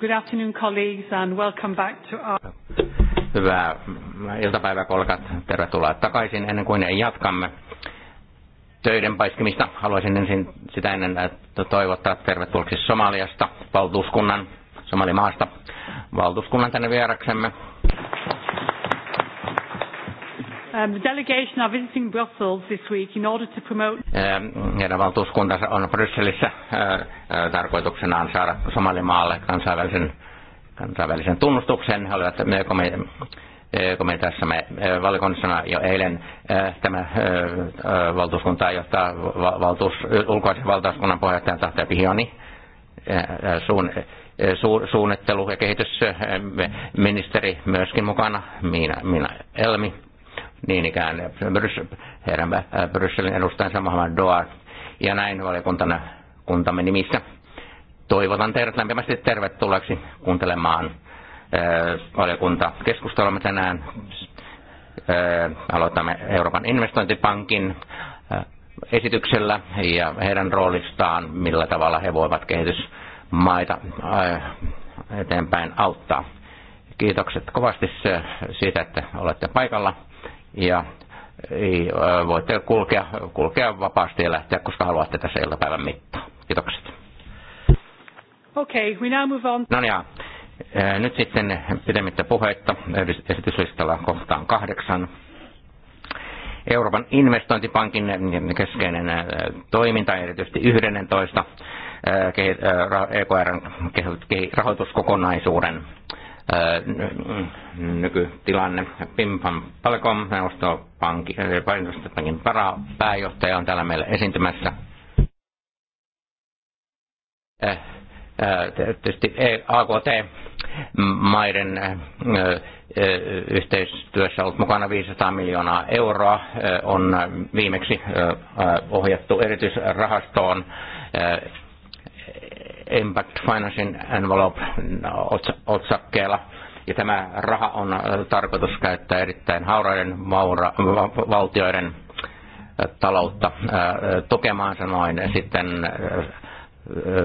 Good afternoon, colleagues, and welcome back to our... Hyvää iltapäivää, kollegat. Tervetuloa takaisin. Ennen kuin jatkamme töiden paiskimista, haluaisin ensin sitä ennen toivottaa tervetulleeksi Somaliasta, valtuuskunnan, Somalimaasta, valtuuskunnan tänne vieraksemme. Um, delegation Heidän valtuuskuntansa on Brysselissä eh, eh, tarkoituksenaan saada Somalimaalle kansainvälisen, kansainvälisen tunnustuksen. He olivat komiteassa me eh, valiokunnassa jo eilen tämä valtuuskunta johtaa valtuus, ulkoisen valtuuskunnan puheenjohtaja Tahtia Pihioni suun, su, suunnittelu- ja kehitysministeri myöskin mukana, Miina, Miina Elmi niin ikään Brys- herran äh, Brysselin edustajansa Mohamed Doa ja näin valiokuntana kuntamme nimissä. Toivotan teidät lämpimästi tervetulleeksi kuuntelemaan äh, valiokunta keskustelemme tänään. Äh, aloitamme Euroopan investointipankin esityksellä ja heidän roolistaan, millä tavalla he voivat kehitysmaita eteenpäin auttaa. Kiitokset kovasti siitä, että olette paikalla ja ei, äh, voitte kulkea, kulkea vapaasti ja lähteä, koska haluatte tässä iltapäivän mittaan. Kiitokset. Okay, we now move on. No niin, äh, nyt sitten pidemmittä puheitta esityslistalla kohtaan kahdeksan. Euroopan investointipankin keskeinen äh, toiminta, erityisesti 11 ekr rahoituskokonaisuuden nykytilanne. Pimpan Palkom, neuvostopankin pääjohtaja on täällä meillä esiintymässä. Tietysti AKT-maiden yhteistyössä ollut mukana 500 miljoonaa euroa on viimeksi ohjattu erityisrahastoon Impact Financing Envelope-otsakkeella. Mm, ja tämä raha on äh, tarkoitus käyttää erittäin hauraiden maura, valtioiden äh, taloutta äh, tukemaan sanoin sitten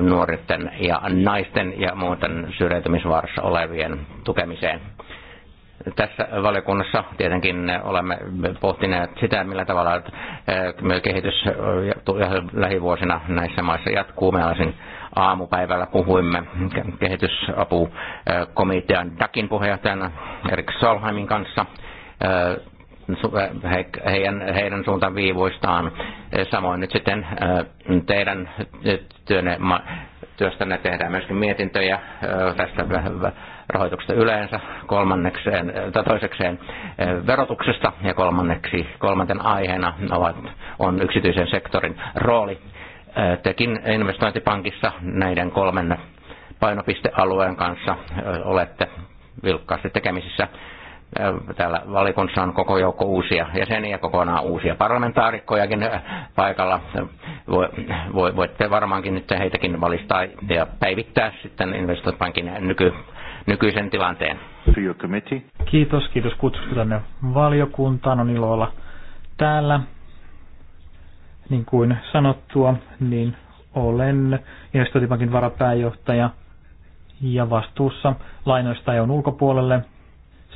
nuorten ja naisten ja muuten syrjäytymisvaarassa olevien tukemiseen. Tässä valiokunnassa tietenkin olemme pohtineet sitä, millä tavalla kehitys lähivuosina näissä maissa jatkuu. olisin aamupäivällä puhuimme kehitysapukomitean DAKin puheenjohtajana Erik Solheimin kanssa äh, äh, heidän, heidän suuntaan viivoistaan. Samoin nyt sitten äh, teidän työnne, työstänne tehdään myöskin mietintöjä tästä rahoituksesta yleensä, kolmannekseen, tai toisekseen verotuksesta ja kolmanneksi, kolmanten aiheena ovat, on yksityisen sektorin rooli tekin investointipankissa näiden kolmen painopistealueen kanssa olette vilkkaasti tekemisissä. Täällä valikunnassa on koko joukko uusia jäseniä, kokonaan uusia parlamentaarikkojakin paikalla. Voitte varmaankin nyt heitäkin valistaa ja päivittää sitten investointipankin nyky, nykyisen tilanteen. Kiitos, kiitos kutsusta tänne valiokuntaan. On ilo olla täällä. Niin kuin sanottua, niin olen investointipankin varapääjohtaja ja vastuussa lainoista on ulkopuolelle.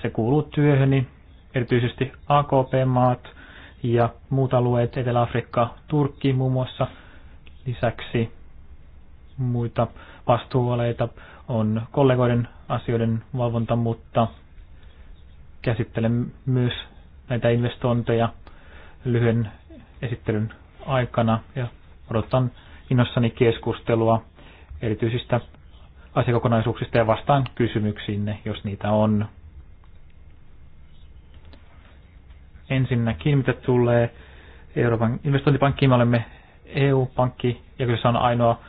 Se kuuluu työhöni, erityisesti AKP-maat ja muut alueet, Etelä-Afrikka, Turkki muun muassa. Lisäksi muita vastuualueita on kollegoiden asioiden valvonta, mutta käsittelen myös näitä investointeja lyhyen esittelyn aikana ja odotan innossani keskustelua erityisistä asiakokonaisuuksista ja vastaan kysymyksiinne, jos niitä on. Ensinnäkin, mitä tulee Euroopan investointipankkiin, me olemme EU-pankki, ja kyseessä on ainoa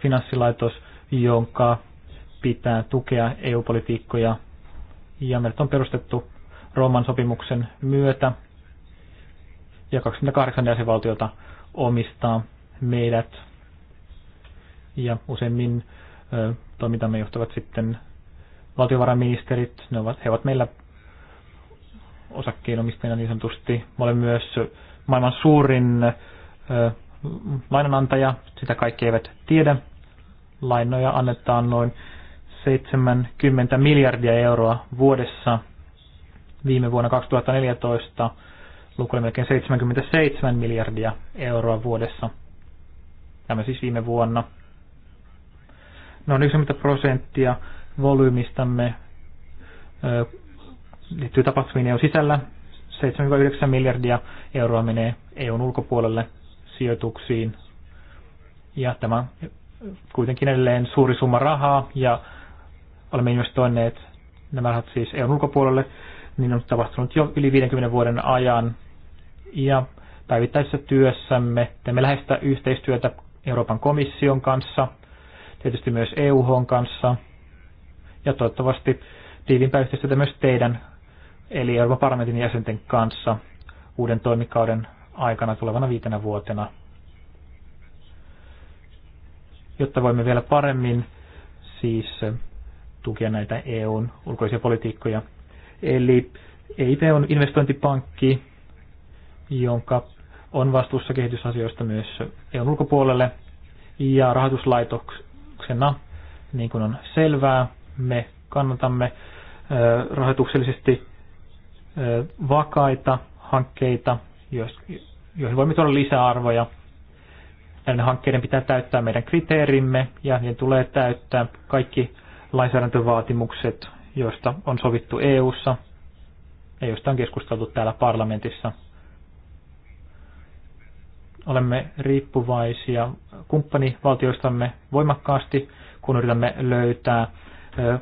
finanssilaitos, jonka pitää tukea EU-politiikkoja. Ja meidät on perustettu Rooman sopimuksen myötä ja 28 jäsenvaltiota omistaa meidät. Ja useimmin ö, toimintamme johtavat sitten valtiovarainministerit, ne ovat, he ovat meillä osakkeenomistajina niin sanotusti. Me olemme myös maailman suurin ö, lainanantaja, sitä kaikki eivät tiedä. Lainoja annetaan noin 70 miljardia euroa vuodessa. Viime vuonna 2014 luku oli melkein 77 miljardia euroa vuodessa. Tämä siis viime vuonna. Noin 90 prosenttia volyymistamme liittyy tapahtumiin EUn sisällä. 7-9 miljardia euroa menee EUn ulkopuolelle sijoituksiin. Ja tämä kuitenkin edelleen suuri summa rahaa ja olemme investoineet nämä rahat siis EUn ulkopuolelle, niin on tapahtunut jo yli 50 vuoden ajan ja päivittäisessä työssämme teemme läheistä yhteistyötä Euroopan komission kanssa, tietysti myös EUH kanssa ja toivottavasti tiivimpää yhteistyötä myös teidän eli Euroopan parlamentin jäsenten kanssa uuden toimikauden aikana tulevana viitenä vuotena, jotta voimme vielä paremmin siis tukea näitä EUn ulkoisia politiikkoja. Eli EIP on investointipankki, jonka on vastuussa kehitysasioista myös EUn ulkopuolelle. Ja rahoituslaitoksena, niin kuin on selvää, me kannatamme rahoituksellisesti vakaita hankkeita, joihin voimme tuoda lisäarvoja. Näiden hankkeiden pitää täyttää meidän kriteerimme ja niiden tulee täyttää kaikki lainsäädäntövaatimukset, joista on sovittu EU:ssa ja joista on keskusteltu täällä parlamentissa – Olemme riippuvaisia kumppanivaltioistamme voimakkaasti, kun yritämme löytää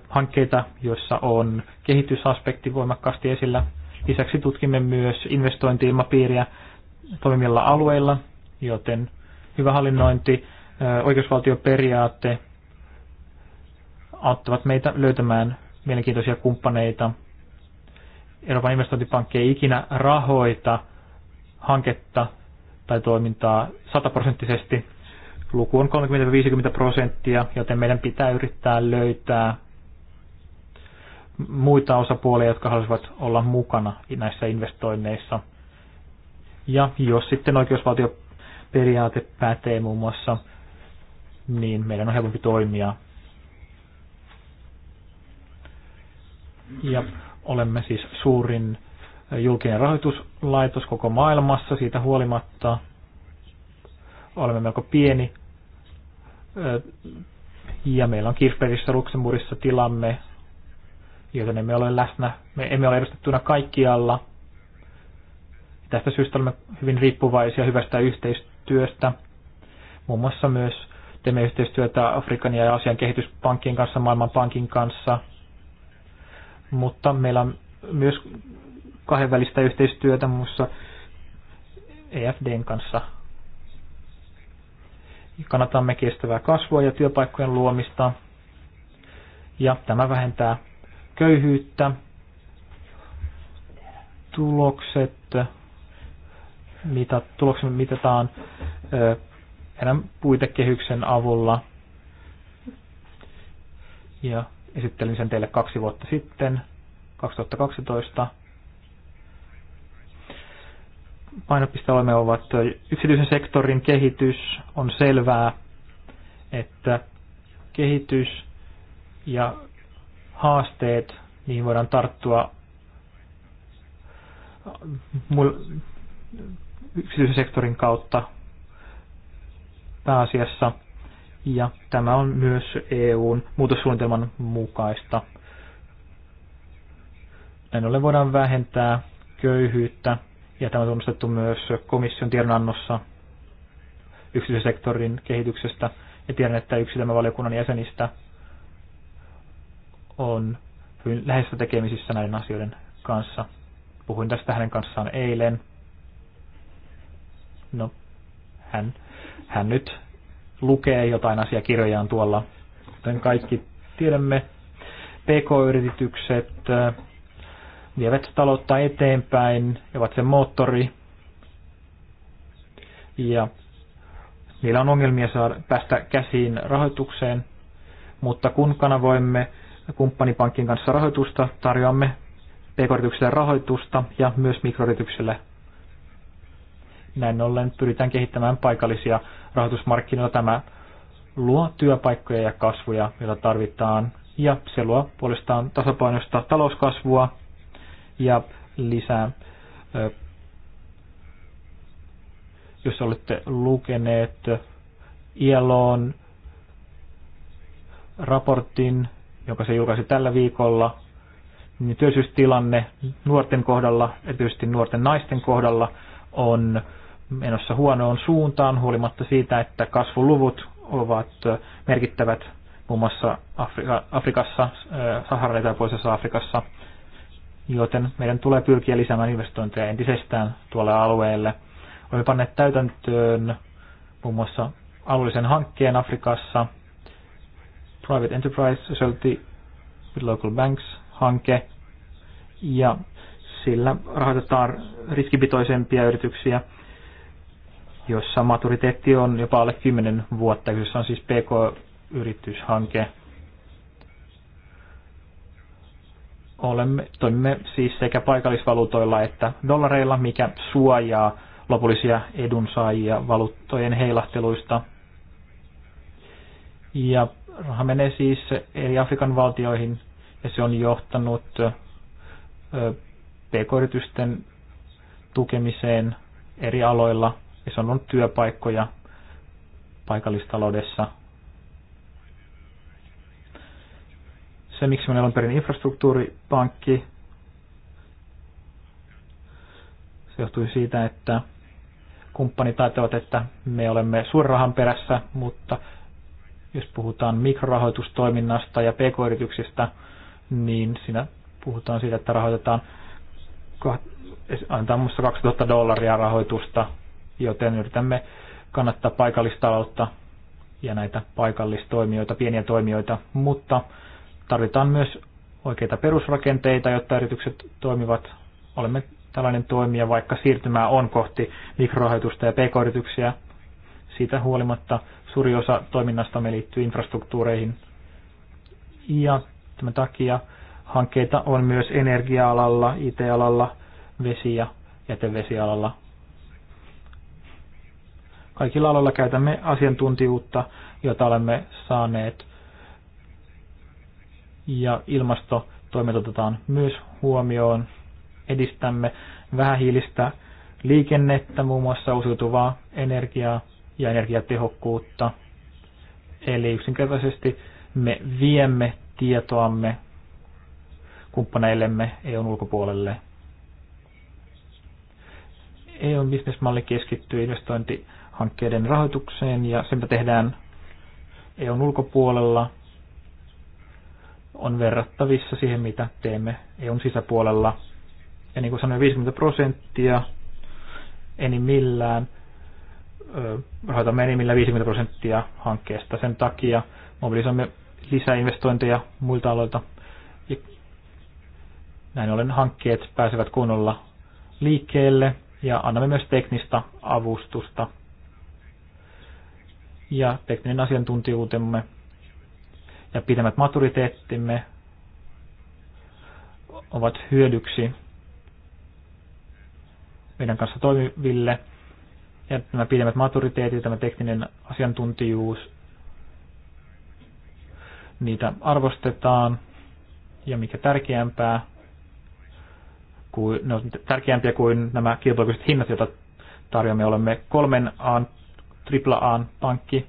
hankkeita, joissa on kehitysaspekti voimakkaasti esillä. Lisäksi tutkimme myös investointiilmapiiriä toimilla alueilla, joten hyvä hallinnointi, oikeusvaltioperiaate auttavat meitä löytämään mielenkiintoisia kumppaneita. Euroopan investointipankki ei ikinä rahoita hanketta, tai toimintaa sataprosenttisesti. Luku on 30-50 prosenttia, joten meidän pitää yrittää löytää muita osapuolia, jotka haluaisivat olla mukana näissä investoinneissa. Ja jos sitten oikeusvaltioperiaate pätee muun muassa, niin meidän on helpompi toimia. Ja olemme siis suurin julkinen rahoituslaitos koko maailmassa siitä huolimatta. Olemme melko pieni ja meillä on Kirchbergissä Luxemburgissa tilamme, joten emme ole läsnä, me emme ole edustettuna kaikkialla. Tästä syystä olemme hyvin riippuvaisia hyvästä yhteistyöstä. Muun muassa myös teemme yhteistyötä Afrikan ja Aasian kehityspankkien kanssa, Maailmanpankin kanssa. Mutta meillä on myös kahdenvälistä yhteistyötä muussa EFDn kanssa. Kannatamme kestävää kasvua ja työpaikkojen luomista. Ja tämä vähentää köyhyyttä. Tulokset, mitä, tulokset mitataan enää puitekehyksen avulla. Ja esittelin sen teille kaksi vuotta sitten, 2012 painopistealueemme ovat yksityisen sektorin kehitys. On selvää, että kehitys ja haasteet, niihin voidaan tarttua yksityisen sektorin kautta pääasiassa. Ja tämä on myös EUn muutossuunnitelman mukaista. Näin ollen voidaan vähentää köyhyyttä ja tämä on tunnustettu myös komission tiedonannossa yksityissektorin kehityksestä. Ja tiedän, että yksi tämän valiokunnan jäsenistä on hyvin läheisissä tekemisissä näiden asioiden kanssa. Puhuin tästä hänen kanssaan eilen. No, hän, hän nyt lukee jotain asiakirjojaan tuolla. Kuten kaikki tiedämme, PK-yritykset vievät taloutta eteenpäin, ovat sen moottori. Ja niillä on ongelmia saada, päästä käsiin rahoitukseen, mutta kun kanavoimme kumppanipankin kanssa rahoitusta, tarjoamme pk rahoitusta ja myös mikroyritykselle. Näin ollen pyritään kehittämään paikallisia rahoitusmarkkinoita Tämä luo työpaikkoja ja kasvuja, joita tarvitaan, ja se luo puolestaan tasapainosta talouskasvua ja lisää, jos olette lukeneet ILOn raportin, joka se julkaisi tällä viikolla, niin työllisyystilanne nuorten kohdalla, erityisesti nuorten naisten kohdalla, on menossa huonoon suuntaan huolimatta siitä, että kasvuluvut ovat merkittävät muun muassa Afrika, Afrikassa, Saharan etäpuolisessa Afrikassa joten meidän tulee pyrkiä lisäämään investointeja entisestään tuolle alueelle. Olemme panneet täytäntöön muun muassa alueellisen hankkeen Afrikassa, Private Enterprise Society with Local Banks-hanke, ja sillä rahoitetaan riskipitoisempia yrityksiä, jossa maturiteetti on jopa alle 10 vuotta. Kyseessä on siis PK-yrityshanke. olemme, toimimme siis sekä paikallisvaluutoilla että dollareilla, mikä suojaa lopullisia edunsaajia valuuttojen heilahteluista. Ja raha menee siis eri Afrikan valtioihin ja se on johtanut pk-yritysten tukemiseen eri aloilla ja se on ollut työpaikkoja paikallistaloudessa – Se, miksi meillä on perin infrastruktuuripankki, se johtui siitä, että kumppanit ajattelevat, että me olemme suorahan perässä, mutta jos puhutaan mikrorahoitustoiminnasta ja pk-yrityksistä, niin siinä puhutaan siitä, että rahoitetaan antaa muassa 2000 dollaria rahoitusta, joten yritämme kannattaa paikallistaloutta ja näitä paikallistoimijoita, pieniä toimijoita, mutta Tarvitaan myös oikeita perusrakenteita, jotta yritykset toimivat. Olemme tällainen toimija, vaikka siirtymää on kohti mikrorahoitusta ja pk-yrityksiä. Siitä huolimatta suuri osa toiminnastamme liittyy infrastruktuureihin. Ja tämän takia hankkeita on myös energia-alalla, IT-alalla, vesi- ja jätevesialalla. Kaikilla aloilla käytämme asiantuntijuutta, jota olemme saaneet ja ilmastotoimet otetaan myös huomioon. Edistämme vähähiilistä liikennettä, muun muassa uusiutuvaa energiaa ja energiatehokkuutta. Eli yksinkertaisesti me viemme tietoamme kumppaneillemme EUn ulkopuolelle. EUn bisnesmalli keskittyy investointihankkeiden rahoitukseen ja sen tehdään EUn ulkopuolella, on verrattavissa siihen, mitä teemme EUn sisäpuolella. Ja niin kuin sanoin, 50 prosenttia enimmillään rahoitamme enimmillään 50 prosenttia hankkeesta. Sen takia mobilisoimme lisäinvestointeja muilta aloilta. Ja näin ollen hankkeet pääsevät kunnolla liikkeelle ja annamme myös teknistä avustusta ja tekninen asiantuntijuutemme ja pidemmät maturiteettimme ovat hyödyksi meidän kanssa toimiville. Ja nämä pidemmät maturiteetit, tämä tekninen asiantuntijuus, niitä arvostetaan. Ja mikä tärkeämpää, kuin, ne no, on tärkeämpiä kuin nämä kilpailukykyiset hinnat, joita tarjoamme. Olemme kolmen A, AAA-pankki,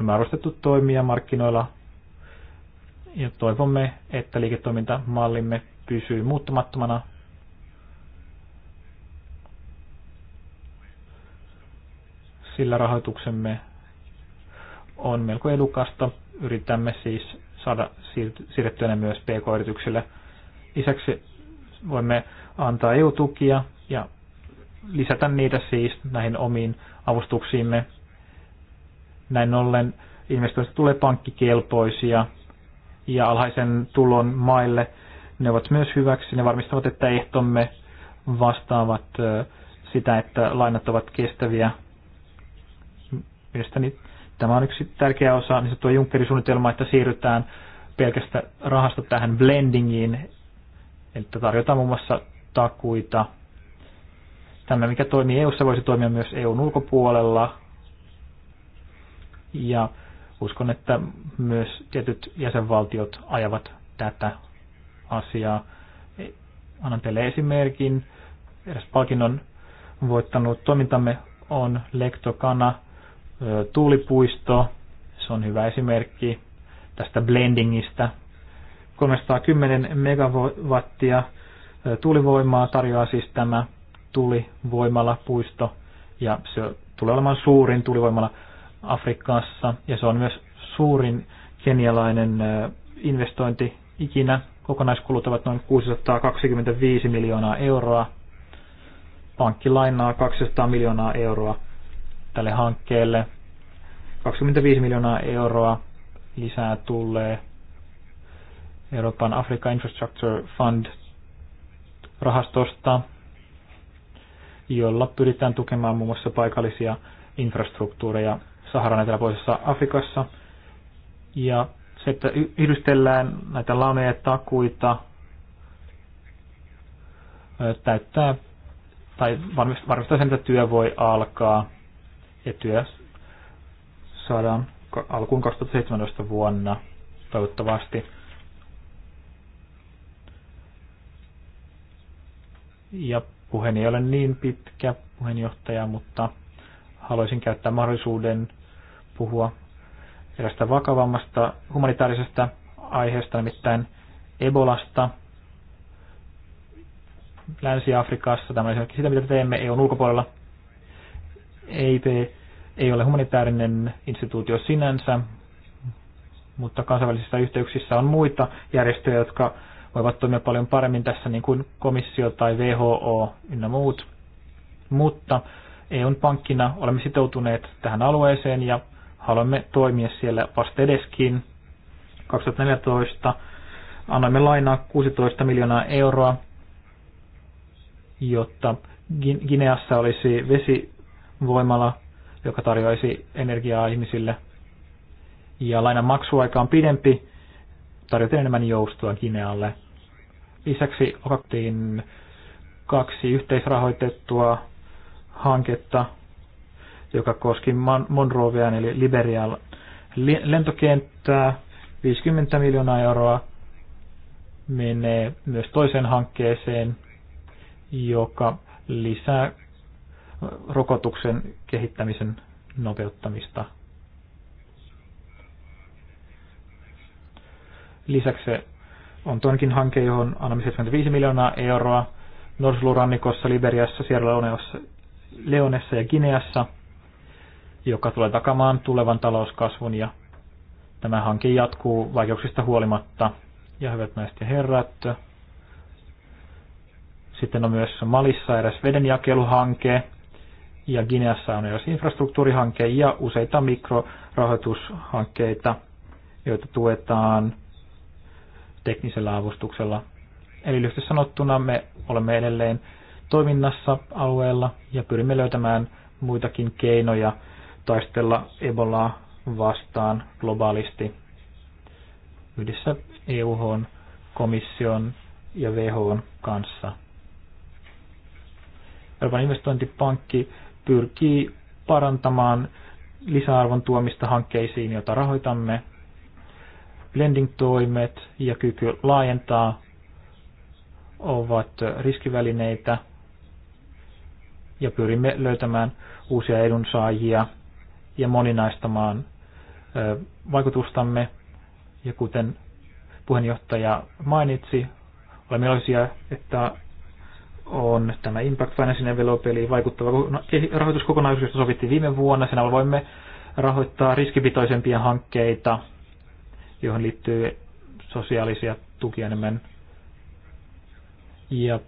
On arvostettu toimia markkinoilla ja toivomme, että liiketoimintamallimme pysyy muuttumattomana. Sillä rahoituksemme on melko edukasta. Yritämme siis saada siirrettyä ne myös pk-yrityksille. Lisäksi voimme antaa EU-tukia ja lisätä niitä siis näihin omiin avustuksiimme näin ollen investoista tulee pankkikelpoisia ja alhaisen tulon maille. Ne ovat myös hyväksi. Ne varmistavat, että ehtomme vastaavat sitä, että lainat ovat kestäviä. Mielestäni tämä on yksi tärkeä osa niin se tuo Junckerin suunnitelma, että siirrytään pelkästä rahasta tähän blendingiin, että tarjotaan muun muassa takuita. Tämä, mikä toimii EU-ssa, voisi toimia myös EUn ulkopuolella, ja uskon, että myös tietyt jäsenvaltiot ajavat tätä asiaa. Annan teille esimerkin. Eräs palkinnon voittanut toimintamme on Lektokana tuulipuisto. Se on hyvä esimerkki tästä blendingistä. 310 megawattia tuulivoimaa tarjoaa siis tämä puisto ja se tulee olemaan suurin tuulivoimala Afrikassa ja se on myös suurin kenialainen investointi ikinä. Kokonaiskulut ovat noin 625 miljoonaa euroa. Pankki lainaa 200 miljoonaa euroa tälle hankkeelle. 25 miljoonaa euroa lisää tulee Euroopan Afrika Infrastructure Fund rahastosta, jolla pyritään tukemaan muun muassa paikallisia infrastruktuureja Saharan eteläpuolisessa Afrikassa. Ja se, että yhdistellään näitä lameja takuita, täyttää tai varmistaa sen, että työ voi alkaa ja työ saadaan alkuun 2017 vuonna toivottavasti. Ja puheeni ei ole niin pitkä puheenjohtaja, mutta haluaisin käyttää mahdollisuuden puhua erästä vakavammasta humanitaarisesta aiheesta, nimittäin Ebolasta Länsi-Afrikassa. Tämä esimerkki sitä, mitä teemme EUn ulkopuolella. EIP ei ole humanitaarinen instituutio sinänsä, mutta kansainvälisissä yhteyksissä on muita järjestöjä, jotka voivat toimia paljon paremmin tässä, niin kuin komissio tai WHO ynnä muut. Mutta EUn pankkina olemme sitoutuneet tähän alueeseen ja haluamme toimia siellä vasta edeskin. 2014 annoimme lainaa 16 miljoonaa euroa, jotta Gineassa olisi vesivoimala, joka tarjoaisi energiaa ihmisille. Ja lainan maksuaika on pidempi, tarjoten enemmän joustoa Ginealle. Lisäksi otettiin kaksi yhteisrahoitettua hanketta joka koski Monrovian eli Liberial lentokenttää. 50 miljoonaa euroa menee myös toiseen hankkeeseen, joka lisää rokotuksen kehittämisen nopeuttamista. Lisäksi on toinenkin hanke, johon annamme 75 miljoonaa euroa Norsulurannikossa, Liberiassa, Sierra Leoneossa, Leonessa ja Gineassa – joka tulee takamaan tulevan talouskasvun ja tämä hanke jatkuu vaikeuksista huolimatta. Ja hyvät naiset ja herrat, sitten on myös Malissa eräs vedenjakeluhanke, ja Gineassa on myös infrastruktuurihanke ja useita mikrorahoitushankkeita, joita tuetaan teknisellä avustuksella. Eli lyhyesti sanottuna me olemme edelleen toiminnassa alueella ja pyrimme löytämään muitakin keinoja taistella Ebolaa vastaan globaalisti yhdessä EUHn, komission ja WHOn kanssa. Euroopan investointipankki pyrkii parantamaan lisäarvon tuomista hankkeisiin, joita rahoitamme, blending-toimet ja kyky laajentaa ovat riskivälineitä ja pyrimme löytämään uusia edunsaajia ja moninaistamaan vaikutustamme. Ja kuten puheenjohtaja mainitsi, olemme iloisia, että on tämä Impact finance Envelope, eli vaikuttava no, eh, rahoituskokonaisuus, josta sovittiin viime vuonna. Sen alla voimme rahoittaa riskipitoisempia hankkeita, johon liittyy sosiaalisia tukia enemmän. Ja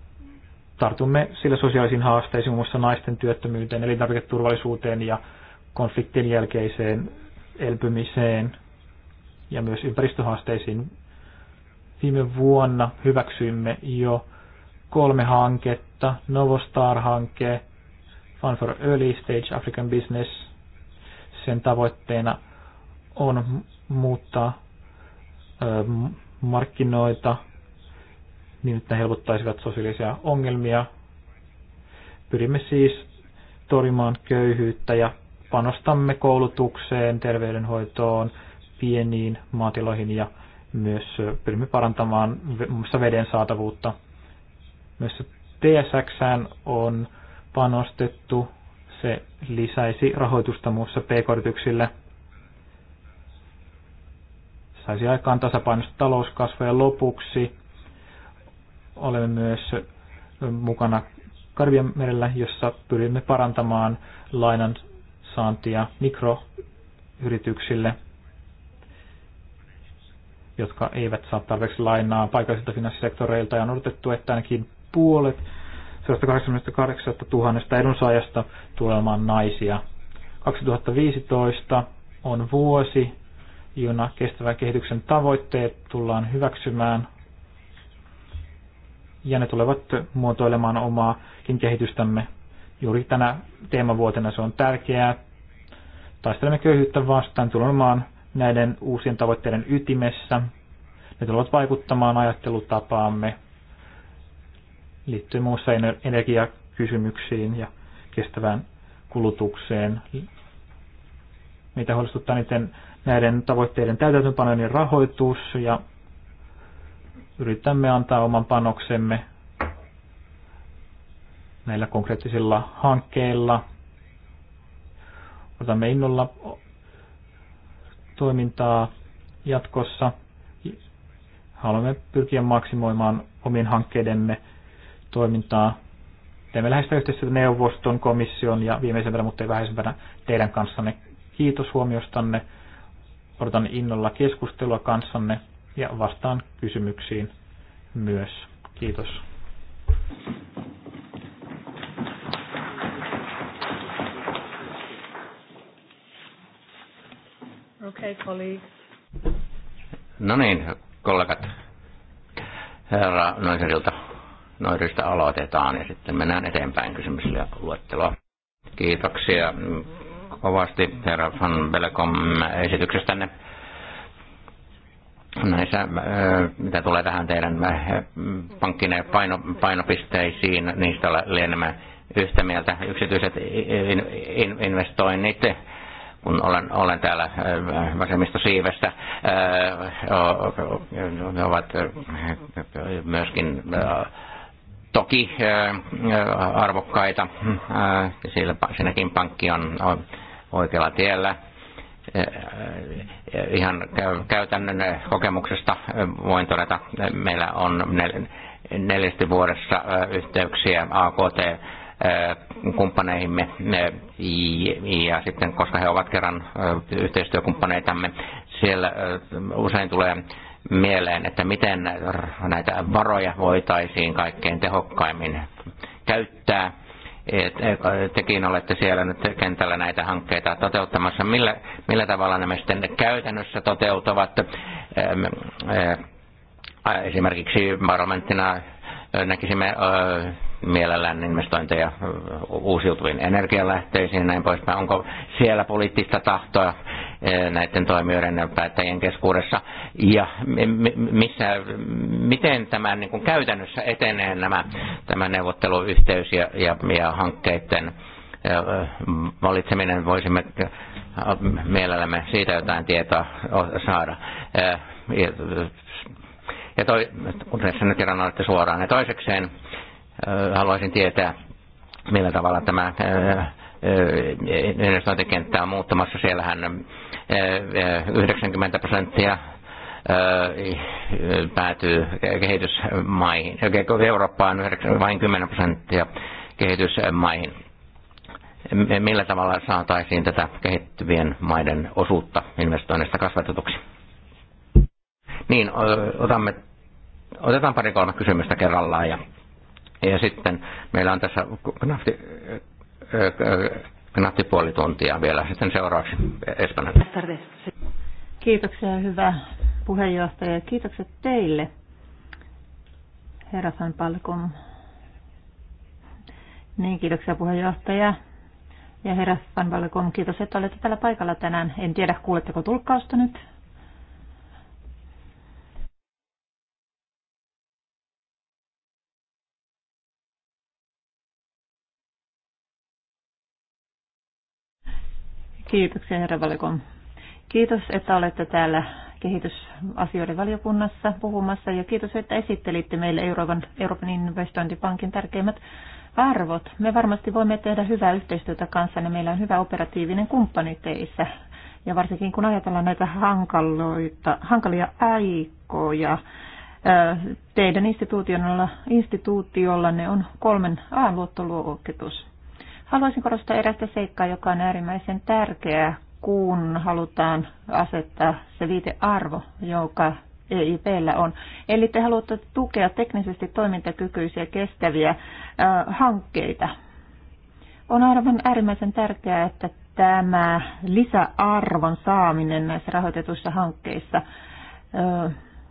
tartumme sillä sosiaalisiin haasteisiin, muun muassa naisten työttömyyteen, elintarviketurvallisuuteen ja konfliktin jälkeiseen elpymiseen ja myös ympäristöhaasteisiin. Viime vuonna hyväksyimme jo kolme hanketta, Novostar-hanke, Fund for Early Stage African Business. Sen tavoitteena on muuttaa ö, markkinoita niin, että ne helpottaisivat sosiaalisia ongelmia. Pyrimme siis torjumaan köyhyyttä ja panostamme koulutukseen, terveydenhoitoon, pieniin maatiloihin ja myös pyrimme parantamaan veden saatavuutta. Myös TSX on panostettu. Se lisäisi rahoitusta muussa pk-yrityksille. Saisi aikaan tasapainosta ja lopuksi. Olemme myös mukana Karvianmerellä, jossa pyrimme parantamaan lainan saantia mikroyrityksille, jotka eivät saa tarpeeksi lainaa paikallisilta finanssisektoreilta ja on odotettu, että ainakin puolet 188 000 edunsaajasta tulee olemaan naisia. 2015 on vuosi, jona kestävän kehityksen tavoitteet tullaan hyväksymään ja ne tulevat muotoilemaan omaakin kehitystämme Juuri tänä teemavuotena se on tärkeää. Taistelemme köyhyyttä vastaan tulemaan näiden uusien tavoitteiden ytimessä. Ne tulevat vaikuttamaan ajattelutapaamme liittyen muussa energiakysymyksiin ja kestävään kulutukseen. Mitä huolestuttaa niiden näiden tavoitteiden täytäntöönpanojen rahoitus ja yritämme antaa oman panoksemme näillä konkreettisilla hankkeilla. Otamme innolla toimintaa jatkossa. Haluamme pyrkiä maksimoimaan omien hankkeidemme toimintaa. Teemme lähestä yhteistyötä neuvoston, komission ja viimeisempänä, mutta ei vähäisempänä teidän kanssanne. Kiitos huomiostanne. Odotan innolla keskustelua kanssanne ja vastaan kysymyksiin myös. Kiitos. Okay, No niin, kollegat. Herra Noiserilta Noirista aloitetaan ja sitten mennään eteenpäin kysymyksille ja luetteloon. Kiitoksia kovasti herra Van Belekom esityksestänne. Näissä, äh, mitä tulee tähän teidän äh, pankkine paino, painopisteisiin, niistä lienemme yhtä mieltä. Yksityiset investoinnit kun olen, olen täällä äh, siivestä, äh, ne ovat äh, myöskin toki arvokkaita. Sillä, siinäkin pankki on oikealla tiellä. Ihan käytännön kokemuksesta voin todeta, meillä on neljästi vuodessa yhteyksiä AKT kumppaneihimme ja sitten koska he ovat kerran yhteistyökumppaneitamme, siellä usein tulee mieleen, että miten näitä varoja voitaisiin kaikkein tehokkaimmin käyttää. E, tekin olette siellä nyt kentällä näitä hankkeita toteuttamassa. Millä, millä tavalla nämä sitten käytännössä toteutuvat? Esimerkiksi parlamenttina näkisimme mielellään investointeja uusiutuviin energialähteisiin ja näin poispäin. Onko siellä poliittista tahtoa näiden toimijoiden ja päättäjien keskuudessa? Ja missä, miten tämä niin kuin käytännössä etenee nämä, tämä neuvotteluyhteys ja, ja, ja hankkeiden valitseminen? Voisimme mielellämme siitä jotain tietoa saada. Ja toi, kun tässä nyt kerran olette suoraan. Ja toisekseen haluaisin tietää, millä tavalla tämä investointikenttä on muuttumassa. Siellähän 90 prosenttia päätyy kehitysmaihin. Eurooppaan vain 10 prosenttia kehitysmaihin. Millä tavalla saataisiin tätä kehittyvien maiden osuutta investoinnista kasvatetuksi? Niin, otamme, otetaan pari-kolme kysymystä kerrallaan ja ja sitten meillä on tässä knafti, knafti äh, äh, puoli tuntia vielä sitten seuraavaksi Espanjan. Kiitoksia hyvä puheenjohtaja. Kiitokset teille, herra Van Palkom. Niin, kiitoksia puheenjohtaja. Ja herra Van Palkom, kiitos, että olette täällä paikalla tänään. En tiedä, kuuletteko tulkkausta nyt? Kiitoksia herra Valikon. Kiitos, että olette täällä kehitysasioiden valiokunnassa puhumassa ja kiitos, että esittelitte meille Euroopan, Euroopan investointipankin tärkeimmät arvot. Me varmasti voimme tehdä hyvää yhteistyötä kanssa, ja meillä on hyvä operatiivinen kumppani teissä. Ja varsinkin kun ajatellaan näitä hankaloita, hankalia aikoja, teidän instituutiolla, instituutiolla ne on kolmen A-luottoluokitus. Haluaisin korostaa erästä seikkaa, joka on äärimmäisen tärkeää, kun halutaan asettaa se viitearvo, joka EIPllä on. Eli te haluatte tukea teknisesti toimintakykyisiä kestäviä hankkeita. On aivan äärimmäisen tärkeää, että tämä lisäarvon saaminen näissä rahoitetuissa hankkeissa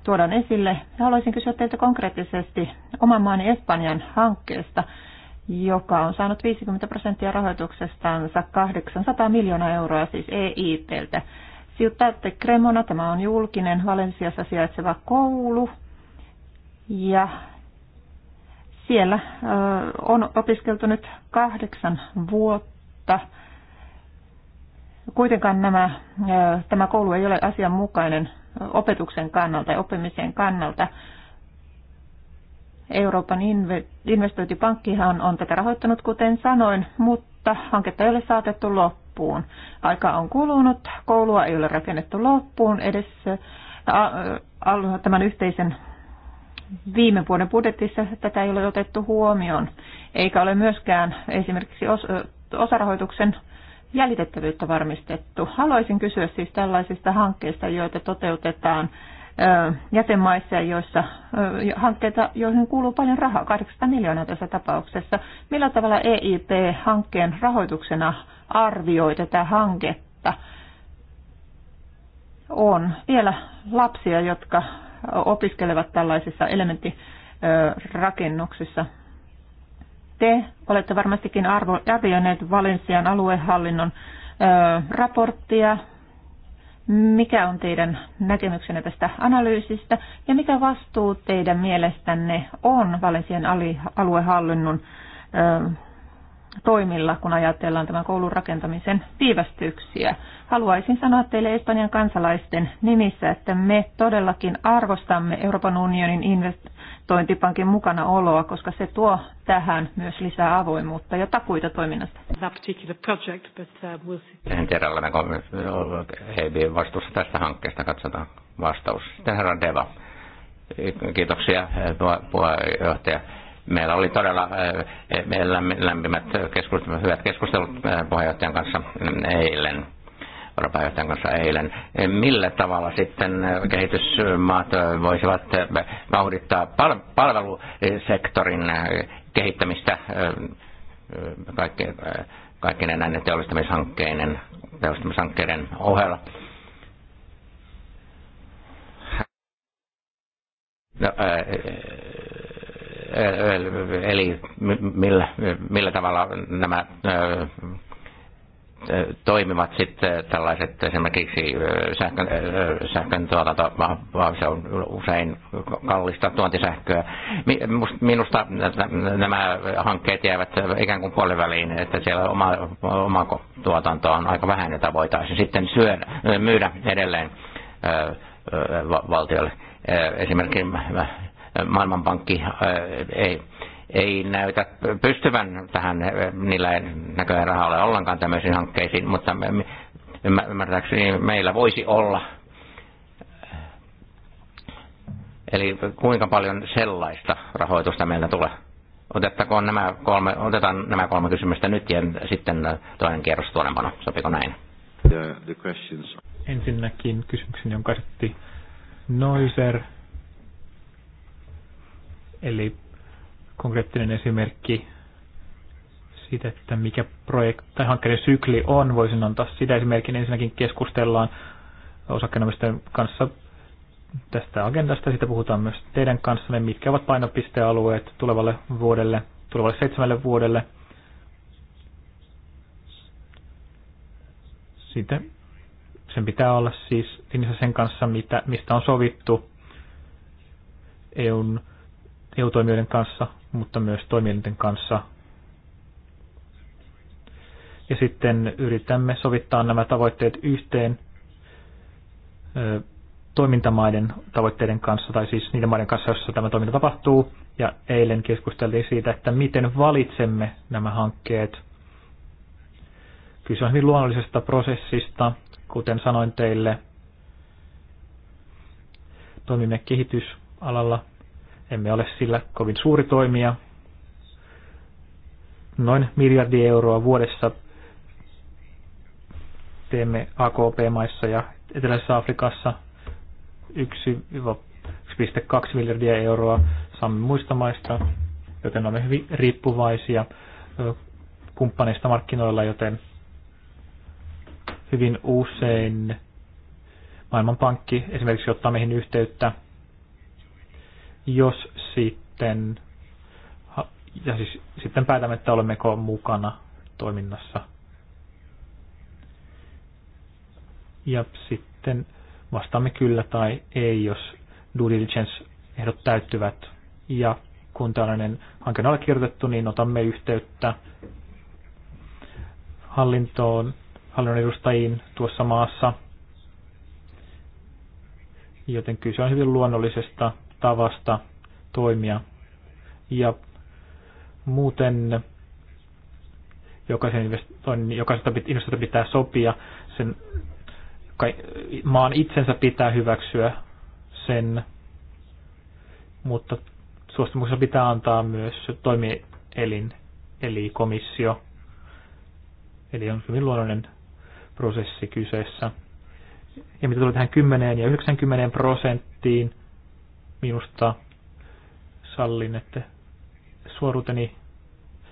tuodaan esille. Haluaisin kysyä teiltä konkreettisesti oman maani Espanjan hankkeesta joka on saanut 50 prosenttia rahoituksestansa 800 miljoonaa euroa siis EIPltä. Ciutate Cremona, tämä on julkinen Valensiassa sijaitseva koulu. Ja siellä on opiskeltu nyt kahdeksan vuotta. Kuitenkaan nämä, tämä koulu ei ole asianmukainen opetuksen kannalta ja oppimisen kannalta. Euroopan investointipankkihan on tätä rahoittanut, kuten sanoin, mutta hanketta ei ole saatettu loppuun. Aika on kulunut, koulua ei ole rakennettu loppuun, edes tämän yhteisen viime vuoden budjetissa tätä ei ole otettu huomioon, eikä ole myöskään esimerkiksi osarahoituksen jäljitettävyyttä varmistettu. Haluaisin kysyä siis tällaisista hankkeista, joita toteutetaan jäsenmaissa, joissa hankkeita, joihin kuuluu paljon rahaa, 800 miljoonaa tässä tapauksessa. Millä tavalla EIP-hankkeen rahoituksena arvioi tätä hanketta? On vielä lapsia, jotka opiskelevat tällaisissa elementtirakennuksissa. Te olette varmastikin arvioineet Valensian aluehallinnon raporttia, mikä on teidän näkemyksenne tästä analyysistä ja mikä vastuu teidän mielestänne on Valesian aluehallinnon ö, toimilla, kun ajatellaan tämän koulun rakentamisen viivästyksiä? Haluaisin sanoa teille Espanjan kansalaisten nimissä, että me todellakin arvostamme Euroopan unionin invest- investointipankin mukana oloa, koska se tuo tähän myös lisää avoimuutta ja takuita toiminnasta. Project, but, uh, we'll en tiedä, olemmeko EIB vastuussa tästä hankkeesta. Katsotaan vastaus. Sitten herra Deva. Kiitoksia eh, puheenjohtaja. Meillä oli todella meillä eh, eh, lämpimät keskustelut, hyvät keskustelut puheenjohtajan kanssa eilen varapääjohtajan kanssa eilen. Eh, millä tavalla sitten eh, kehitysmaat eh, voisivat vauhdittaa palvelusektorin kehittämistä kaikkien näiden teollistamishankkeiden, teollistamishankkeiden ohella? No, eli millä, millä tavalla nämä toimivat sitten äh, tällaiset esimerkiksi äh, sähkön, äh, sähkön tuotanto, vaan se on usein kallista tuontisähköä. Minusta nämä hankkeet jäävät ikään kuin puoliväliin, että siellä oma, oma tuotanto on aika vähän, jota voitaisiin sitten syödä, myydä edelleen valtiolle. Esimerkiksi Maailmanpankki ei ei näytä pystyvän tähän, eh, niillä ei näköjään rahaa ole ollenkaan tämmöisiin hankkeisiin, mutta ymmärtääkseni meillä voisi olla. Eli kuinka paljon sellaista rahoitusta meillä tulee? Otettakoon nämä kolme, otetaan nämä kolme kysymystä nyt ja sitten toinen kierros tuonempana. Sopiko näin? The, the questions. Ensinnäkin kysymyksen, jonka esitti Noiser. Eli konkreettinen esimerkki siitä, että mikä projekti tai hankkeiden sykli on. Voisin antaa sitä esimerkin. Ensinnäkin keskustellaan osakkeenomistajien kanssa tästä agendasta. sitä puhutaan myös teidän kanssanne, mitkä ovat painopistealueet tulevalle vuodelle, tulevalle seitsemälle vuodelle. Sitten sen pitää olla siis linjassa sen kanssa, mitä, mistä on sovittu EUn EU-toimijoiden kanssa mutta myös toimielinten kanssa. Ja sitten yritämme sovittaa nämä tavoitteet yhteen toimintamaiden tavoitteiden kanssa, tai siis niiden maiden kanssa, joissa tämä toiminta tapahtuu. Ja eilen keskusteltiin siitä, että miten valitsemme nämä hankkeet. Kyse on hyvin luonnollisesta prosessista, kuten sanoin teille. Toimimme kehitysalalla emme ole sillä kovin suuri toimija. Noin miljardi euroa vuodessa teemme AKP-maissa ja Etelässä Afrikassa 1,2 miljardia euroa saamme muista maista, joten olemme hyvin riippuvaisia kumppaneista markkinoilla, joten hyvin usein Maailmanpankki esimerkiksi ottaa meihin yhteyttä jos sitten, ja siis sitten päätämme, että olemmeko mukana toiminnassa. Ja sitten vastaamme kyllä tai ei, jos due diligence-ehdot täyttyvät. Ja kun tällainen hanke on allekirjoitettu, niin otamme yhteyttä hallintoon, hallinnon edustajiin tuossa maassa. Joten kyse on hyvin luonnollisesta tavasta toimia. Ja muuten jokaisen investoinnin, jokaisesta investoinnista pitää sopia, sen maan itsensä pitää hyväksyä sen, mutta suostumuksessa pitää antaa myös toimielin, eli komissio. Eli on hyvin luonnollinen prosessi kyseessä. Ja mitä tulee tähän 10 ja 90 prosenttiin, minusta sallin, että suoruuteni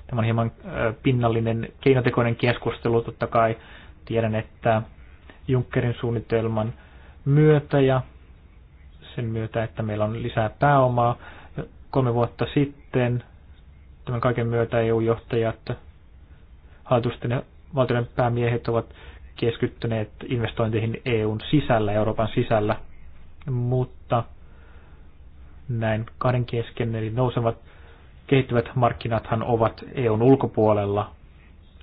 tämä on hieman äh, pinnallinen keinotekoinen keskustelu. Totta kai tiedän, että Junckerin suunnitelman myötä ja sen myötä, että meillä on lisää pääomaa. Kolme vuotta sitten tämän kaiken myötä EU-johtajat, hallitusten ja valtioiden päämiehet ovat keskittyneet investointeihin EUn sisällä, Euroopan sisällä, mutta näin kahden kesken, eli nousevat kehittyvät markkinathan ovat EUn ulkopuolella.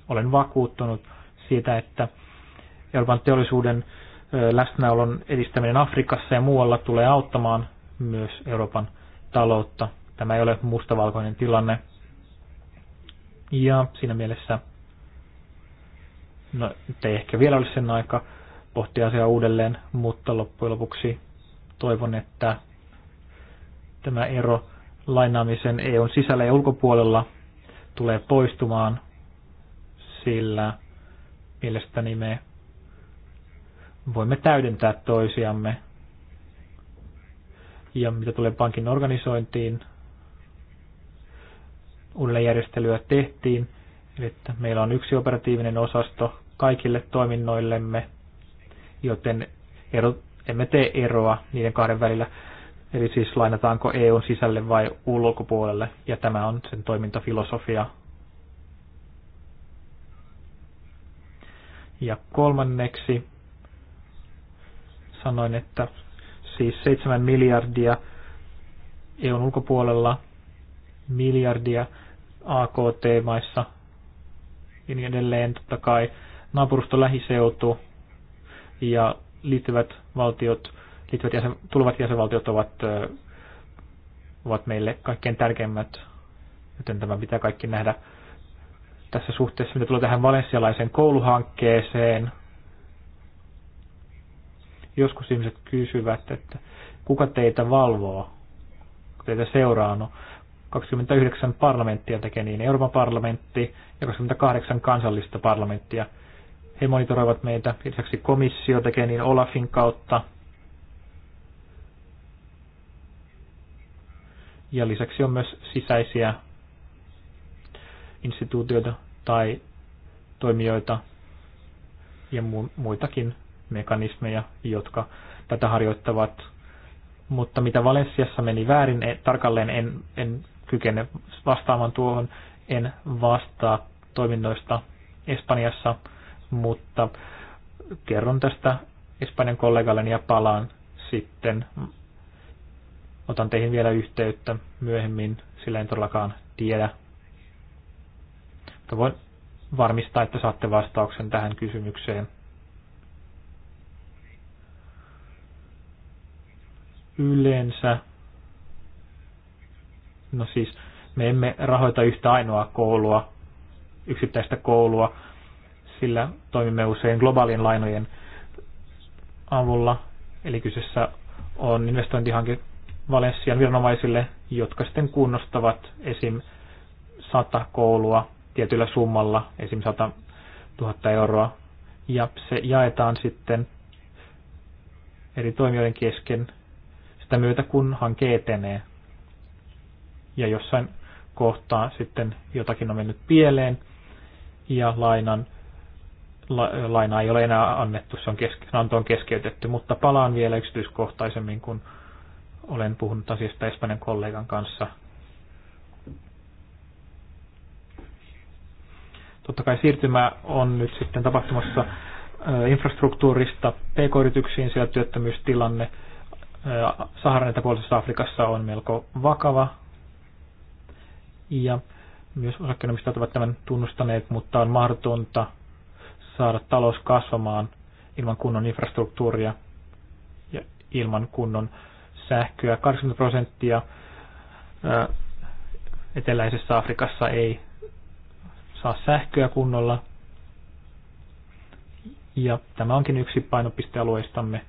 Olen vakuuttunut siitä, että Euroopan teollisuuden läsnäolon edistäminen Afrikassa ja muualla tulee auttamaan myös Euroopan taloutta. Tämä ei ole mustavalkoinen tilanne. Ja siinä mielessä, no nyt ei ehkä vielä ole sen aika pohtia asiaa uudelleen, mutta loppujen lopuksi toivon, että tämä ero lainaamisen EUn sisällä ja ulkopuolella tulee poistumaan, sillä mielestäni me voimme täydentää toisiamme. Ja mitä tulee pankin organisointiin, uudelleenjärjestelyä tehtiin, eli että meillä on yksi operatiivinen osasto kaikille toiminnoillemme, joten ero, emme tee eroa niiden kahden välillä. Eli siis lainataanko EUn sisälle vai ulkopuolelle, ja tämä on sen toimintafilosofia. Ja kolmanneksi sanoin, että siis 7 miljardia EUn ulkopuolella, miljardia AKT-maissa ja niin edelleen totta kai naapurusto lähiseutu ja liittyvät valtiot liittyvät jäsen, tulevat jäsenvaltiot ovat, ovat meille kaikkein tärkeimmät, joten tämä pitää kaikki nähdä tässä suhteessa, mitä tulee tähän valenssialaiseen kouluhankkeeseen. Joskus ihmiset kysyvät, että kuka teitä valvoo, teitä seuraa. No, 29 parlamenttia tekee niin, Euroopan parlamentti ja 28 kansallista parlamenttia. He monitoroivat meitä, lisäksi komissio tekee niin Olafin kautta, Ja lisäksi on myös sisäisiä instituutioita tai toimijoita ja muitakin mekanismeja, jotka tätä harjoittavat. Mutta mitä Valenssiassa meni väärin, en, tarkalleen en, en kykene vastaamaan tuohon, en vastaa toiminnoista Espanjassa, mutta kerron tästä Espanjan kollegalleni ja palaan sitten otan teihin vielä yhteyttä myöhemmin, sillä en todellakaan tiedä. Mutta voin varmistaa, että saatte vastauksen tähän kysymykseen. Yleensä, no siis me emme rahoita yhtä ainoa koulua, yksittäistä koulua, sillä toimimme usein globaalien lainojen avulla. Eli kyseessä on investointihanke Valenssian viranomaisille, jotka sitten kunnostavat esim. 100 koulua tietyllä summalla, esim. 100 000 euroa, ja se jaetaan sitten eri toimijoiden kesken sitä myötä, kun hanke etenee. Ja jossain kohtaa sitten jotakin on mennyt pieleen, ja lainan, la, lainaa ei ole enää annettu, se on keske, anto on keskeytetty, mutta palaan vielä yksityiskohtaisemmin, kun olen puhunut asiasta Espanjan kollegan kanssa. Totta kai siirtymä on nyt sitten tapahtumassa infrastruktuurista pk-yrityksiin, siellä työttömyystilanne Saharan etäpuolisessa Afrikassa on melko vakava. Ja myös osakkeenomistajat ovat tämän tunnustaneet, mutta on mahdotonta saada talous kasvamaan ilman kunnon infrastruktuuria ja ilman kunnon sähköä. 80 prosenttia eteläisessä Afrikassa ei saa sähköä kunnolla. Ja tämä onkin yksi painopistealueistamme,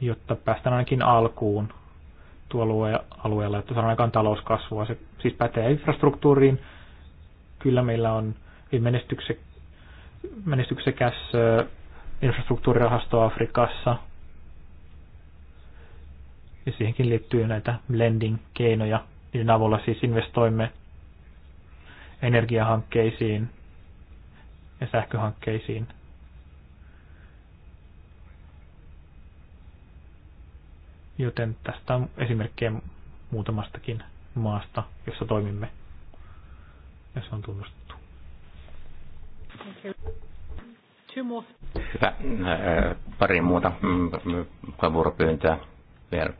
jotta päästään ainakin alkuun tuolla alueella, että saadaan aikaan talouskasvua. Se siis pätee infrastruktuuriin. Kyllä meillä on menestyksekäs infrastruktuurirahasto Afrikassa, ja siihenkin liittyy näitä lending-keinoja. Niiden avulla siis investoimme energiahankkeisiin ja sähköhankkeisiin. Joten tästä on esimerkkejä muutamastakin maasta, jossa toimimme, ja se on tunnustettu. Hyvä. Äh, pari muuta mm, puheenvuoropyyntöä vielä.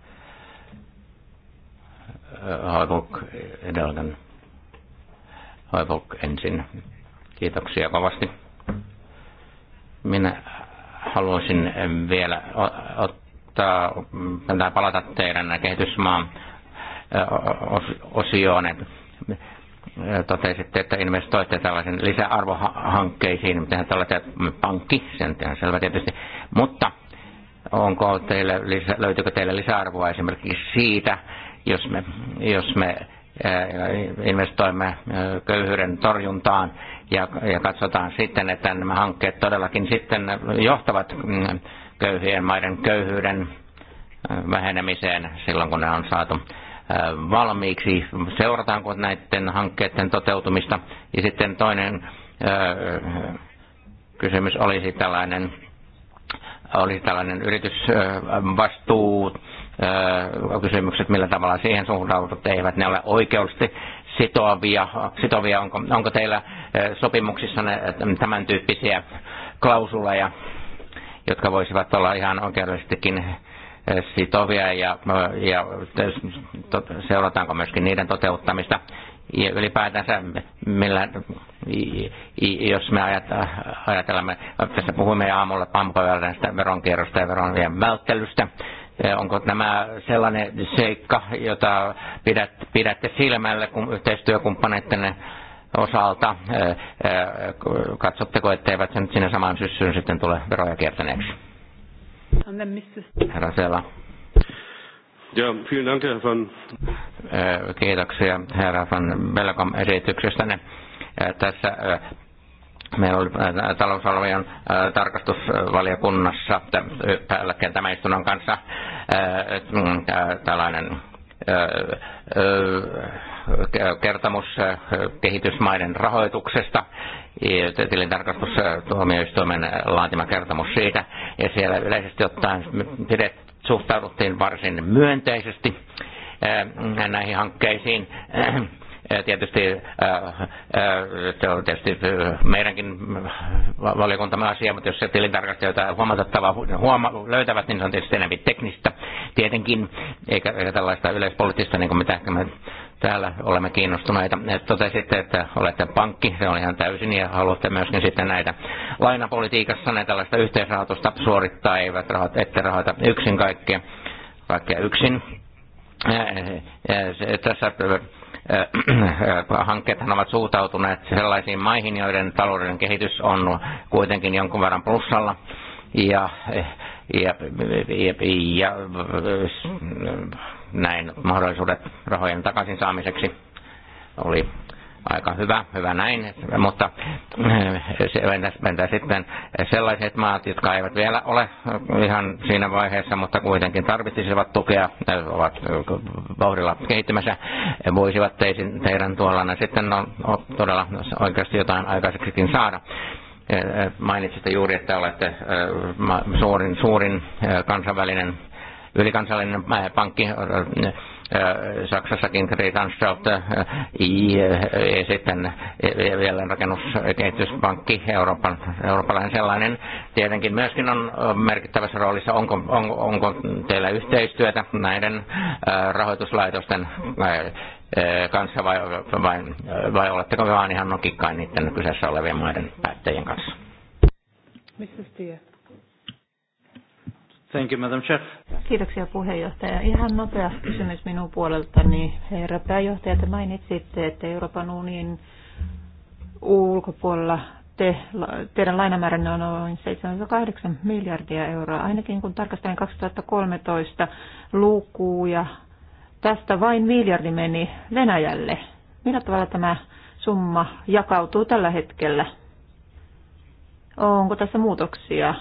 Eh, Haavok edelläkään. Haavok ensin. Kiitoksia kovasti. Minä haluaisin vielä ottaa, tai palata teidän kehitysmaan eh, osioon, että eh, totesitte, että investoitte tällaisen lisäarvohankkeisiin, mutta te olette pankki, sen on selvä tietysti, mutta Onko teille, löytyykö teille lisäarvoa esimerkiksi siitä, jos me, jos me äh, investoimme äh, köyhyyden torjuntaan ja, ja katsotaan sitten, että nämä hankkeet todellakin sitten johtavat mm, köyhien maiden köyhyyden äh, vähenemiseen silloin, kun ne on saatu valmiiksi. Seurataanko näiden hankkeiden toteutumista? Ja sitten toinen kysymys olisi tällainen oli tällainen yritysvastuu, kysymykset, millä tavalla siihen suhtaudut, eivät ne ole oikeudellisesti sitovia, sitovia onko, onko teillä sopimuksissa tämän tyyppisiä klausuleja, jotka voisivat olla ihan oikeudellisestikin sitovia ja, ja seurataanko myöskin niiden toteuttamista ja ylipäätänsä, millä, jos me ajatellaan, tässä puhumme aamulla pampoilla näistä veronkierrosta ja veronvien välttelystä, onko nämä sellainen seikka, jota pidät, pidätte silmällä kun yhteistyökumppaneiden osalta? Katsotteko, etteivät se sinne samaan syssyyn sitten tule veroja kiertäneeksi? Herra Sela. Ja, vielen Dank, Herr van. Äh, kiitoksia herra van Belkom esityksestänne. Äh, tässä äh, meillä oli talousalueen tarkastusvaliokunnassa päällekkäin tämän istunnon kanssa mm, tällainen kertomus kehitysmaiden rahoituksesta, tilintarkastustuomioistuimen laatima kertomus siitä, ja siellä yleisesti ottaen suhtauduttiin varsin myönteisesti äh, näihin hankkeisiin. Äh, äh, tietysti, tietysti meidänkin valiokuntamme asia, mutta jos se tilintarkastajat huomatettavaa huoma- löytävät, niin se on tietysti enemmän teknistä tietenkin, eikä, eikä tällaista yleispoliittista, niin kuin mitä täällä olemme kiinnostuneita. Totesitte, että olette pankki, se on ihan täysin, ja haluatte myöskin sitten näitä lainapolitiikassa näitä tällaista yhteisrahoitusta suorittaa, eivät rahat, ette rahoita yksin kaikkea, kaikkea yksin. Tässä hankkeethan ovat suutautuneet sellaisiin maihin, joiden talouden kehitys on kuitenkin jonkun verran plussalla. Ja, ja, ja, ja, ja näin mahdollisuudet rahojen takaisin saamiseksi oli aika hyvä, hyvä näin, mutta eh, se entä sitten sellaiset maat, jotka eivät vielä ole ihan siinä vaiheessa, mutta kuitenkin tarvitsisivat tukea, eh, ovat vauhdilla kehittymässä, eh, voisivat teisin, teidän tuollana sitten on, no, on todella oikeasti jotain aikaiseksikin saada. Mainitsitte juuri, että olette suurin, suurin kansainvälinen ylikansallinen äh, pankki äh, äh, Saksassakin Kritanstadt ja sitten vielä rakennus- ja kehityspankki, Euroopan, eurooppalainen sellainen, tietenkin myöskin on merkittävässä roolissa. Onko, on, onko teillä yhteistyötä näiden rahoituslaitosten kanssa vai, vai, vai oletteko vaan ihan nokikkain niiden kyseessä olevien maiden päättäjien kanssa? Mrs. Diaz. Thank you, Madam Chair. Kiitoksia puheenjohtaja. Ihan nopea kysymys minun puoleltani. Herra pääjohtaja, te mainitsitte, että Euroopan unionin ulkopuolella te, teidän lainamääränne on noin 78 miljardia euroa, ainakin kun tarkastelen 2013 lukuja. Tästä vain miljardi meni Venäjälle. Millä tavalla tämä summa jakautuu tällä hetkellä? Onko tässä muutoksia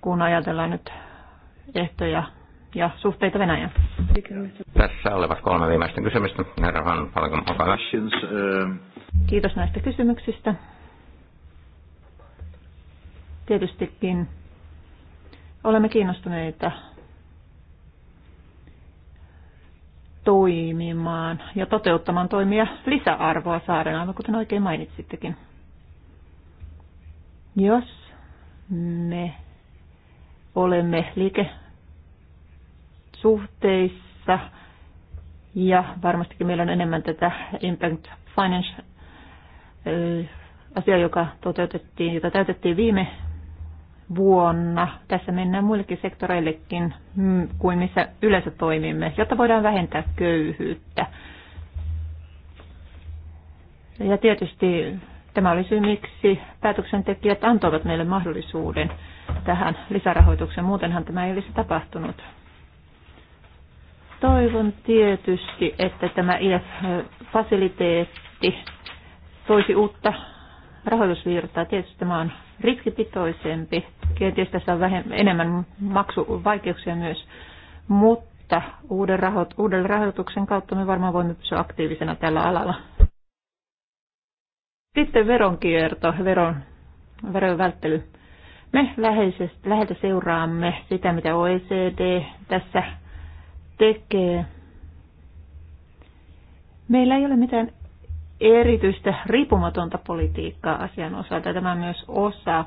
kun ajatellaan nyt ehtoja ja suhteita Venäjään. Tässä olevat kolme viimeistä kysymystä. Herra Van Palkan, eh. Kiitos näistä kysymyksistä. Tietystikin olemme kiinnostuneita toimimaan ja toteuttamaan toimia lisäarvoa saaren, aivan kuten oikein mainitsittekin. Jos me olemme liikesuhteissa ja varmastikin meillä on enemmän tätä Impact Finance eh, asiaa, joka toteutettiin, jota täytettiin viime vuonna. Tässä mennään muillekin sektoreillekin mm, kuin missä yleensä toimimme, jotta voidaan vähentää köyhyyttä. Ja tietysti tämä oli syy, miksi päätöksentekijät antoivat meille mahdollisuuden tähän lisärahoituksen. Muutenhan tämä ei olisi tapahtunut. Toivon tietysti, että tämä IF-fasiliteetti toisi uutta rahoitusvirtaa. Tietysti tämä on riskipitoisempi, kenties tässä on vähem, enemmän maksuvaikeuksia myös, mutta uuden, raho- uuden rahoituksen kautta me varmaan voimme pysyä aktiivisena tällä alalla. Sitten veronkierto, veron, veron välttely. Me läheltä seuraamme sitä, mitä OECD tässä tekee. Meillä ei ole mitään erityistä riippumatonta politiikkaa asian osalta. Tämä on myös osa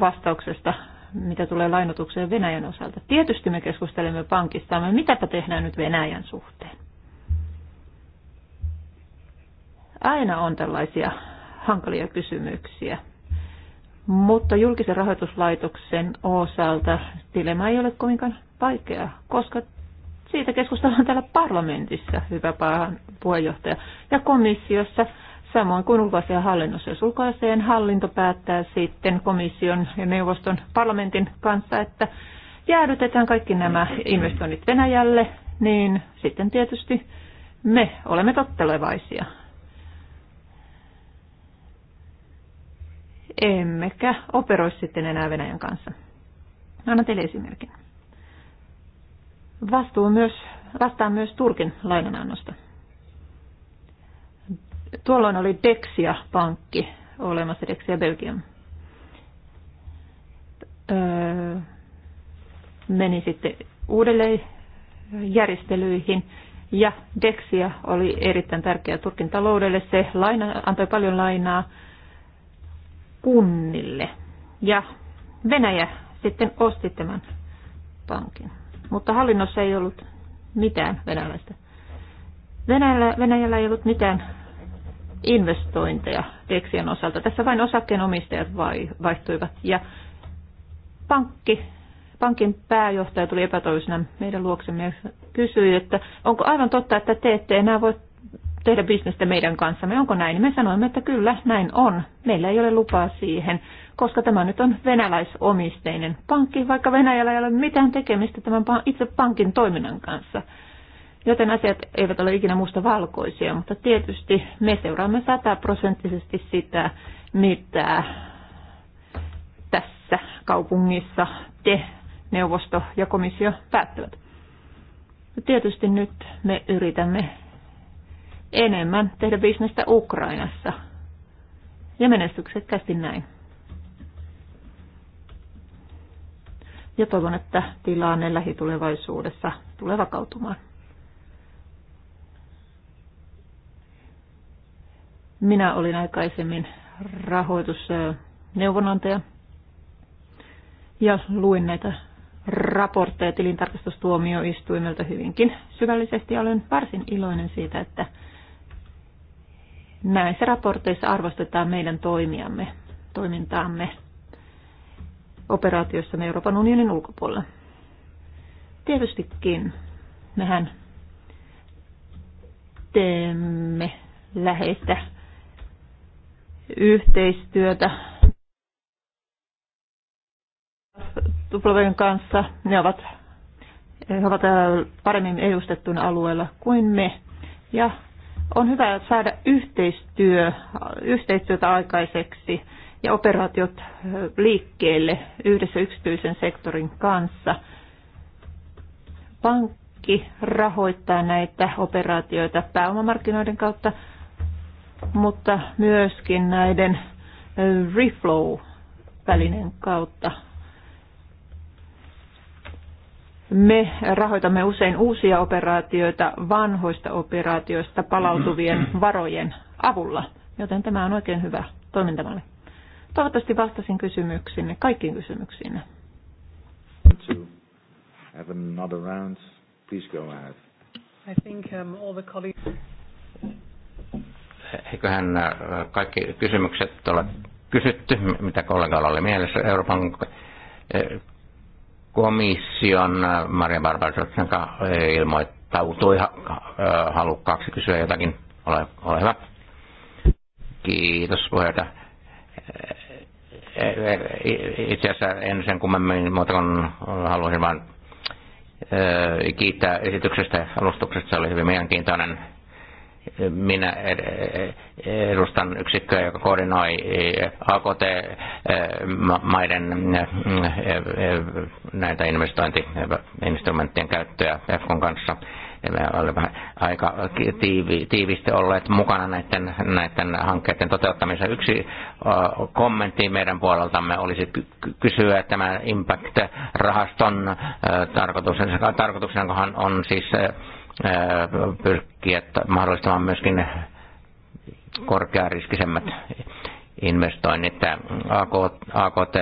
vastauksesta, mitä tulee lainotukseen Venäjän osalta. Tietysti me keskustelemme pankistamme, mitäpä tehdään nyt Venäjän suhteen. Aina on tällaisia hankalia kysymyksiä. Mutta julkisen rahoituslaitoksen osalta dilemma ei ole kovinkaan vaikea, koska siitä keskustellaan täällä parlamentissa, hyvä puheenjohtaja, ja komissiossa, samoin kuin ulkoasian hallinnossa. Jos ulkoasian hallinto päättää sitten komission ja neuvoston parlamentin kanssa, että jäädytetään kaikki nämä investoinnit Venäjälle, niin sitten tietysti me olemme tottelevaisia. emmekä operoi sitten enää Venäjän kanssa. Anna teille esimerkin. Vastuu myös, vastaan myös Turkin lainanannosta. Tuolloin oli Dexia-pankki olemassa, Dexia Belgium. Öö, meni sitten uudelleen järjestelyihin. Ja Dexia oli erittäin tärkeä Turkin taloudelle. Se laina, antoi paljon lainaa kunnille. Ja Venäjä sitten osti tämän pankin. Mutta hallinnossa ei ollut mitään venäläistä. Venäjällä, Venäjällä ei ollut mitään investointeja Dexian osalta. Tässä vain osakkeenomistajat vaihtuivat ja pankki, pankin pääjohtaja tuli epätoivisena meidän luoksemme ja kysyi, että onko aivan totta, että te ette enää voi tehdä bisnestä meidän kanssamme. Onko näin? Me sanoimme, että kyllä, näin on. Meillä ei ole lupaa siihen, koska tämä nyt on venäläisomisteinen pankki, vaikka Venäjällä ei ole mitään tekemistä tämän itse pankin toiminnan kanssa. Joten asiat eivät ole ikinä musta valkoisia, mutta tietysti me seuraamme sataprosenttisesti sitä, mitä tässä kaupungissa te, neuvosto ja komissio päättävät. Tietysti nyt me yritämme enemmän tehdä bisnestä Ukrainassa. Ja menestyksekkäästi näin. Ja toivon, että tilanne lähitulevaisuudessa tulee vakautumaan. Minä olin aikaisemmin rahoitusneuvonantaja ja luin näitä raportteja tilintarkastustuomioistuimelta hyvinkin syvällisesti. Olen varsin iloinen siitä, että Näissä raporteissa arvostetaan meidän toimiamme, toimintaamme operaatiossa Euroopan unionin ulkopuolella. Tietystikin mehän teemme läheistä yhteistyötä Tuplaven kanssa. Ne ovat, he ovat paremmin edustettuna alueella kuin me. Ja on hyvä saada yhteistyö, yhteistyötä aikaiseksi ja operaatiot liikkeelle yhdessä yksityisen sektorin kanssa. Pankki rahoittaa näitä operaatioita pääomamarkkinoiden kautta, mutta myöskin näiden reflow-välinen kautta me rahoitamme usein uusia operaatioita vanhoista operaatioista palautuvien mm-hmm. varojen avulla, joten tämä on oikein hyvä toimintamalli. Toivottavasti vastasin kysymyksiinne, kaikkiin kysymyksiinne. Um, Eiköhän äh, kaikki kysymykset ole kysytty, mitä kollegalla oli mielessä. Euroopan äh, komission äh, Maria Barbarossa äh, ilmoittautui äh, halukkaaksi kysyä jotakin. Ole, ole hyvä. Kiitos puheenjohtaja. Itse asiassa en sen kummemmin, muuta kuin haluaisin vain kiittää esityksestä ja alustuksesta. Se oli hyvin mielenkiintoinen minä edustan yksikköä, joka koordinoi eh, AKT-maiden eh, eh, näitä investointiinstrumenttien käyttöä EFKon kanssa. Me olemme aika tiivi, tiivisti olleet mukana näiden, näiden hankkeiden toteuttamisessa. Yksi kommentti meidän puoleltamme olisi kysyä tämän Impact-rahaston tarkoituksen Tarkoituksenahan on siis pyrkiä mahdollistamaan myöskin korkeariskisemmät investoinnit. AKT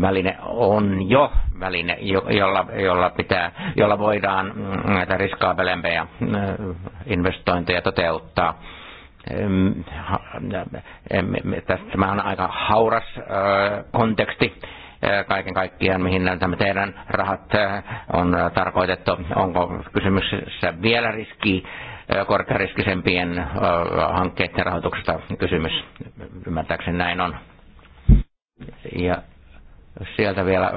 väline on jo väline, jolla, jolla, pitää, jolla voidaan näitä riskaabelempia investointeja toteuttaa. Tämä on aika hauras konteksti kaiken kaikkiaan, mihin nämä teidän rahat on tarkoitettu. Onko kysymyksessä vielä riski korkeariskisempien hankkeiden rahoituksesta kysymys? Ymmärtääkseni näin on. Ja sieltä vielä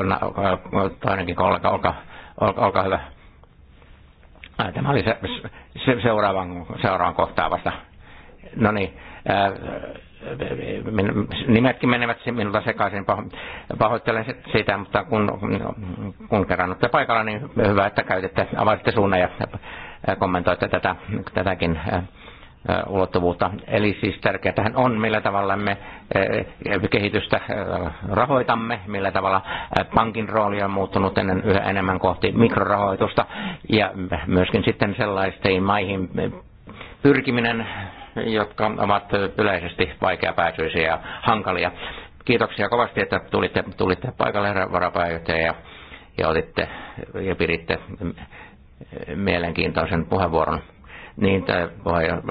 toinenkin kollega, olkaa, olkaa, olkaa hyvä. Tämä oli se, se, seuraavan, seuraavan kohtaan vasta. No niin, nimetkin menevät minulta sekaisin, pahoittelen sitä, mutta kun, kun kerran olette paikalla, niin hyvä, että käytätte, avaisitte suunnan ja kommentoitte tätä, tätäkin ulottuvuutta. Eli siis tärkeää, on, millä tavalla me kehitystä rahoitamme, millä tavalla pankin rooli on muuttunut ennen, yhä enemmän kohti mikrorahoitusta ja myöskin sitten sellaisiin maihin pyrkiminen jotka ovat yleisesti vaikeapäätyisiä ja hankalia. Kiitoksia kovasti, että tulitte, tulitte paikalle, herra varapääjohtaja, ja, ja, otitte, ja piditte mielenkiintoisen puheenvuoron. Niin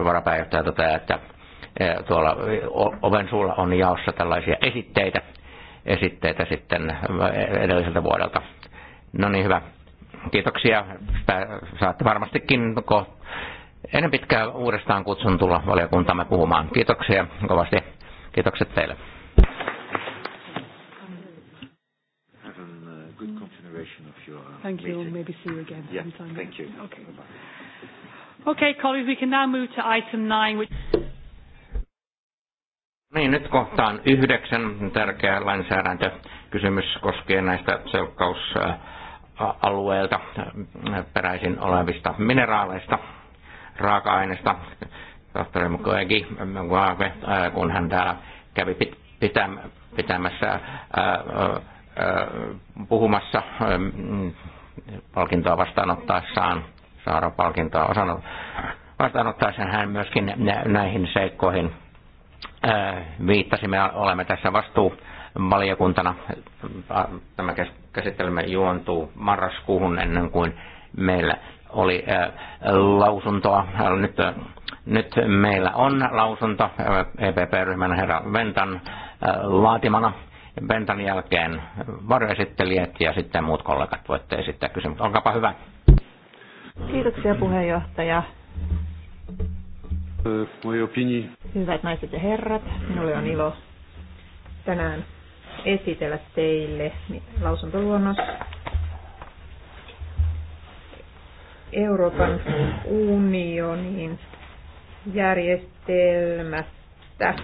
varapääjohtaja toteaa, että eh, tuolla oven suulla on jaossa tällaisia esitteitä, esitteitä sitten eh, edelliseltä vuodelta. No niin, hyvä. Kiitoksia. Saatte varmastikin Ennen pitkää uudestaan kutsun tulla valiokuntamme puhumaan. Kiitoksia kovasti. Kiitokset teille. Uh, uh, thank you. We'll maybe see you again yeah, sometime. Thank you. Okay. Okay, colleagues, we can now move to item nine, which... Niin, nyt kohtaan yhdeksän tärkeä lainsäädäntökysymys koskien näistä selkkausalueelta peräisin olevista mineraaleista raaka-aineesta, tohtori Mukwege, äh, kun hän täällä kävi pitämässä äh, äh, puhumassa ähm, palkintoa vastaanottaessaan, Saara-palkintoa vastaanottaessaan hän myöskin näihin seikkoihin viittasi. Me olemme tässä vastuu valiokuntana tämä käsittelemme juontuu marraskuuhun ennen kuin meillä oli lausuntoa. Nyt, nyt meillä on lausunto EPP-ryhmän herra Ventan laatimana. Ventan jälkeen varoesittelijät ja sitten muut kollegat voitte esittää kysymyksiä. Olkaapa hyvä. Kiitoksia puheenjohtaja. E, opini. Hyvät naiset ja herrat, minulle on ilo tänään esitellä teille lausuntoluonnos Euroopan unionin järjestelmästä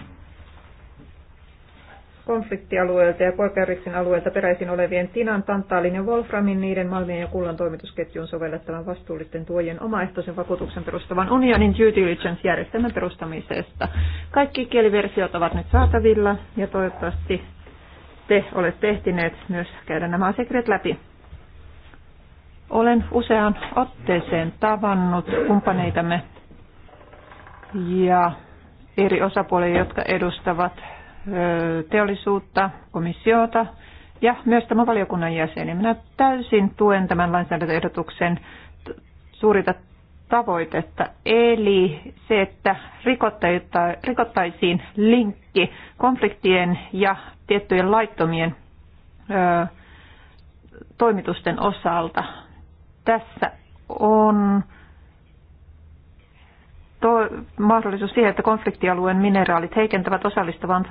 konfliktialueelta ja Korkeariksen alueelta peräisin olevien tinan, tantaalin ja wolframin, niiden malmien ja kullan toimitusketjuun sovellettavan vastuullisten tuojien omaehtoisen vakuutuksen perustavan unionin due diligence-järjestelmän perustamisesta. Kaikki kieliversiot ovat nyt saatavilla ja toivottavasti te olette ehtineet myös käydä nämä asiakirjat läpi. Olen useaan otteeseen tavannut kumppaneitamme ja eri osapuolia, jotka edustavat teollisuutta, komissiota ja myös tämän valiokunnan jäseniä. Minä täysin tuen tämän lainsäädäntöehdotuksen suurita tavoitetta, eli se, että rikottaisiin linkki konfliktien ja tiettyjen laittomien toimitusten osalta tässä on to, mahdollisuus siihen, että konfliktialueen mineraalit heikentävät osallistavan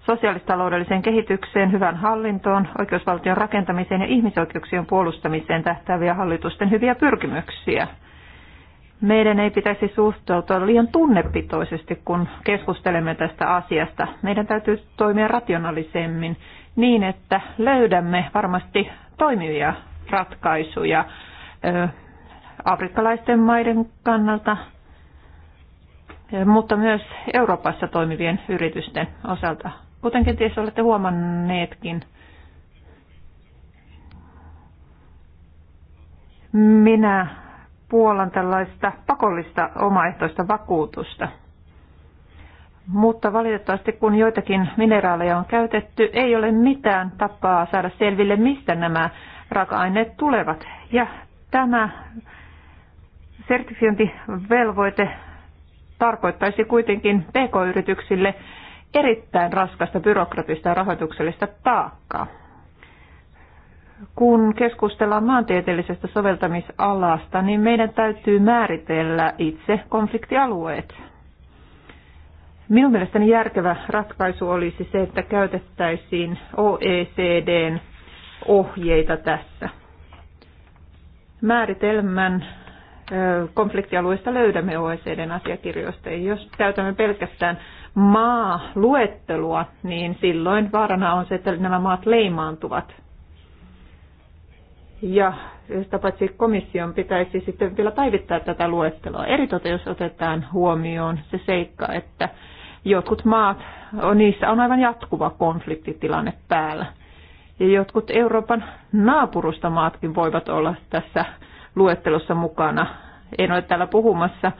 sosiaalistaloudelliseen kehitykseen, hyvän hallintoon, oikeusvaltion rakentamiseen ja ihmisoikeuksien puolustamiseen tähtääviä hallitusten hyviä pyrkimyksiä. Meidän ei pitäisi suhtautua liian tunnepitoisesti, kun keskustelemme tästä asiasta. Meidän täytyy toimia rationaalisemmin niin, että löydämme varmasti toimivia ratkaisuja afrikkalaisten maiden kannalta, mutta myös Euroopassa toimivien yritysten osalta. Kuten kenties olette huomanneetkin, minä puolan tällaista pakollista omaehtoista vakuutusta. Mutta valitettavasti kun joitakin mineraaleja on käytetty, ei ole mitään tapaa saada selville, mistä nämä raaka-aineet tulevat. Ja tämä sertifiointivelvoite tarkoittaisi kuitenkin pk-yrityksille erittäin raskasta byrokratista ja rahoituksellista taakkaa. Kun keskustellaan maantieteellisestä soveltamisalasta, niin meidän täytyy määritellä itse konfliktialueet. Minun mielestäni järkevä ratkaisu olisi se, että käytettäisiin OECDn ohjeita tässä. Määritelmän konfliktialueista löydämme OECDn asiakirjoista. Ja jos käytämme pelkästään maaluettelua, niin silloin vaarana on se, että nämä maat leimaantuvat. Ja sitä paitsi komission pitäisi sitten vielä päivittää tätä luetteloa. Eritoten jos otetaan huomioon se seikka, että jotkut maat, niissä on aivan jatkuva konfliktitilanne päällä. Ja jotkut Euroopan naapurustamaatkin voivat olla tässä luettelossa mukana. En ole täällä puhumassa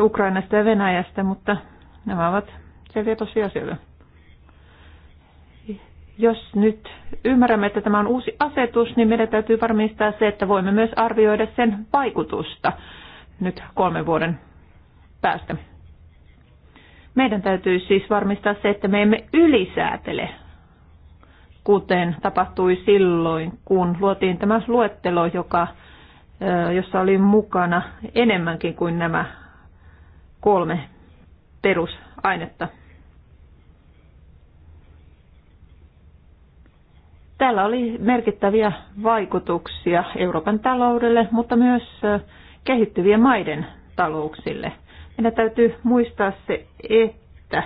Ukrainasta ja Venäjästä, mutta nämä ovat selviä tosiasioita. Jos nyt ymmärrämme, että tämä on uusi asetus, niin meidän täytyy varmistaa se, että voimme myös arvioida sen vaikutusta nyt kolmen vuoden päästä. Meidän täytyy siis varmistaa se, että me emme ylisäätele kuten tapahtui silloin, kun luotiin tämä luettelo, joka, jossa oli mukana enemmänkin kuin nämä kolme perusainetta. Tällä oli merkittäviä vaikutuksia Euroopan taloudelle, mutta myös kehittyvien maiden talouksille. Meidän täytyy muistaa se, että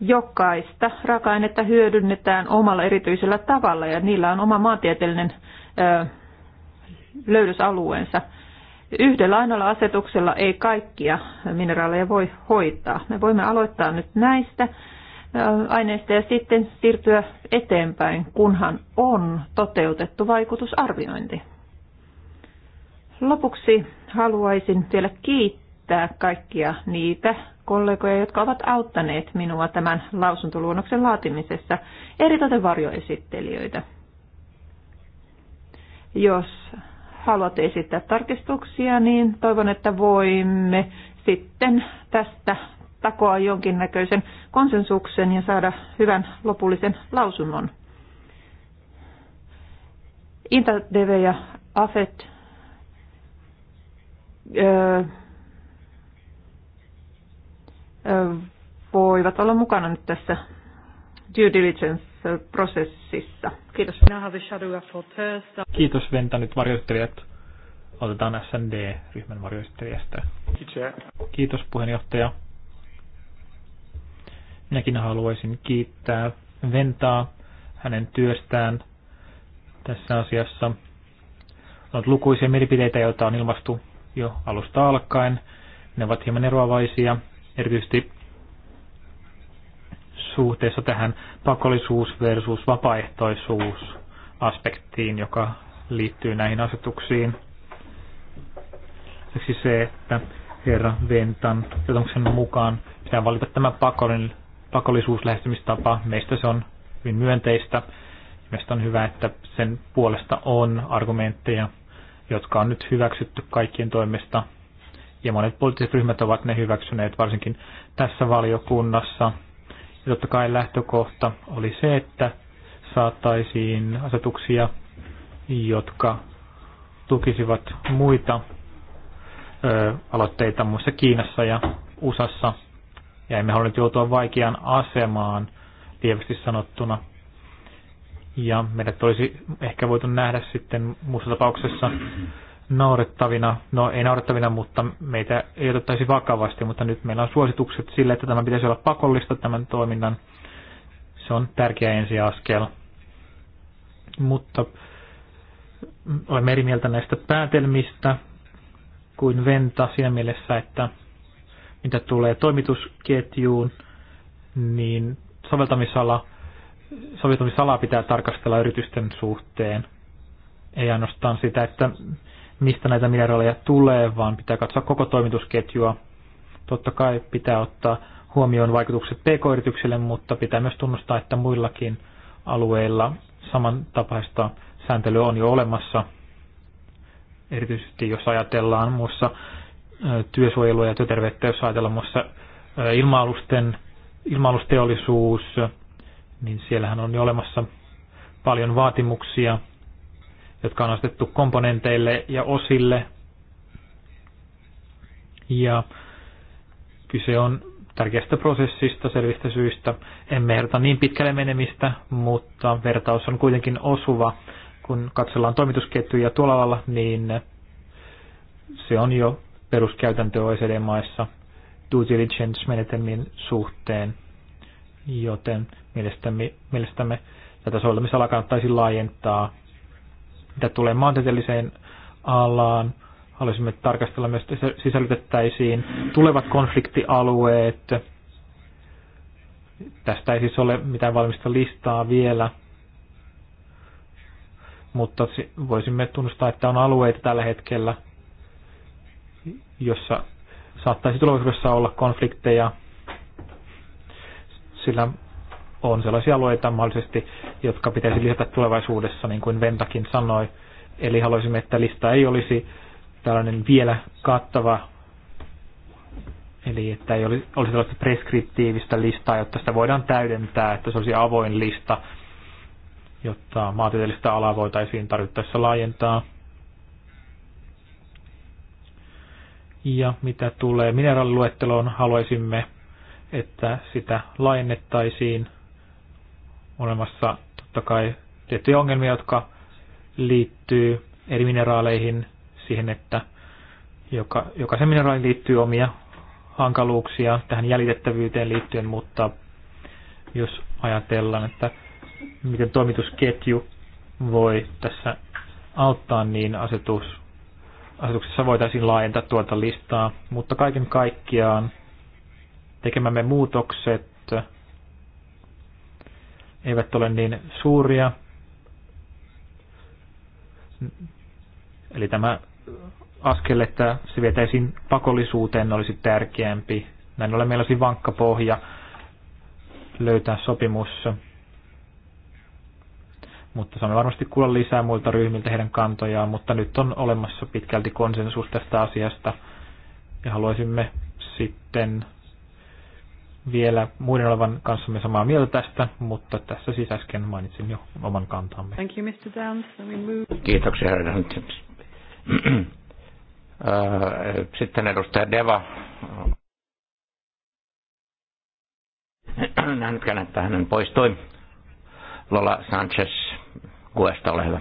jokaista raaka-ainetta hyödynnetään omalla erityisellä tavalla ja niillä on oma maantieteellinen löydösalueensa. Yhdellä ainoalla asetuksella ei kaikkia mineraaleja voi hoitaa. Me voimme aloittaa nyt näistä aineista ja sitten siirtyä eteenpäin, kunhan on toteutettu vaikutusarviointi. Lopuksi haluaisin vielä kiittää kaikkia niitä kollegoja, jotka ovat auttaneet minua tämän lausuntoluonnoksen laatimisessa, eritoten varjoesittelijöitä. Jos haluatte esittää tarkistuksia, niin toivon, että voimme sitten tästä takoa jonkinnäköisen konsensuksen ja saada hyvän lopullisen lausunnon. Inta, ja AFET öö, voivat olla mukana nyt tässä due diligence-prosessissa. Kiitos. Kiitos Venta, nyt varjoittelijat. Otetaan SND-ryhmän varjoittelijasta. Kiitos puheenjohtaja. Minäkin haluaisin kiittää Ventaa hänen työstään tässä asiassa. On ollut lukuisia mielipiteitä, joita on ilmastu jo alusta alkaen. Ne ovat hieman eroavaisia erityisesti suhteessa tähän pakollisuus versus vapaaehtoisuus aspektiin, joka liittyy näihin asetuksiin. Siksi se, että herra Ventan kertomuksen mukaan pitää valita tämä pakollinen, pakollisuuslähestymistapa. Meistä se on hyvin myönteistä. Meistä on hyvä, että sen puolesta on argumentteja, jotka on nyt hyväksytty kaikkien toimesta – ja monet poliittiset ryhmät ovat ne hyväksyneet, varsinkin tässä valiokunnassa. Ja totta kai lähtökohta oli se, että saataisiin asetuksia, jotka tukisivat muita ö, aloitteita muissa Kiinassa ja USassa. Ja emme halunneet joutua vaikeaan asemaan, lievästi sanottuna. Ja meidät olisi ehkä voitu nähdä sitten muussa tapauksessa naurettavina, no ei naurettavina, mutta meitä ei otettaisi vakavasti, mutta nyt meillä on suositukset sille, että tämä pitäisi olla pakollista tämän toiminnan. Se on tärkeä ensiaskel. Mutta olen eri mieltä näistä päätelmistä kuin Venta siinä mielessä, että mitä tulee toimitusketjuun, niin soveltamisala, soveltamisala pitää tarkastella yritysten suhteen. Ei ainoastaan sitä, että mistä näitä mineraaleja tulee, vaan pitää katsoa koko toimitusketjua. Totta kai pitää ottaa huomioon vaikutukset pk yritykselle mutta pitää myös tunnustaa, että muillakin alueilla samantapaista sääntelyä on jo olemassa. Erityisesti jos ajatellaan muussa työsuojelua ja työterveyttä, jos ajatellaan muussa ilma-alusten, ilma-alusteollisuus, niin siellähän on jo olemassa paljon vaatimuksia jotka on ostettu komponenteille ja osille. Ja kyse on tärkeästä prosessista selvistä syistä. Emme ehdota niin pitkälle menemistä, mutta vertaus on kuitenkin osuva. Kun katsellaan toimitusketjuja tuolla lailla, niin se on jo peruskäytäntö OECD-maissa due diligence-menetelmien suhteen, joten mielestämme, mielestämme tätä soveltamisalaa kannattaisi laajentaa mitä tulee maantieteelliseen alaan, haluaisimme tarkastella myös, että sisällytettäisiin tulevat konfliktialueet. Tästä ei siis ole mitään valmista listaa vielä, mutta voisimme tunnustaa, että on alueita tällä hetkellä, jossa saattaisi tulevaisuudessa olla konflikteja, sillä on sellaisia alueita mahdollisesti, jotka pitäisi lisätä tulevaisuudessa, niin kuin Ventakin sanoi. Eli haluaisimme, että lista ei olisi tällainen vielä kattava, eli että ei olisi, olisi tällaista preskriptiivistä listaa, jotta sitä voidaan täydentää, että se olisi avoin lista, jotta maantieteellistä alaa voitaisiin tarvittaessa laajentaa. Ja mitä tulee mineraaliluetteloon, haluaisimme, että sitä laajennettaisiin – olemassa totta kai tiettyjä ongelmia, jotka liittyy eri mineraaleihin siihen, että joka, jokaisen mineraaliin liittyy omia hankaluuksia tähän jäljitettävyyteen liittyen, mutta jos ajatellaan, että miten toimitusketju voi tässä auttaa, niin asetus, asetuksessa voitaisiin laajentaa tuota listaa, mutta kaiken kaikkiaan tekemämme muutokset eivät ole niin suuria. Eli tämä askel, että se vietäisiin pakollisuuteen, olisi tärkeämpi. Näin ollen meillä olisi vankka pohja löytää sopimus. Mutta saamme varmasti kuulla lisää muilta ryhmiltä heidän kantojaan, mutta nyt on olemassa pitkälti konsensus tästä asiasta. Ja haluaisimme sitten vielä muiden olevan kanssamme samaa mieltä tästä, mutta tässä siis äsken mainitsin jo oman kantamme. Thank you, Mr. Downs. Kiitoksia, herra Downs. Äh, sitten edustaja Deva. Nähnytkään, että hänen poistui. Lola Sanchez, Kuesta, ole hyvä.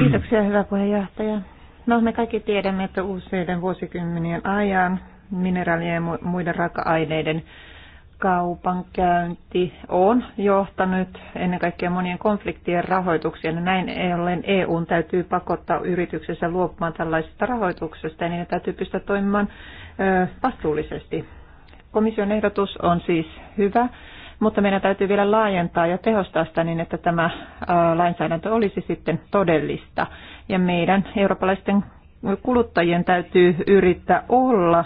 Kiitoksia, hyvä puheenjohtaja. No, me kaikki tiedämme, että useiden vuosikymmenien ajan mineraalien ja muiden raaka-aineiden kaupankäynti on johtanut ennen kaikkea monien konfliktien rahoitukseen. Näin ei ollen EUn täytyy pakottaa yrityksensä luopumaan tällaisesta rahoituksesta ja ne täytyy pystyä toimimaan vastuullisesti. Komission ehdotus on siis hyvä, mutta meidän täytyy vielä laajentaa ja tehostaa sitä niin, että tämä lainsäädäntö olisi sitten todellista. Ja meidän eurooppalaisten kuluttajien täytyy yrittää olla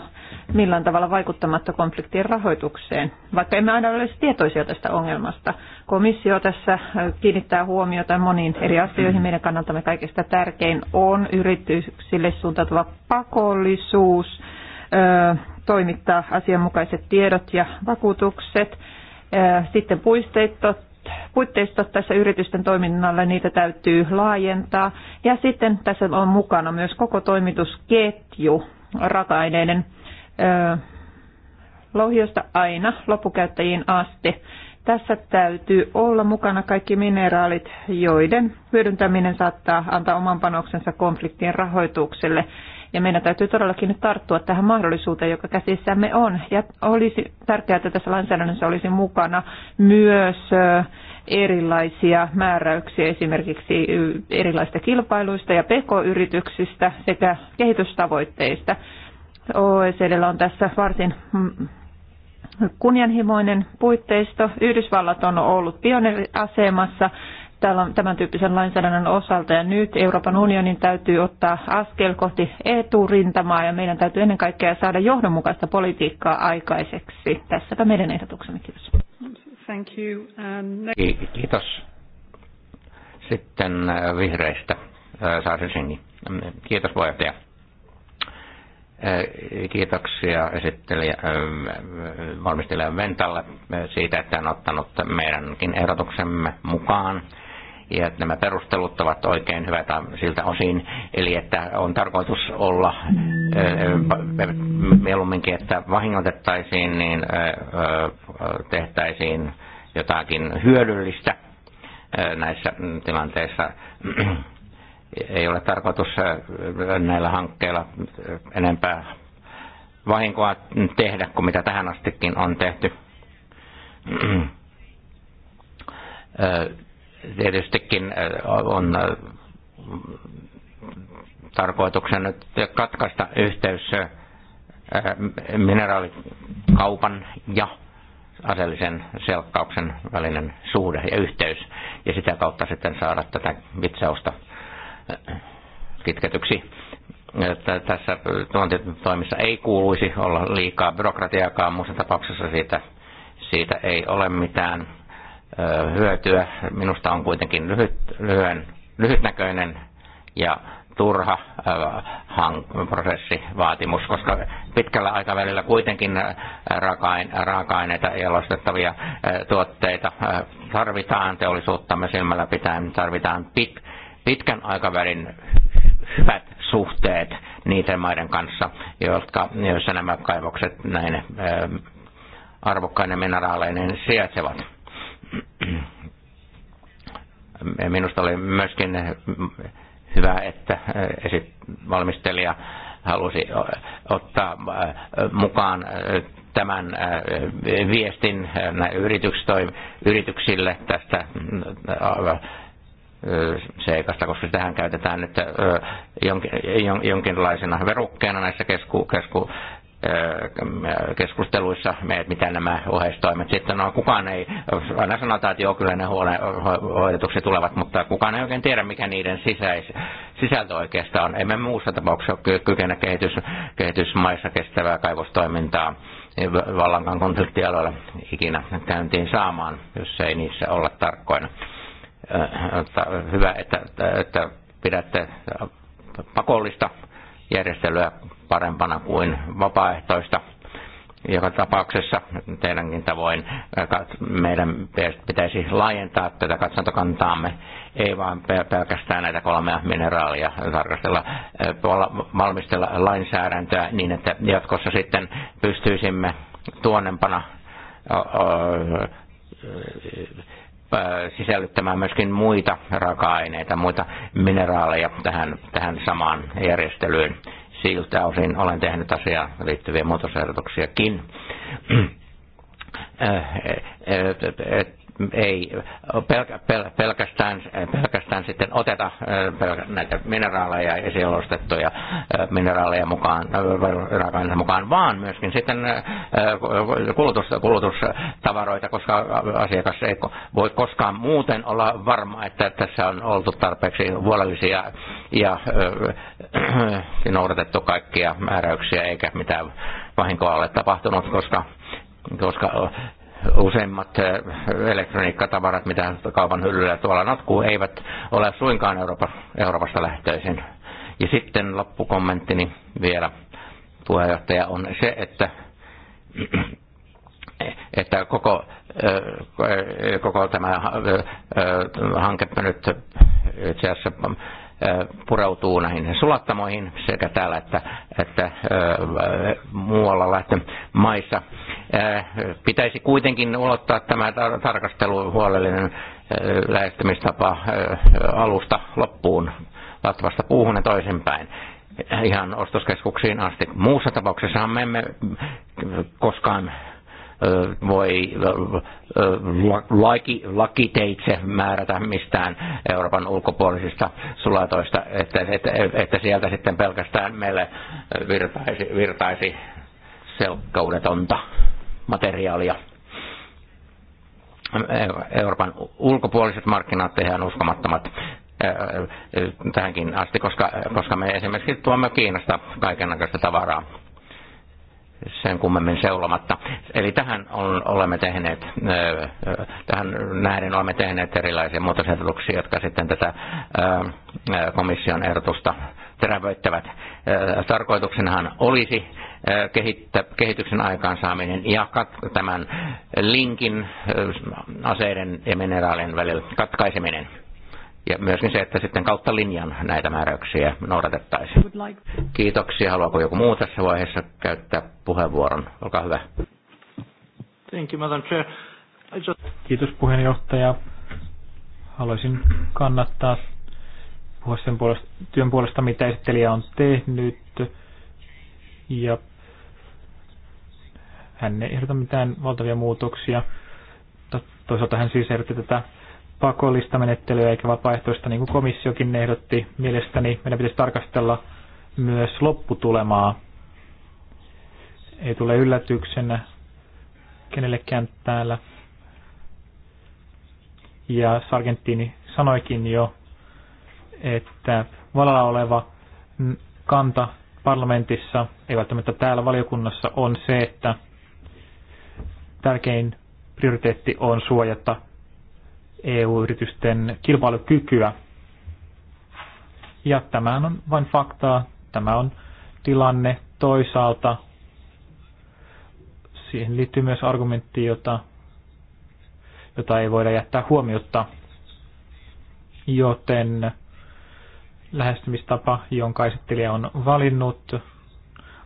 millään tavalla vaikuttamatta konfliktien rahoitukseen, vaikka emme aina ole tietoisia tästä ongelmasta. Komissio tässä kiinnittää huomiota moniin eri asioihin. Mm-hmm. Meidän kannaltamme kaikista tärkein on yrityksille suuntautuva pakollisuus toimittaa asianmukaiset tiedot ja vakuutukset. Sitten puisteistot, puitteistot tässä yritysten toiminnalle, niitä täytyy laajentaa. Ja sitten tässä on mukana myös koko toimitusketju, raaka-aineiden louhiosta aina loppukäyttäjiin asti. Tässä täytyy olla mukana kaikki mineraalit, joiden hyödyntäminen saattaa antaa oman panoksensa konfliktien rahoitukselle. Ja meidän täytyy todellakin nyt tarttua tähän mahdollisuuteen, joka käsissämme on. Ja olisi tärkeää, että tässä lainsäädännössä olisi mukana myös erilaisia määräyksiä esimerkiksi erilaisista kilpailuista ja pk-yrityksistä sekä kehitystavoitteista. OECD on tässä varsin mm, kunnianhimoinen puitteisto. Yhdysvallat on ollut pioneeriasemassa tämän tyyppisen lainsäädännön osalta ja nyt Euroopan unionin täytyy ottaa askel kohti eturintamaa ja meidän täytyy ennen kaikkea saada johdonmukaista politiikkaa aikaiseksi. Tässäpä meidän ehdotuksemme. Kiitos. Thank you. Um, Kiitos. Sitten äh, vihreistä. Äh, Saa sen Kiitos puheenjohtaja Kiitoksia esittelijä, valmistelija Ventalle siitä, että on ottanut meidänkin ehdotuksemme mukaan. Ja että nämä perustelut ovat oikein hyvät siltä osin. Eli että on tarkoitus olla mieluumminkin, että vahingotettaisiin, niin tehtäisiin jotakin hyödyllistä näissä mm, tilanteissa ei ole tarkoitus äh, näillä hankkeilla äh, enempää vahinkoa tehdä kuin mitä tähän astikin on tehty. Äh, tietystikin on tarkoituksena nyt katkaista yhteys mineraalikaupan ja aseellisen selkkauksen välinen suhde ja yhteys, ja sitä kautta sitten saada tätä vitsausta kitketyksi. Tässä tuontitoimissa ei kuuluisi olla liikaa byrokratiaakaan, muussa tapauksessa siitä, siitä ei ole mitään hyötyä. Minusta on kuitenkin lyhyt, lyhyen, lyhytnäköinen ja turha vaatimus koska pitkällä aikavälillä kuitenkin raaka-aineita jalostettavia tuotteita tarvitaan teollisuuttamme silmällä pitäen, tarvitaan pitkä pitkän aikavälin hyvät suhteet niiden maiden kanssa, jotka, joissa nämä kaivokset näin arvokkainen mineraaleinen sijaitsevat. Minusta oli myöskin hyvä, että esit, valmistelija halusi ottaa mukaan tämän viestin yrityksille tästä seikasta, koska tähän käytetään nyt jonkinlaisena verukkeena näissä kesku, kesku, keskusteluissa, mitä nämä oheistoimet sitten on. Kukaan ei, aina sanotaan, että joo, kyllä ne huole, tulevat, mutta kukaan ei oikein tiedä, mikä niiden sisäis, sisältö oikeastaan on. Emme muussa tapauksessa kykene kehitys, kehitysmaissa kestävää kaivostoimintaa vallankaan konfliktialueella ikinä käyntiin saamaan, jos ei niissä olla tarkkoina. Äh, äh, hyvä, että, että pidätte pakollista järjestelyä parempana kuin vapaaehtoista. Joka tapauksessa teidänkin tavoin äh, meidän pitäisi laajentaa tätä katsantokantaamme, ei vain pelkästään näitä kolmea mineraalia tarkastella, valmistella lainsäädäntöä niin, että jatkossa sitten pystyisimme tuonnempana Äh, sisällyttämään myöskin muita raaka-aineita, muita mineraaleja tähän, tähän samaan järjestelyyn. Siltä osin olen tehnyt asiaan liittyviä muutosehdotuksiakin. Äh, äh, ei pelkästään, pelkästään sitten oteta näitä mineraaleja ja selostettuja mineraaleja mukaan, raaka mukaan, vaan myöskin sitten kulutus, kulutustavaroita, koska asiakas ei voi koskaan muuten olla varma, että tässä on oltu tarpeeksi huolellisia ja noudatettu kaikkia määräyksiä eikä mitään vahinkoa ole tapahtunut, koska koska useimmat eh, elektroniikkatavarat, mitä kaupan hyllyllä tuolla natkuu, eivät ole suinkaan Euroopasta lähtöisin. Ja sitten loppukommenttini vielä puheenjohtaja on se, että, että koko, eh, koko tämä eh, hanke nyt itse asiassa pureutuu näihin sulattamoihin sekä täällä että, että muualla lähtö maissa. Pitäisi kuitenkin ulottaa tämä tarkastelu huolellinen lähestymistapa alusta loppuun, latvasta puuhun ja toisinpäin ihan ostoskeskuksiin asti. Muussa tapauksessa me emme koskaan voi laki, lakiteitse määrätä mistään Euroopan ulkopuolisista sulatoista, että, että, että sieltä sitten pelkästään meille virtaisi, virtaisi selkkaudetonta materiaalia. Euroopan ulkopuoliset markkinat tehdään uskomattomat tähänkin asti, koska, koska me esimerkiksi tuomme Kiinasta kaikenlaista tavaraa sen kummemmin seulomatta. Eli tähän on, olemme tehneet, tähän nähden olemme tehneet erilaisia muutosehdotuksia, jotka sitten tätä komission ehdotusta terävöittävät. Tarkoituksenahan olisi kehityksen aikaansaaminen ja tämän linkin aseiden ja mineraalien välillä katkaiseminen. Ja myöskin se, että sitten kautta linjan näitä määräyksiä noudatettaisiin. Kiitoksia. Haluaako joku muu tässä vaiheessa käyttää puheenvuoron? Olkaa hyvä. Thank you, Madam Chair. Kiitos puheenjohtaja. Haluaisin kannattaa puhua sen puolesta, työn puolesta, mitä esittelijä on tehnyt. Ja hän ei ehdota mitään valtavia muutoksia. Toisaalta hän siis ehdotti tätä pakollista menettelyä eikä vapaaehtoista, niin kuin komissiokin ehdotti. Mielestäni meidän pitäisi tarkastella myös lopputulemaa. Ei tule yllätyksenä kenellekään täällä. Ja Sargentini sanoikin jo, että valalla oleva kanta parlamentissa, ei välttämättä täällä valiokunnassa, on se, että tärkein prioriteetti on suojata EU-yritysten kilpailukykyä. Ja tämä on vain faktaa, tämä on tilanne. Toisaalta siihen liittyy myös argumentti, jota, jota ei voida jättää huomiota, joten lähestymistapa, jonka esittelijä on valinnut,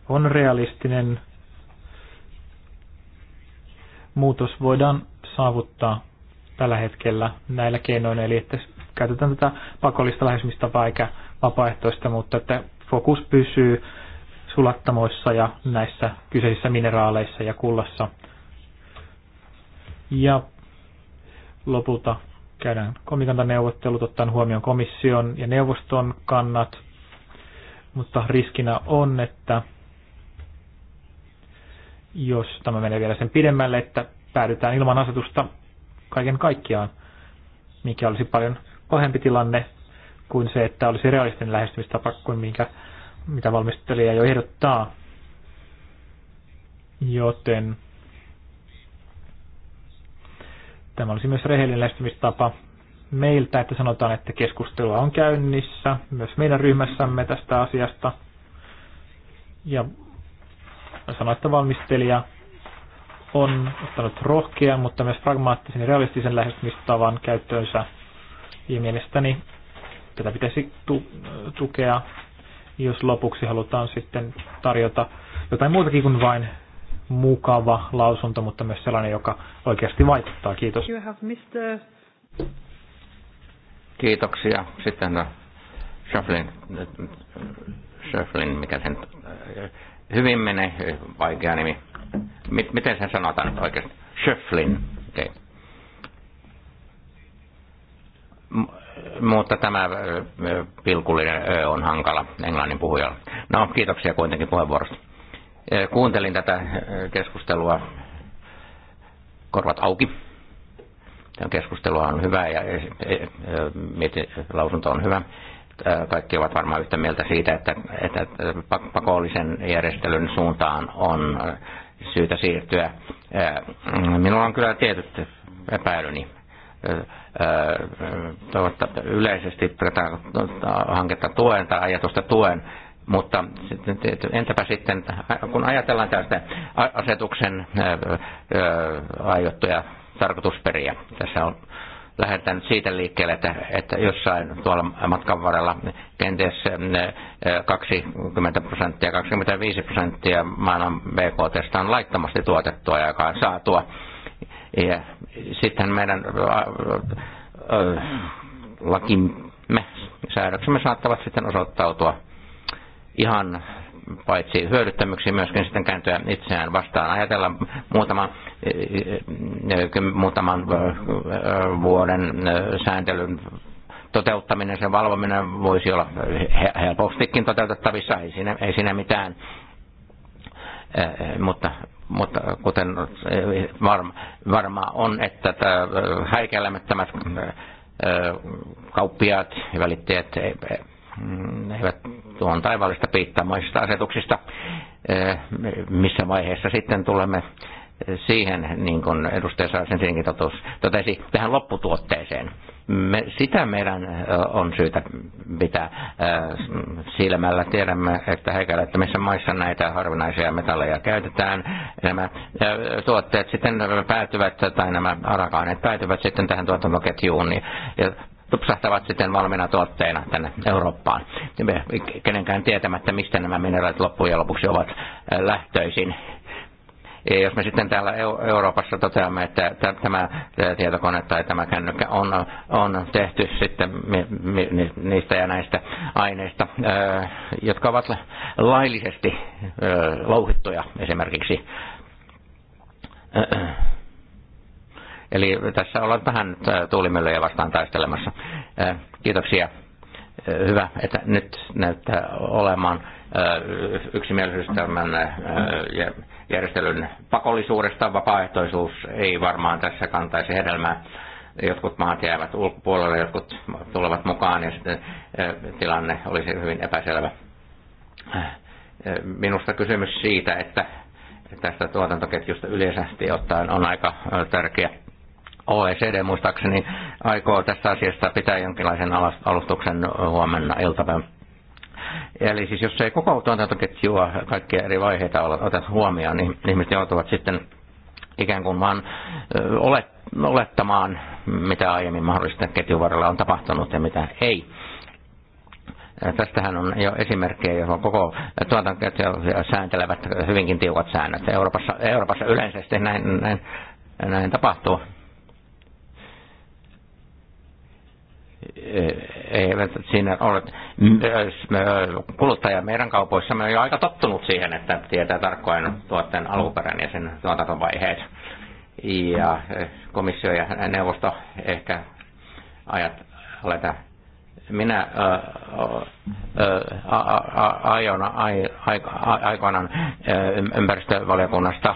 on realistinen muutos voidaan saavuttaa tällä hetkellä näillä keinoilla, eli että käytetään tätä pakollista lähestymistapaa eikä vapaaehtoista, mutta että fokus pysyy sulattamoissa ja näissä kyseisissä mineraaleissa ja kullassa. Ja lopulta käydään komikantaneuvottelut ottaen huomioon komission ja neuvoston kannat, mutta riskinä on, että jos tämä menee vielä sen pidemmälle, että päädytään ilman asetusta kaiken kaikkiaan, mikä olisi paljon pahempi tilanne kuin se, että olisi realistinen lähestymistapa kuin minkä, mitä valmistelija jo ehdottaa. Joten tämä olisi myös rehellinen lähestymistapa meiltä, että sanotaan, että keskustelua on käynnissä myös meidän ryhmässämme tästä asiasta. Ja on sanoa, että valmistelija on ottanut rohkean, mutta myös pragmaattisen ja realistisen lähestymistavan käyttöönsä. Ja mielestäni tätä pitäisi tu- tukea, jos lopuksi halutaan sitten tarjota jotain muutakin kuin vain mukava lausunto, mutta myös sellainen, joka oikeasti vaikuttaa. Kiitos. Kiitoksia. Sitten äh, Shufflin, äh, Shufflin, mikä sen hyvin menee, vaikea nimi. miten sen sanotaan nyt oikeasti? Schöfflin. Okay. mutta tämä pilkullinen ö on hankala englannin puhujalla. No, kiitoksia kuitenkin puheenvuorosta. Kuuntelin tätä keskustelua korvat auki. Tämä keskustelu on hyvä ja lausunto on hyvä. Äh, kaikki ovat varmaan yhtä mieltä siitä, että, että pakollisen järjestelyn suuntaan on äh, syytä siirtyä. Äh, minulla on kyllä tietyt epäilyni. Toivottavasti yleisesti tätä hanketta tuen tai ajatusta tuen, mutta entäpä sitten, kun ajatellaan tästä asetuksen aiottuja tarkoitusperiä, tässä on lähdetään siitä liikkeelle, että, että jossain tuolla matkan varrella kenties 20 äh, äh, prosenttia, 25 prosenttia maailman BKT on laittomasti tuotettua ja on saatua. Ja sitten meidän äh, lakimme, säädöksemme saattavat sitten osoittautua ihan paitsi hyödyttämyksi myöskin sitten kääntyä itseään vastaan. Ajatellaan muutaman, muutaman vuoden sääntelyn toteuttaminen, sen valvominen voisi olla helpostikin toteutettavissa, ei siinä, ei siinä mitään. Mutta, mutta kuten varma, varma on, että häikäilemättömät kauppiaat ja välittäjät mm, eivät tuon taivallista piittaamaisista asetuksista, eh, missä vaiheessa sitten tulemme eh, siihen, niin kuin edustaja Saasensinkin totesi, tähän lopputuotteeseen. Me, sitä meidän eh, on syytä pitää silmällä. Tiedämme, että missä maissa näitä harvinaisia metalleja käytetään. Nämä tuotteet sitten päätyvät, tai nämä arakaaneet päätyvät sitten tähän tuotantoketjuun. Ja tupsahtavat sitten valmiina tuotteina tänne Eurooppaan. Kenenkään tietämättä, mistä nämä mineraalit loppujen lopuksi ovat äh, lähtöisin. Ja jos me sitten täällä Euroopassa toteamme, että tämä tietokone tai tämä kännykkä on, on tehty sitten niistä ja näistä aineista, jotka ovat laillisesti louhittuja esimerkiksi Eli tässä ollaan vähän tuulimyllyjä vastaan taistelemassa. Kiitoksia. Hyvä, että nyt näyttää olemaan yksimielisyys tämän järjestelyn pakollisuudesta. Vapaaehtoisuus ei varmaan tässä kantaisi hedelmää. Jotkut maat jäävät ulkopuolelle, jotkut tulevat mukaan ja sitten tilanne olisi hyvin epäselvä. Minusta kysymys siitä, että tästä tuotantoketjusta yleisesti ottaen on aika tärkeä OECD muistaakseni aikoo tästä asiasta pitää jonkinlaisen alustuksen huomenna iltapäivän. Eli siis jos ei koko tuotantoketjua kaikkia eri vaiheita oteta huomioon, niin ihmiset joutuvat sitten ikään kuin vaan olettamaan, mitä aiemmin mahdollisesti ketjun varrella on tapahtunut ja mitä ei. Tästähän on jo esimerkkejä, on koko tuotantoketjua sääntelevät hyvinkin tiukat säännöt. Euroopassa, Euroopassa yleensä näin, näin, näin tapahtuu. eivät siinä ole, kuluttaja meidän kaupoissa me on jo aika tottunut siihen, että tietää tarkkoin tuotteen alkuperän ja sen tuotantovaiheet. Ja komissio ja neuvosto ehkä ajat aleta. Minä aiona, aikoinaan ympäristövaliokunnasta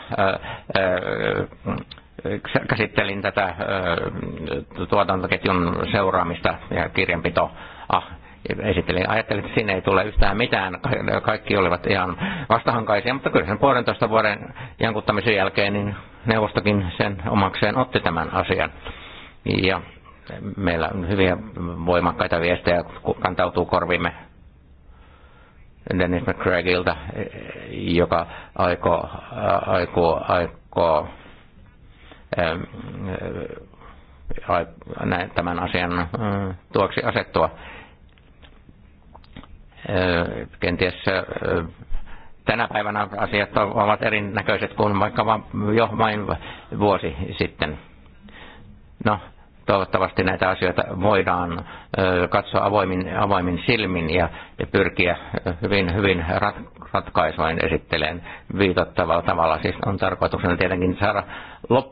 käsittelin tätä tuotantoketjun seuraamista ja kirjanpito. Ah, esittelin. Ajattelin, että siinä ei tule yhtään mitään. Kaikki olivat ihan vastahankaisia, mutta kyllä sen puolentoista vuoden jankuttamisen jälkeen niin neuvostokin sen omakseen otti tämän asian. Ja meillä on hyviä voimakkaita viestejä, kantautuu korvimme Dennis McCraigilta, e- e- joka aikoo, aikoo, aikoo Ähm, äh, äh, tämän asian äh, tuoksi asettua. Kenties tänä päivänä asiat ovat erinäköiset kuin vaikka jo vain vuosi sitten. No, toivottavasti näitä asioita voidaan katsoa avoimin, avoimin silmin ja pyrkiä hyvin, hyvin rat, ratkaisuin esitteleen viitottavalla tavalla. Siis on tarkoituksena tietenkin saada lop,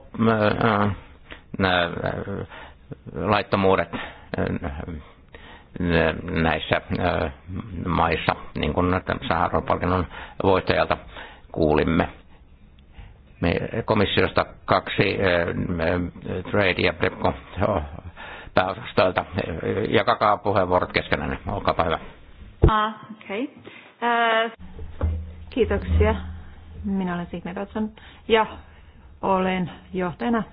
laittomuudet näissä maissa, niin kuin Saharov-palkinnon voittajalta kuulimme komissiosta kaksi trade eh, eh, ja prepko pääosastoilta. Eh, jakakaa puheenvuorot keskenään. olkaa hyvä. Ah, okay. uh... Kiitoksia. Minä olen Signe Katson ja olen johtajana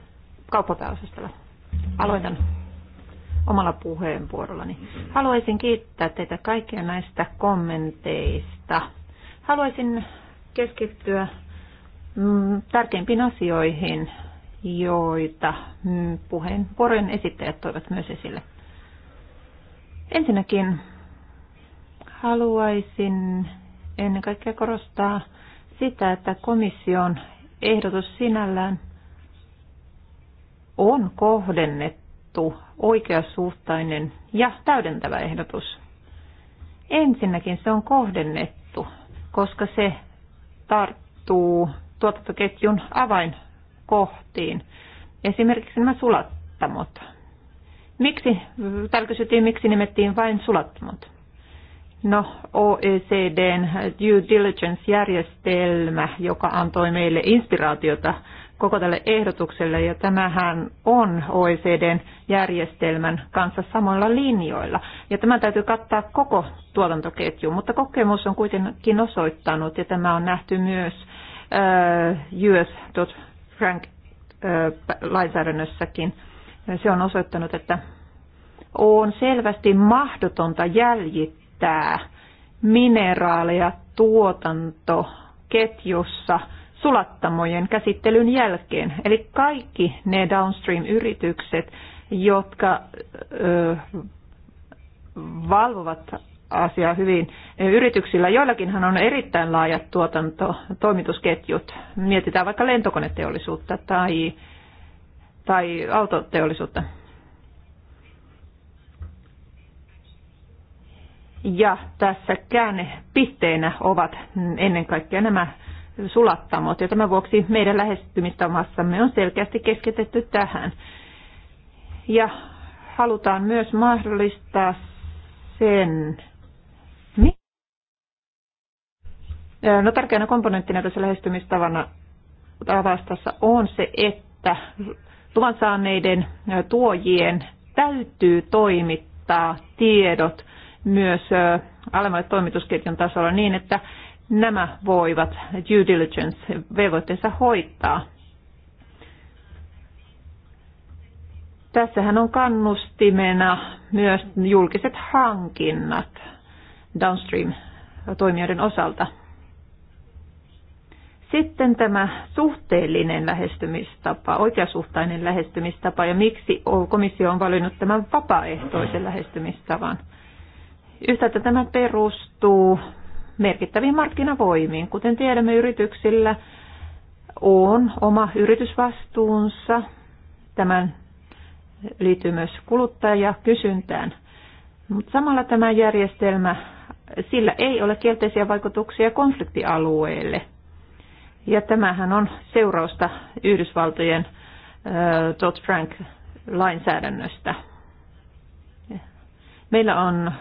kauppapääosastolla. Aloitan omalla puheenvuorollani. Haluaisin kiittää teitä kaikkia näistä kommenteista. Haluaisin keskittyä Mm, tärkeimpiin asioihin, joita mm, puheenvuorojen esittäjät toivat myös esille. Ensinnäkin haluaisin ennen kaikkea korostaa sitä, että komission ehdotus sinällään on kohdennettu oikeasuhtainen ja täydentävä ehdotus. Ensinnäkin se on kohdennettu, koska se tarttuu tuotantoketjun avainkohtiin. Esimerkiksi nämä sulattamot. Miksi, täällä kysyttiin, miksi nimettiin vain sulattamot. No, OECDn due diligence-järjestelmä, joka antoi meille inspiraatiota koko tälle ehdotukselle, ja tämähän on OECDn järjestelmän kanssa samoilla linjoilla. Ja tämä täytyy kattaa koko tuotantoketju, mutta kokemus on kuitenkin osoittanut, ja tämä on nähty myös US frank lainsäädännössäkin. Se on osoittanut, että on selvästi mahdotonta jäljittää mineraaleja tuotantoketjussa sulattamojen käsittelyn jälkeen. Eli kaikki ne downstream-yritykset, jotka ö, valvovat asiaa hyvin. Yrityksillä joillakinhan on erittäin laajat tuotanto, toimitusketjut. Mietitään vaikka lentokoneteollisuutta tai, tai autoteollisuutta. Ja tässä käännepisteenä ovat ennen kaikkea nämä sulattamot, ja tämän vuoksi meidän lähestymistamassamme on selkeästi keskitetty tähän. Ja halutaan myös mahdollistaa sen, No tärkeänä komponenttina tässä lähestymistavana vastassa on se, että luvan saaneiden tuojien täytyy toimittaa tiedot myös alemmalle toimitusketjun tasolla niin, että nämä voivat due diligence-velvoitteensa hoitaa. Tässähän on kannustimena myös julkiset hankinnat downstream-toimijoiden osalta. Sitten tämä suhteellinen lähestymistapa, oikeasuhtainen lähestymistapa ja miksi komissio on valinnut tämän vapaaehtoisen lähestymistavan. Yhtäältä tämä perustuu merkittäviin markkinavoimiin. Kuten tiedämme, yrityksillä on oma yritysvastuunsa. Tämän liittyy myös kuluttajakysyntään. Mutta samalla tämä järjestelmä, sillä ei ole kielteisiä vaikutuksia konfliktialueelle – ja tämähän on seurausta Yhdysvaltojen Dodd-Frank-lainsäädännöstä. Meillä on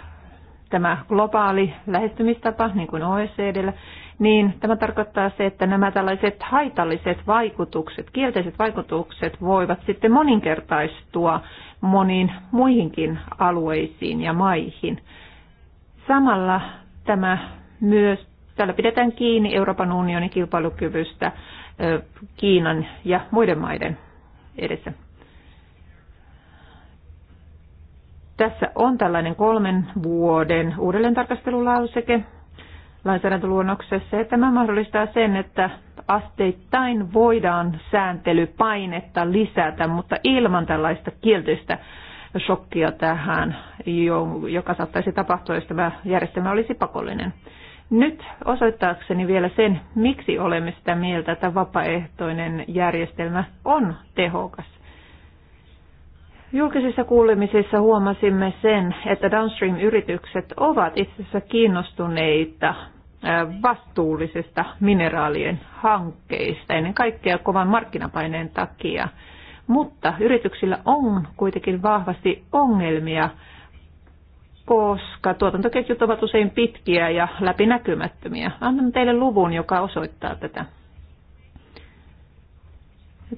tämä globaali lähestymistapa, niin kuin OECDllä, niin tämä tarkoittaa se, että nämä tällaiset haitalliset vaikutukset, kielteiset vaikutukset voivat sitten moninkertaistua moniin muihinkin alueisiin ja maihin. Samalla tämä myös Tällä pidetään kiinni Euroopan unionin kilpailukyvystä Kiinan ja muiden maiden edessä. Tässä on tällainen kolmen vuoden uudelleentarkastelulauseke lainsäädäntöluonnoksessa, ja tämä mahdollistaa sen, että asteittain voidaan sääntelypainetta lisätä, mutta ilman tällaista kielteistä shokkia tähän, joka saattaisi tapahtua, jos tämä järjestelmä olisi pakollinen. Nyt osoittaakseni vielä sen, miksi olemme sitä mieltä, että vapaaehtoinen järjestelmä on tehokas. Julkisissa kuulemisissa huomasimme sen, että downstream-yritykset ovat itse asiassa kiinnostuneita vastuullisista mineraalien hankkeista, ennen kaikkea kovan markkinapaineen takia. Mutta yrityksillä on kuitenkin vahvasti ongelmia koska tuotantoketjut ovat usein pitkiä ja läpinäkymättömiä. Annan teille luvun, joka osoittaa tätä.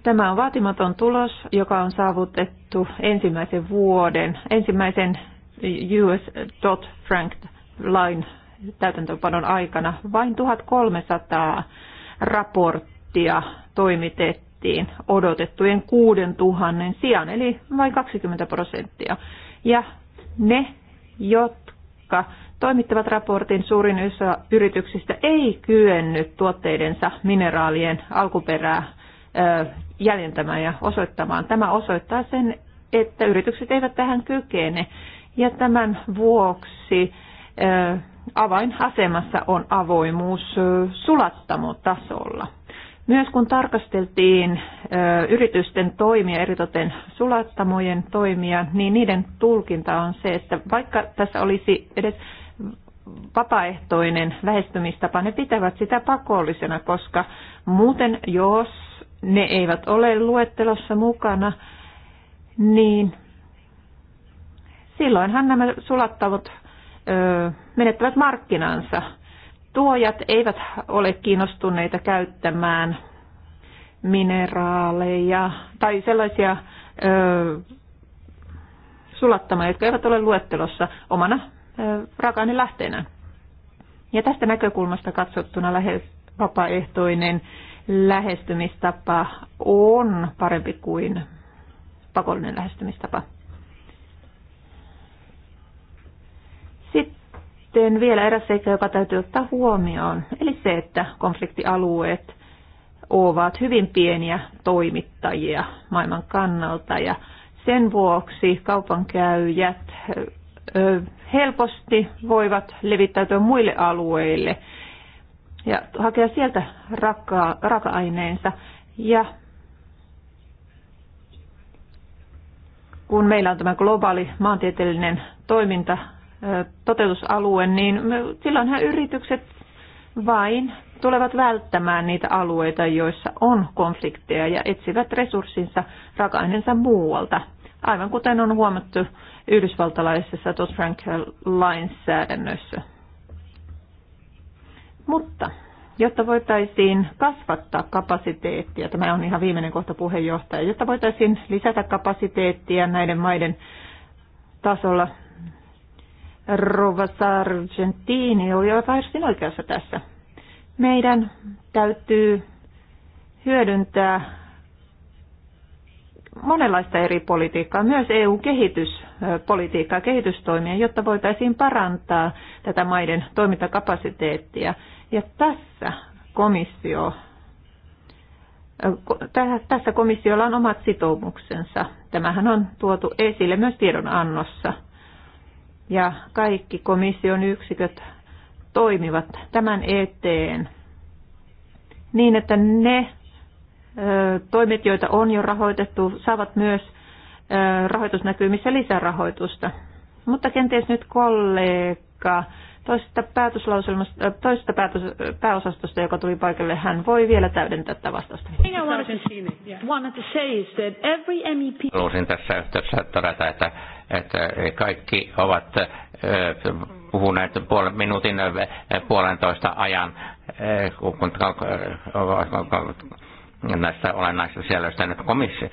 Tämä on vaatimaton tulos, joka on saavutettu ensimmäisen vuoden, ensimmäisen US Dot Frank Line täytäntöpanon aikana. Vain 1300 raporttia toimitettiin odotettujen 6000 sijaan, eli vain 20 prosenttia. Ja ne jotka toimittavat raportin suurin osa yrityksistä ei kyennyt tuotteidensa mineraalien alkuperää jäljentämään ja osoittamaan. Tämä osoittaa sen, että yritykset eivät tähän kykene. Ja tämän vuoksi avainasemassa on avoimuus sulattamotasolla. Myös kun tarkasteltiin yritysten toimia, eritoten sulattamojen toimia, niin niiden tulkinta on se, että vaikka tässä olisi edes vapaaehtoinen lähestymistapa, ne pitävät sitä pakollisena, koska muuten jos ne eivät ole luettelossa mukana, niin silloinhan nämä sulattavat menettävät markkinansa tuojat eivät ole kiinnostuneita käyttämään mineraaleja tai sellaisia ö, sulattamaan, jotka eivät ole luettelossa omana ö, raaka Ja tästä näkökulmasta katsottuna lähes vapaaehtoinen lähestymistapa on parempi kuin pakollinen lähestymistapa. sitten vielä eräs seikka, joka täytyy ottaa huomioon, eli se, että konfliktialueet ovat hyvin pieniä toimittajia maailman kannalta ja sen vuoksi kaupankäyjät helposti voivat levittäytyä muille alueille ja hakea sieltä raaka-aineensa. Ja kun meillä on tämä globaali maantieteellinen toiminta, toteutusalue, niin silloinhan yritykset vain tulevat välttämään niitä alueita, joissa on konflikteja ja etsivät resurssinsa rakainensa muualta. Aivan kuten on huomattu yhdysvaltalaisessa Todd frank lainsäädännössä Mutta jotta voitaisiin kasvattaa kapasiteettia, tämä on ihan viimeinen kohta puheenjohtaja, jotta voitaisiin lisätä kapasiteettia näiden maiden tasolla Rova Sargentini oli varsin oikeassa tässä. Meidän täytyy hyödyntää monenlaista eri politiikkaa, myös EU-kehityspolitiikkaa, kehitystoimia, jotta voitaisiin parantaa tätä maiden toimintakapasiteettia. Ja tässä komissio tässä komissiolla on omat sitoumuksensa. Tämähän on tuotu esille myös tiedonannossa – ja kaikki komission yksiköt toimivat tämän eteen niin, että ne toimet, joita on jo rahoitettu, saavat myös rahoitusnäkymissä lisärahoitusta. Mutta kenties nyt kollega toisesta, toisesta päätös, pääosastosta, joka tuli paikalle, hän voi vielä täydentää tätä vastausta. E Haluaisin tässä yhteydessä todeta, että että kaikki ovat puhuneet puolen minuutin puolentoista ajan, kun näistä olennaisista sisällöistä. komissio,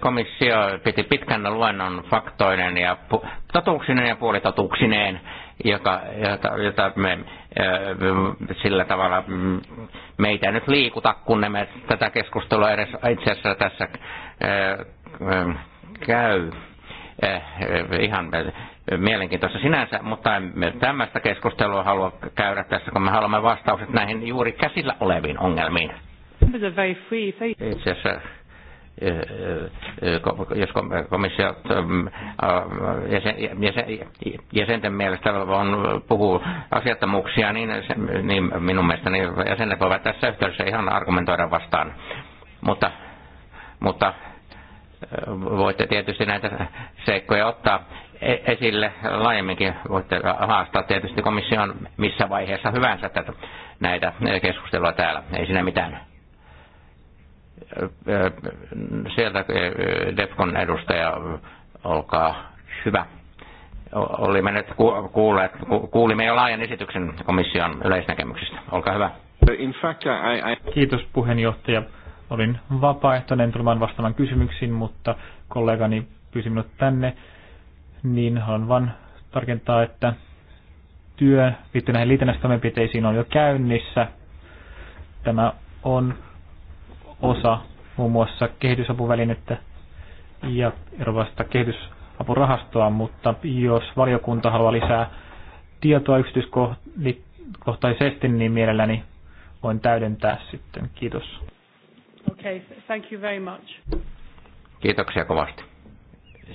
komissio piti pitkän luennon faktoinen ja pu, totuuksineen ja puolitotuuksineen, joka, jota, jota me, sillä tavalla mm, meitä nyt liikuta, kun me tätä keskustelua edes itse asiassa tässä käy. Eh, eh, ihan eh, mielenkiintoista sinänsä, mutta en tämmöistä keskustelua halua käydä tässä, kun me haluamme vastaukset näihin juuri käsillä oleviin ongelmiin. Itse asiassa jos komissio jäsenten mielestä on, puhuu asiattomuuksia, niin, niin minun mielestäni jäsenet voivat tässä yhteydessä ihan argumentoida vastaan. Mutta, mutta voitte tietysti näitä seikkoja ottaa e- esille laajemminkin. Voitte haastaa tietysti komission missä vaiheessa hyvänsä tätä, näitä keskustelua täällä. Ei siinä mitään. Sieltä DEFCON edustaja, olkaa hyvä. Olimme nyt kuulleet, kuulimme jo laajan esityksen komission yleisnäkemyksistä. Olkaa hyvä. Kiitos puheenjohtaja Olin vapaaehtoinen tulemaan vastaamaan kysymyksiin, mutta kollegani pyysi minut tänne, niin haluan vain tarkentaa, että työ liittyen näihin liitännäistoimenpiteisiin on jo käynnissä. Tämä on osa muun muassa kehitysapuvälinettä ja erovaista kehitysapurahastoa, mutta jos valiokunta haluaa lisää tietoa yksityiskohtaisesti, niin mielelläni voin täydentää sitten. Kiitos. Okay, thank you very much. Kiitoksia kovasti.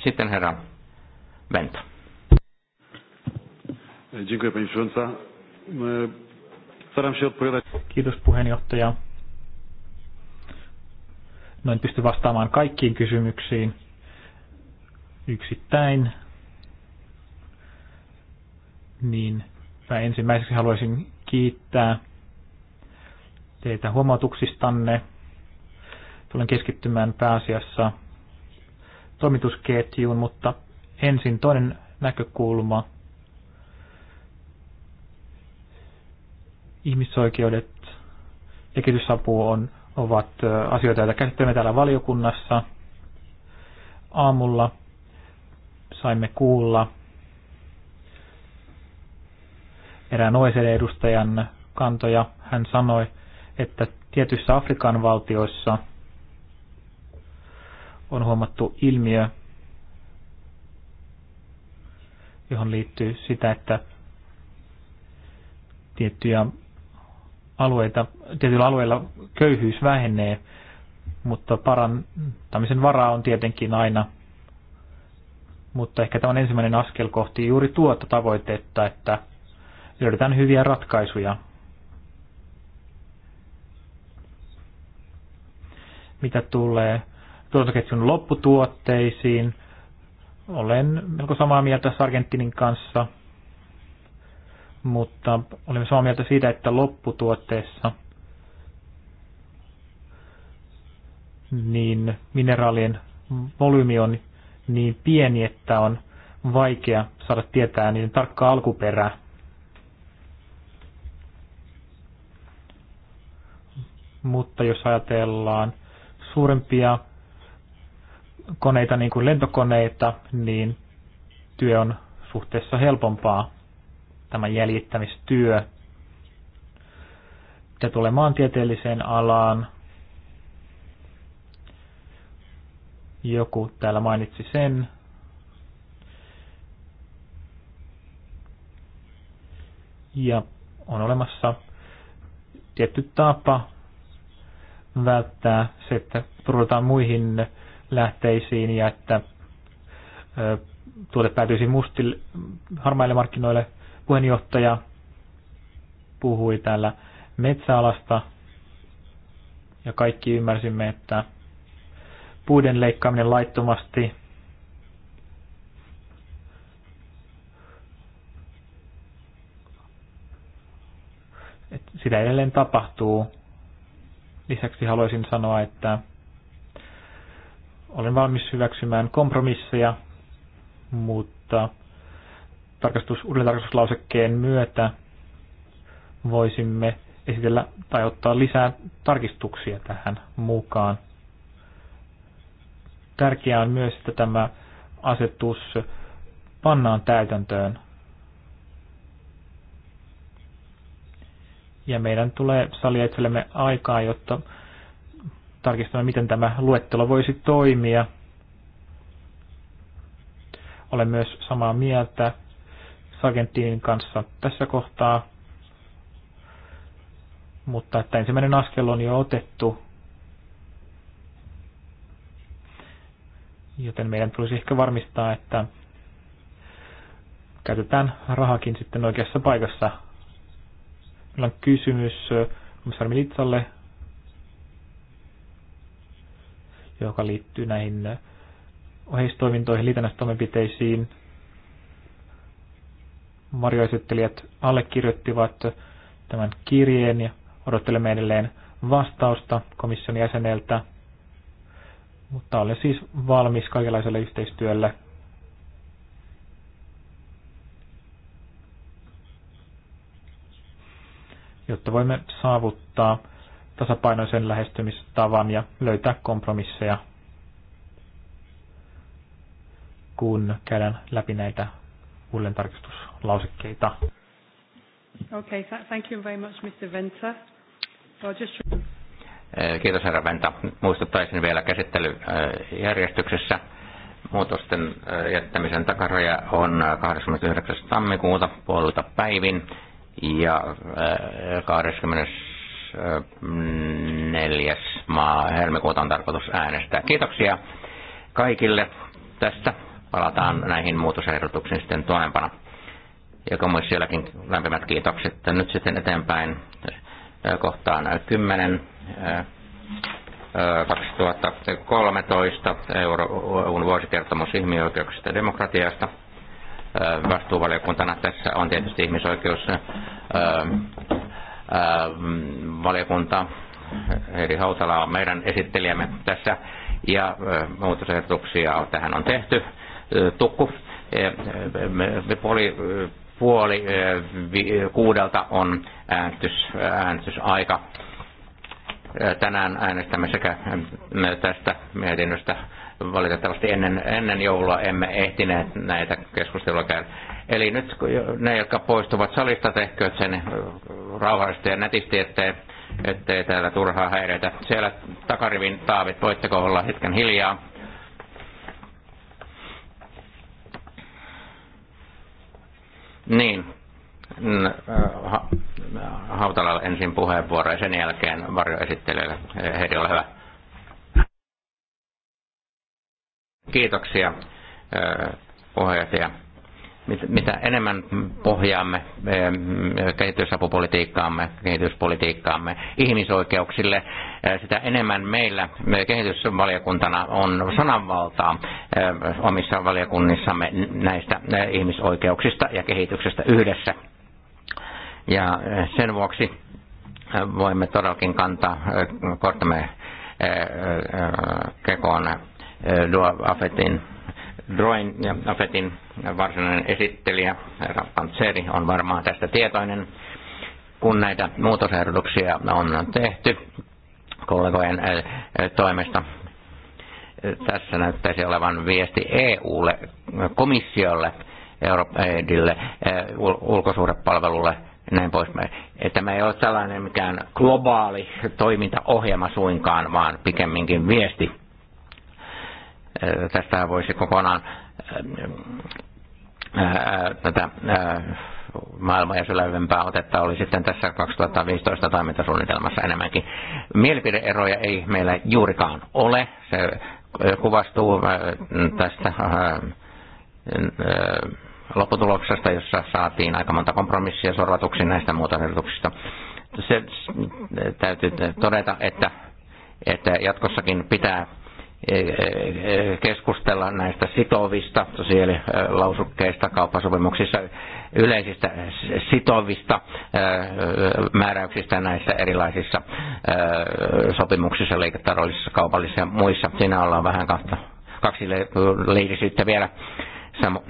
Sitten herra Venta. E, Kiitos puheenjohtaja. Noin pysty vastaamaan kaikkiin kysymyksiin yksittäin. Niin mä ensimmäiseksi haluaisin kiittää teitä huomautuksistanne Tulen keskittymään pääasiassa toimitusketjuun, mutta ensin toinen näkökulma. Ihmisoikeudet ja kehitysapu on, ovat asioita, joita käsittelemme täällä valiokunnassa. Aamulla saimme kuulla erään OECD-edustajan kantoja. Hän sanoi, että tietyissä Afrikan valtioissa – on huomattu ilmiö, johon liittyy sitä, että tiettyjä alueita, tietyillä alueilla köyhyys vähenee, mutta parantamisen varaa on tietenkin aina. Mutta ehkä tämä on ensimmäinen askel kohti juuri tuota tavoitetta, että löydetään hyviä ratkaisuja. Mitä tulee tuotantoketjun lopputuotteisiin. Olen melko samaa mieltä Sargentinin kanssa, mutta olemme samaa mieltä siitä, että lopputuotteessa niin mineraalien volyymi on niin pieni, että on vaikea saada tietää niiden tarkkaa alkuperää. Mutta jos ajatellaan suurempia koneita niin kuin lentokoneita, niin työ on suhteessa helpompaa, tämä jäljittämistyö. Mitä tulee maantieteelliseen alaan, joku täällä mainitsi sen. Ja on olemassa tietty tapa välttää se, että turvataan muihin lähteisiin ja että tuote päätyisi mustille, harmaille markkinoille. Puheenjohtaja puhui täällä metsäalasta ja kaikki ymmärsimme, että puiden leikkaaminen laittomasti sitä edelleen tapahtuu. Lisäksi haluaisin sanoa, että olen valmis hyväksymään kompromisseja, mutta tarkastus, uuden tarkastuslausekkeen myötä voisimme esitellä tai ottaa lisää tarkistuksia tähän mukaan. Tärkeää on myös, että tämä asetus pannaan täytäntöön. Ja meidän tulee salia itsellemme aikaa, jotta tarkistamaan, miten tämä luettelo voisi toimia. Olen myös samaa mieltä Sargentinin kanssa tässä kohtaa, mutta että ensimmäinen askel on jo otettu, joten meidän tulisi ehkä varmistaa, että käytetään rahakin sitten oikeassa paikassa. Meillä on kysymys äh, komissaari Militsalle joka liittyy näihin oheistoimintoihin, liitännästoimenpiteisiin. Varjoesittelijät allekirjoittivat tämän kirjeen ja odottelemme edelleen vastausta komission jäseneltä, mutta olen siis valmis kaikenlaiselle yhteistyölle. jotta voimme saavuttaa tasapainoisen lähestymistavan ja löytää kompromisseja, kun käydään läpi näitä uudelleentarkistuslausekkeita. Okay, thank you very much, Mr. Venter. Just... Kiitos, herra Venta. Muistuttaisin vielä käsittelyjärjestyksessä. Muutosten jättämisen takaraja on 29. tammikuuta puolilta päivin ja 20. Neljäs, Maa, helmikuuta on tarkoitus äänestää. Kiitoksia kaikille tästä. Palataan näihin muutosehdotuksiin sitten tuonempana. Joka myös sielläkin lämpimät kiitokset. Nyt sitten eteenpäin kohtaan 10. 2013 EUn vuosikertomus ihmisoikeuksista ja demokratiasta. Vastuuvaliokuntana tässä on tietysti ihmisoikeus valiokunta, Heidi Hautala on meidän esittelijämme tässä, ja muutosehdotuksia tähän on tehty. Tukku, puoli, puoli kuudelta on äänestys, äänestysaika. Tänään äänestämme sekä tästä mietinnöstä valitettavasti ennen, ennen joulua emme ehtineet näitä keskusteluja käydä. Eli nyt ne, jotka poistuvat salista, tehkööt sen rauhallisesti ja nätisti, ettei, ettei täällä turhaa häiriötä. Siellä takarivin taavit, voitteko olla hetken hiljaa? Niin. Hautalalle ensin puheenvuoro ja sen jälkeen varjoesittelylle. Heidi, ole hyvä. Kiitoksia puheenjohtaja mitä enemmän pohjaamme eh, kehitysapupolitiikkaamme, kehityspolitiikkaamme ihmisoikeuksille, eh, sitä enemmän meillä eh, kehitysvaliokuntana on sananvaltaa omissa valiokunnissamme näistä ihmisoikeuksista ja kehityksestä yhdessä. Ja sen vuoksi voimme todellakin kantaa kortamme kekoon Duo Afetin Droin ja Afetin varsinainen esittelijä, herra Pantseri, on varmaan tästä tietoinen, kun näitä muutosehdotuksia on tehty kollegojen eh, eh, toimesta. Tässä näyttäisi olevan viesti EUlle, komissiolle, Europeidille, eh, ulkosuhdepalvelulle näin poispäin. Tämä ei ole tällainen mikään globaali toimintaohjelma suinkaan, vaan pikemminkin viesti Tästä voisi kokonaan tätä maailman ja sylävempää otetta oli sitten tässä 2015 toimintasuunnitelmassa enemmänkin. Mielipideeroja ei meillä juurikaan ole. Se kuvastuu tästä lopputuloksesta, jossa saatiin aika monta kompromissia sorvatuksi näistä muutosehdotuksista. Se täytyy todeta, että, että jatkossakin pitää E, e, e, keskustella näistä sitovista sosiaalilausukkeista kauppasopimuksissa yleisistä sitovista määräyksistä näissä erilaisissa sopimuksissa, liiketaloudellisissa, kaupallisissa ja muissa. Siinä ollaan vähän kahta, kaksi liikisyyttä vielä. Samo,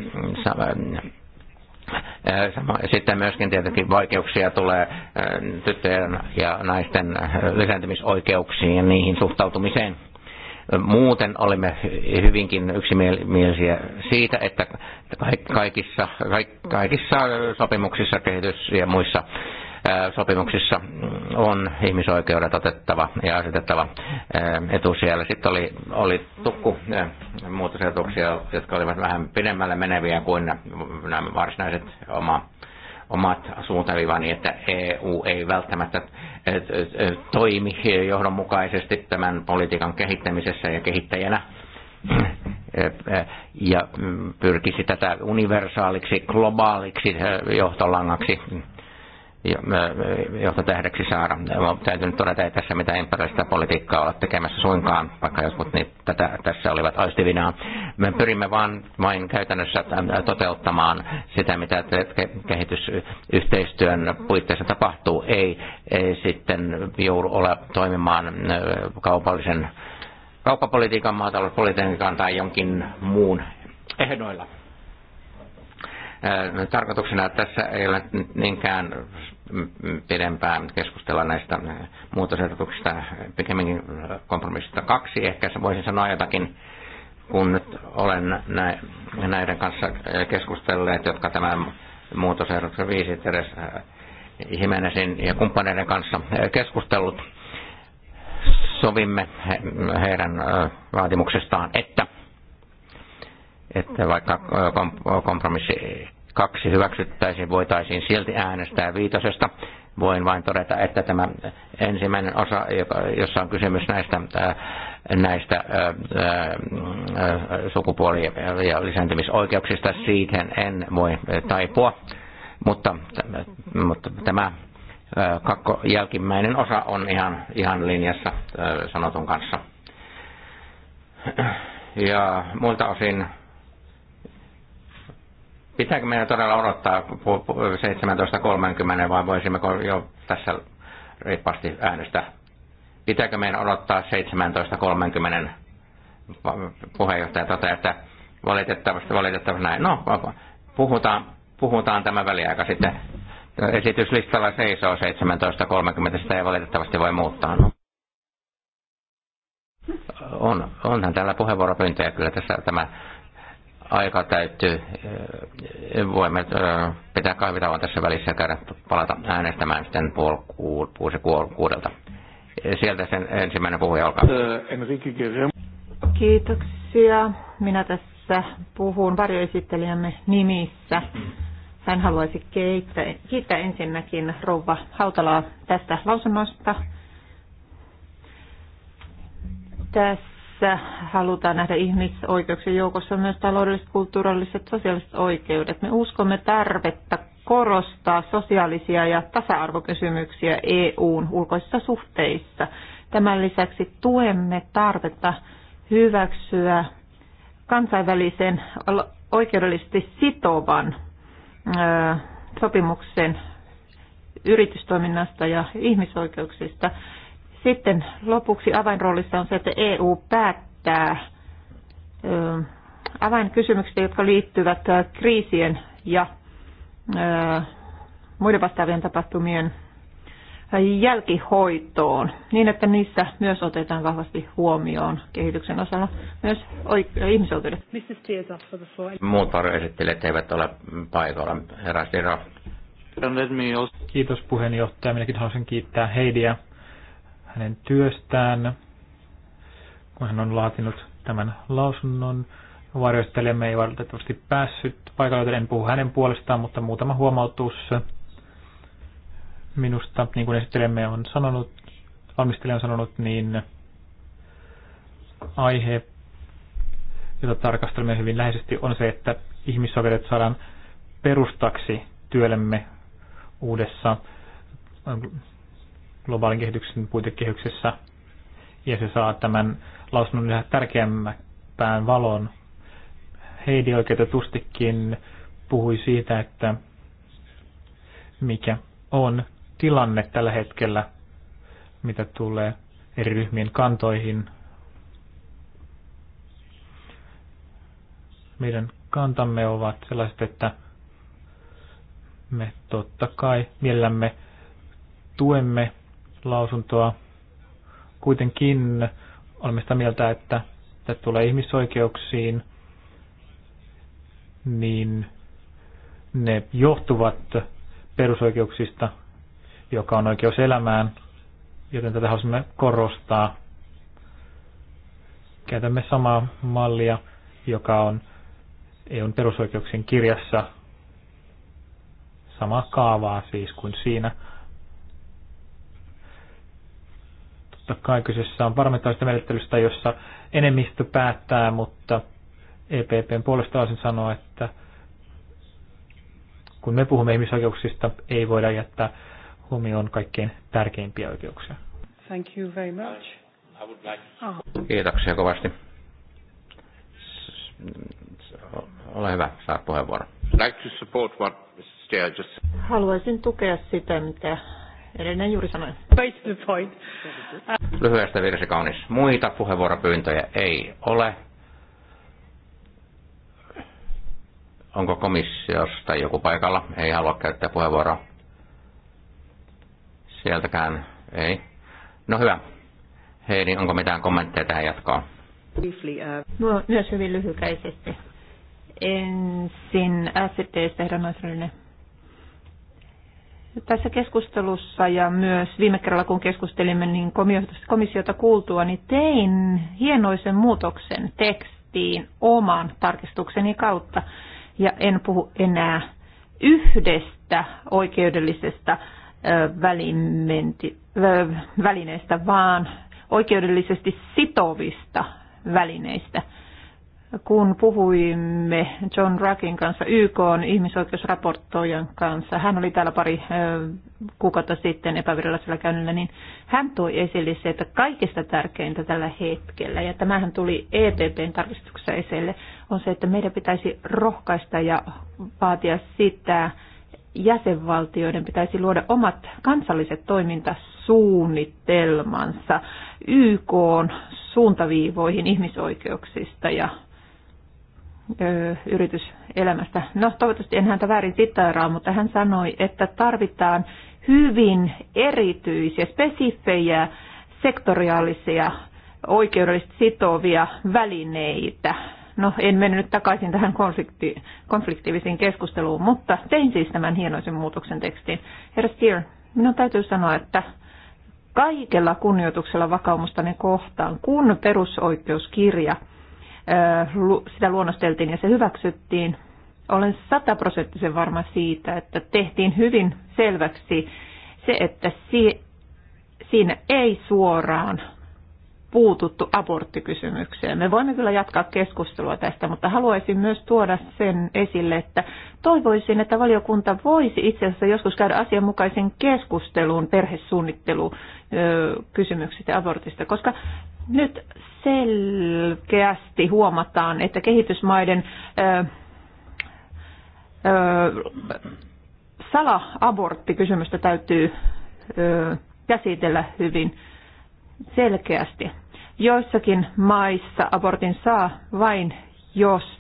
sama, sitten myöskin tietenkin vaikeuksia tulee tyttöjen ja naisten lisääntymisoikeuksiin ja niihin suhtautumiseen Muuten olimme hyvinkin yksimielisiä siitä, että kaikissa, kaikissa sopimuksissa, kehitys ja muissa sopimuksissa on ihmisoikeudet otettava ja asetettava etusijalle. Sitten oli, oli tukku muutosetuksia, jotka olivat vähän pidemmälle meneviä kuin nämä varsinaiset oma, omat suuntaviivani, että EU ei välttämättä toimi johdonmukaisesti tämän politiikan kehittämisessä ja kehittäjänä ja pyrkisi tätä universaaliksi, globaaliksi eh, johtolangaksi tähdeksi saada. Täytyy nyt todeta, että tässä mitä imperialista politiikkaa olla tekemässä suinkaan, vaikka jotkut niin tätä, tässä olivat aistivinaan. Me pyrimme vain, vain käytännössä toteuttamaan sitä, mitä kehitysyhteistyön puitteissa tapahtuu. Ei, ei sitten joudu ole toimimaan kaupallisen kauppapolitiikan, maatalouspolitiikan tai jonkin muun ehdoilla Tarkoituksena tässä ei ole niinkään mm, mm, pidempään keskustella näistä muutosehdotuksista, pikemminkin kompromissista kaksi. Ehkä voisin sanoa jotakin, kun nyt olen näiden kanssa keskustelleet, jotka tämän muutosehdotuksen viisi edes Himenesin ja kumppaneiden kanssa keskustellut. Sovimme heidän vaatimuksestaan, että että vaikka kompromissi kaksi hyväksyttäisiin, voitaisiin silti äänestää viitosesta. Voin vain todeta, että tämä ensimmäinen osa, jossa on kysymys näistä, näistä sukupuoli- ja lisääntymisoikeuksista, siihen en voi taipua. Mutta, mutta tämä kakko, jälkimmäinen osa on ihan, ihan linjassa sanotun kanssa. Ja muilta osin Pitääkö meidän todella odottaa 17.30 vai voisimmeko jo tässä reippaasti äänestää? Pitääkö meidän odottaa 17.30? Puheenjohtaja toteaa, että valitettavasti, valitettavasti näin. No, puhutaan, puhutaan tämä väliaika sitten. Esityslistalla seisoo 17.30, sitä ei valitettavasti voi muuttaa. No. On, onhan täällä puheenvuoropyyntöjä kyllä tässä tämä aika täyttyy. Voimme pitää kahvitauon tässä välissä ja käydä palata äänestämään sitten puol, kuusi kuudelta. Sieltä sen ensimmäinen puhuja, olkaa. Kiitoksia. Minä tässä puhun varjoesittelijämme nimissä. Hän haluaisi kiittää, kiittää ensinnäkin rouva Hautalaa tästä lausunnosta. Tässä missä halutaan nähdä ihmisoikeuksien joukossa myös taloudelliset, kulttuurilliset, sosiaaliset oikeudet. Me uskomme tarvetta korostaa sosiaalisia ja tasa-arvokysymyksiä EUn ulkoisissa suhteissa. Tämän lisäksi tuemme tarvetta hyväksyä kansainvälisen oikeudellisesti sitovan sopimuksen yritystoiminnasta ja ihmisoikeuksista. Sitten lopuksi avainroolissa on se, että EU päättää avainkysymyksistä, jotka liittyvät kriisien ja muiden vastaavien tapahtumien jälkihoitoon, niin että niissä myös otetaan vahvasti huomioon kehityksen osalla myös ihmisoikeudet. Muut varoesittelijät eivät ole paikalla. Herra Siro. Kiitos puheenjohtaja. Minäkin haluaisin kiittää Heidiä hänen työstään, kun hän on laatinut tämän lausunnon. Varjoittelemme ei valitettavasti päässyt paikalle, joten en puhu hänen puolestaan, mutta muutama huomautus minusta, niin kuin esittelemme on sanonut, valmistelija on sanonut, niin aihe, jota tarkastelemme hyvin läheisesti, on se, että ihmisoikeudet saadaan perustaksi työlemme uudessa globaalin kehityksen puitekehyksessä, ja se saa tämän lausunnon yhä tärkeämpään valon. Heidi oikeutetustikin puhui siitä, että mikä on tilanne tällä hetkellä, mitä tulee eri ryhmien kantoihin. Meidän kantamme ovat sellaiset, että me totta kai mielellämme tuemme lausuntoa. Kuitenkin olemme sitä mieltä, että mitä tulee ihmisoikeuksiin, niin ne johtuvat perusoikeuksista, joka on oikeus elämään, joten tätä haluaisimme korostaa. Käytämme samaa mallia, joka on EUn perusoikeuksien kirjassa. Samaa kaavaa siis kuin siinä. Totta kai kyseessä on parlamentaarista menettelystä, jossa enemmistö päättää, mutta EPPn puolesta olisin sanoa, että kun me puhumme ihmisoikeuksista, ei voida jättää huomioon kaikkein tärkeimpiä oikeuksia. Thank you very much. Ah. Kiitoksia kovasti. Ole hyvä, saa puheenvuoro. Haluaisin tukea sitä, mitä Edelleen juuri sanoin. point. Lyhyestä virsi kaunis. Muita puheenvuoropyyntöjä ei ole. Onko komissiosta joku paikalla? Ei halua käyttää puheenvuoroa. Sieltäkään ei. No hyvä. niin onko mitään kommentteja tähän jatkoon? No, myös hyvin lyhykäisesti. Ensin sct herra tässä keskustelussa ja myös viime kerralla kun keskustelimme niin komissiota kuultua, niin tein hienoisen muutoksen tekstiin oman tarkistukseni kautta ja en puhu enää yhdestä oikeudellisesta välineestä, vaan oikeudellisesti sitovista välineistä – kun puhuimme John Rackin kanssa, YK on ihmisoikeusraportoijan kanssa, hän oli täällä pari kuukautta sitten epävirallisella käynnillä, niin hän toi esille se, että kaikista tärkeintä tällä hetkellä, ja tämähän tuli EPPn tarkistuksessa esille, on se, että meidän pitäisi rohkaista ja vaatia sitä, jäsenvaltioiden pitäisi luoda omat kansalliset toimintasuunnitelmansa YK on suuntaviivoihin ihmisoikeuksista ja yrityselämästä. No toivottavasti en häntä väärin sitaaraa, mutta hän sanoi, että tarvitaan hyvin erityisiä, spesifejä, sektoriaalisia, oikeudellisesti sitovia välineitä. No en mennyt takaisin tähän konflikti, konfliktiiviseen keskusteluun, mutta tein siis tämän hienoisen muutoksen tekstin. Herra Steer, minun täytyy sanoa, että kaikella kunnioituksella vakaumustani kohtaan, kun perusoikeuskirja – sitä luonnosteltiin ja se hyväksyttiin, olen sataprosenttisen varma siitä, että tehtiin hyvin selväksi se, että si- siinä ei suoraan puututtu aborttikysymykseen. Me voimme kyllä jatkaa keskustelua tästä, mutta haluaisin myös tuoda sen esille, että toivoisin, että valiokunta voisi itse asiassa joskus käydä asianmukaisen keskustelun perhesuunnittelu kysymyksistä abortista, koska nyt selkeästi huomataan, että kehitysmaiden ö, ö, sala-aborttikysymystä täytyy ö, käsitellä hyvin selkeästi. Joissakin maissa abortin saa vain, jos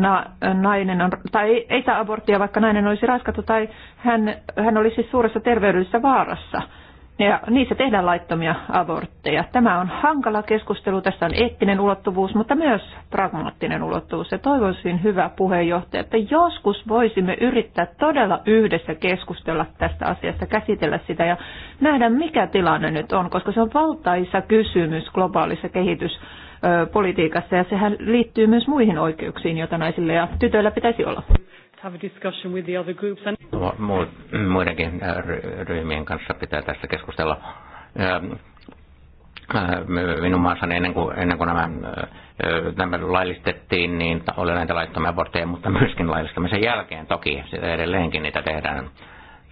na, nainen on, tai ei, ei saa aborttia, vaikka nainen olisi raskattu tai hän, hän olisi suuressa terveydellisessä vaarassa – ja niissä tehdään laittomia abortteja. Tämä on hankala keskustelu, tässä on eettinen ulottuvuus, mutta myös pragmaattinen ulottuvuus. Ja toivoisin, hyvä puheenjohtaja, että joskus voisimme yrittää todella yhdessä keskustella tästä asiasta, käsitellä sitä ja nähdä, mikä tilanne nyt on, koska se on valtaisa kysymys globaalissa kehityspolitiikassa ja sehän liittyy myös muihin oikeuksiin, joita naisille ja tytöillä pitäisi olla have a discussion with the other groups. And... Muidenkin äh, ryhmien kanssa pitää tästä keskustella. Ähm, äh, minun maassani ennen kuin, ennen kuin nämä, äh, nämä laillistettiin, niin oli näitä laittomia abortteja, mutta myöskin laillistamisen jälkeen toki. Sitä edelleenkin niitä tehdään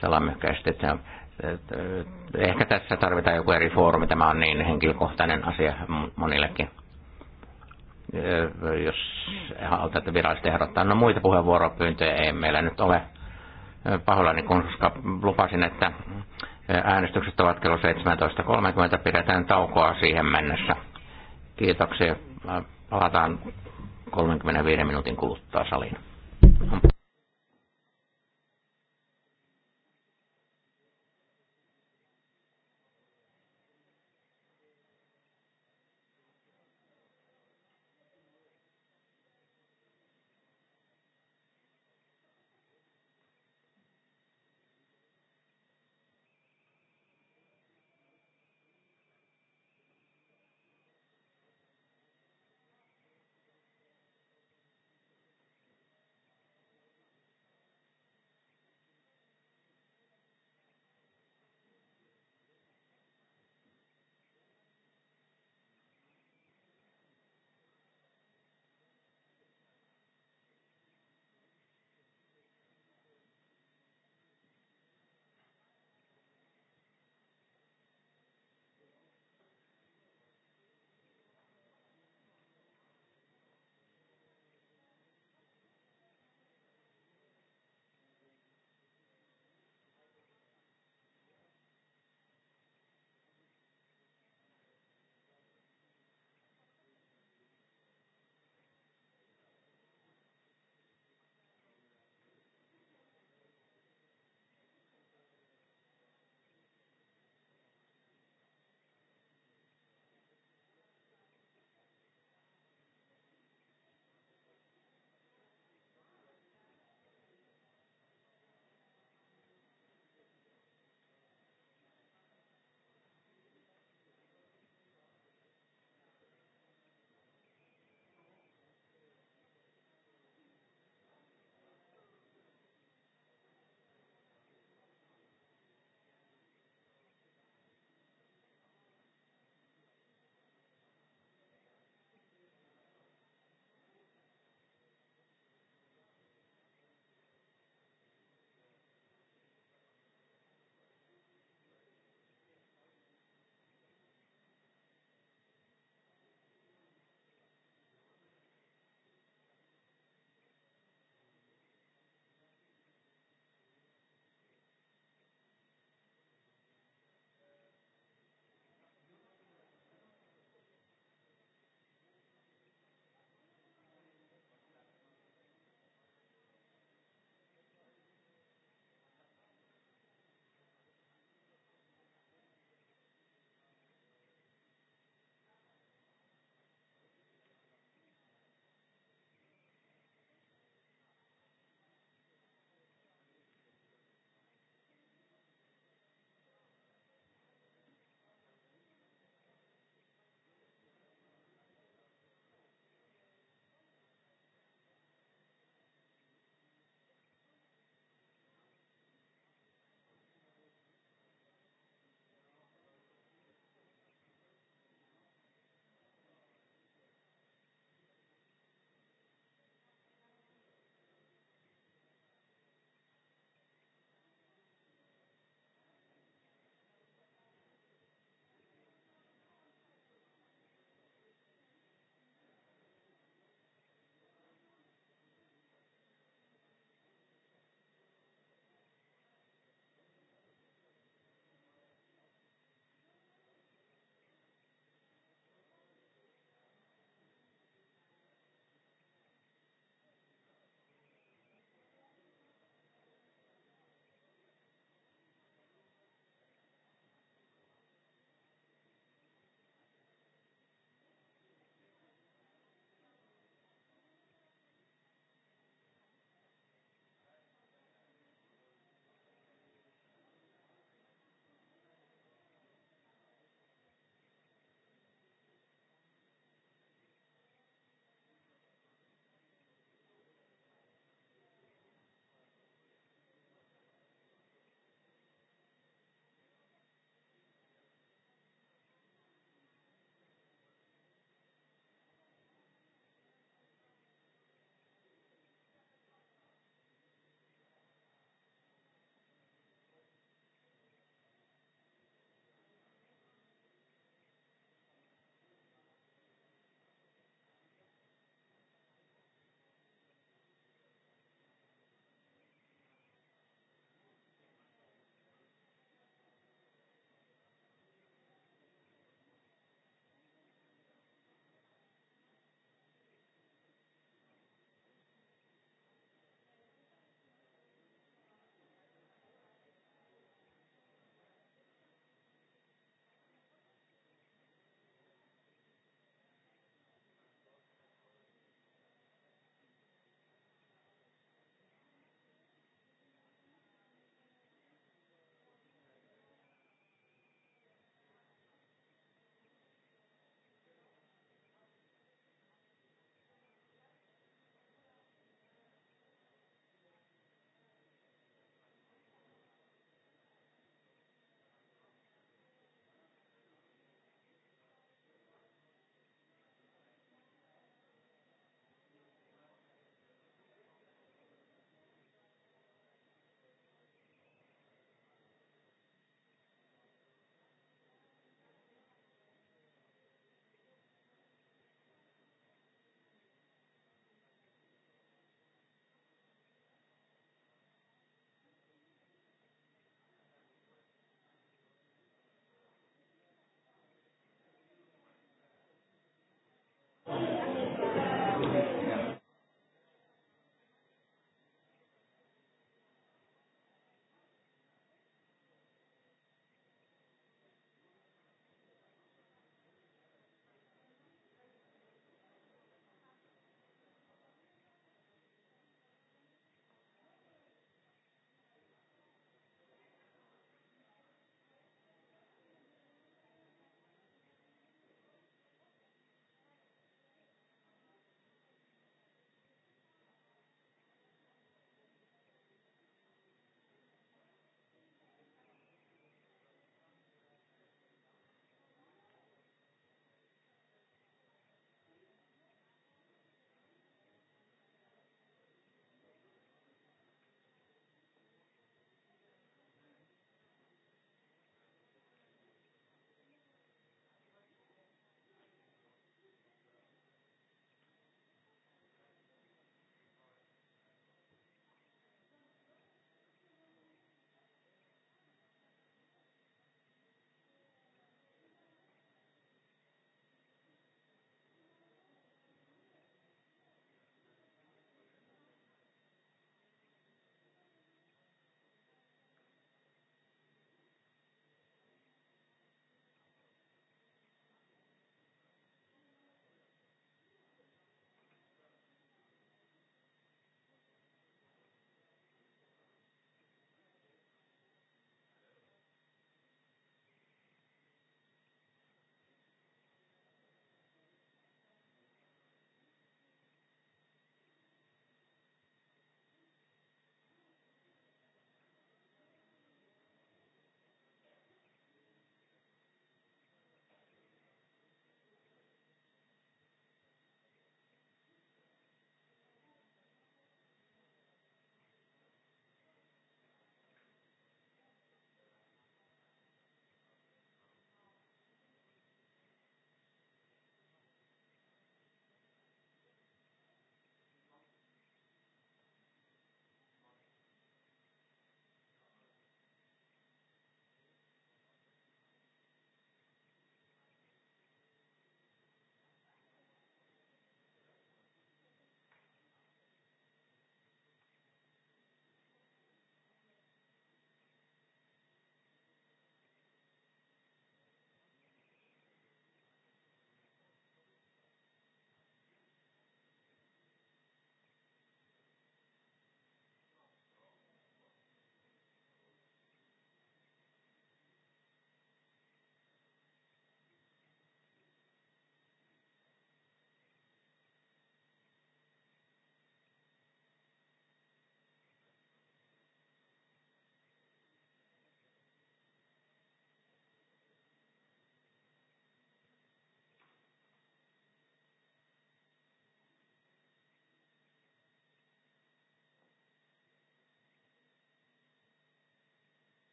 salamyhkäisesti. Ehkä tässä tarvitaan joku eri foorumi. Tämä on niin henkilökohtainen asia monillekin jos haluatte virallisesti ehdottaa. No muita puheenvuoropyyntöjä ei meillä nyt ole pahoillani, koska lupasin, että äänestykset ovat kello 17.30. Pidetään taukoa siihen mennessä. Kiitoksia. Palataan 35 minuutin kuluttua saliin.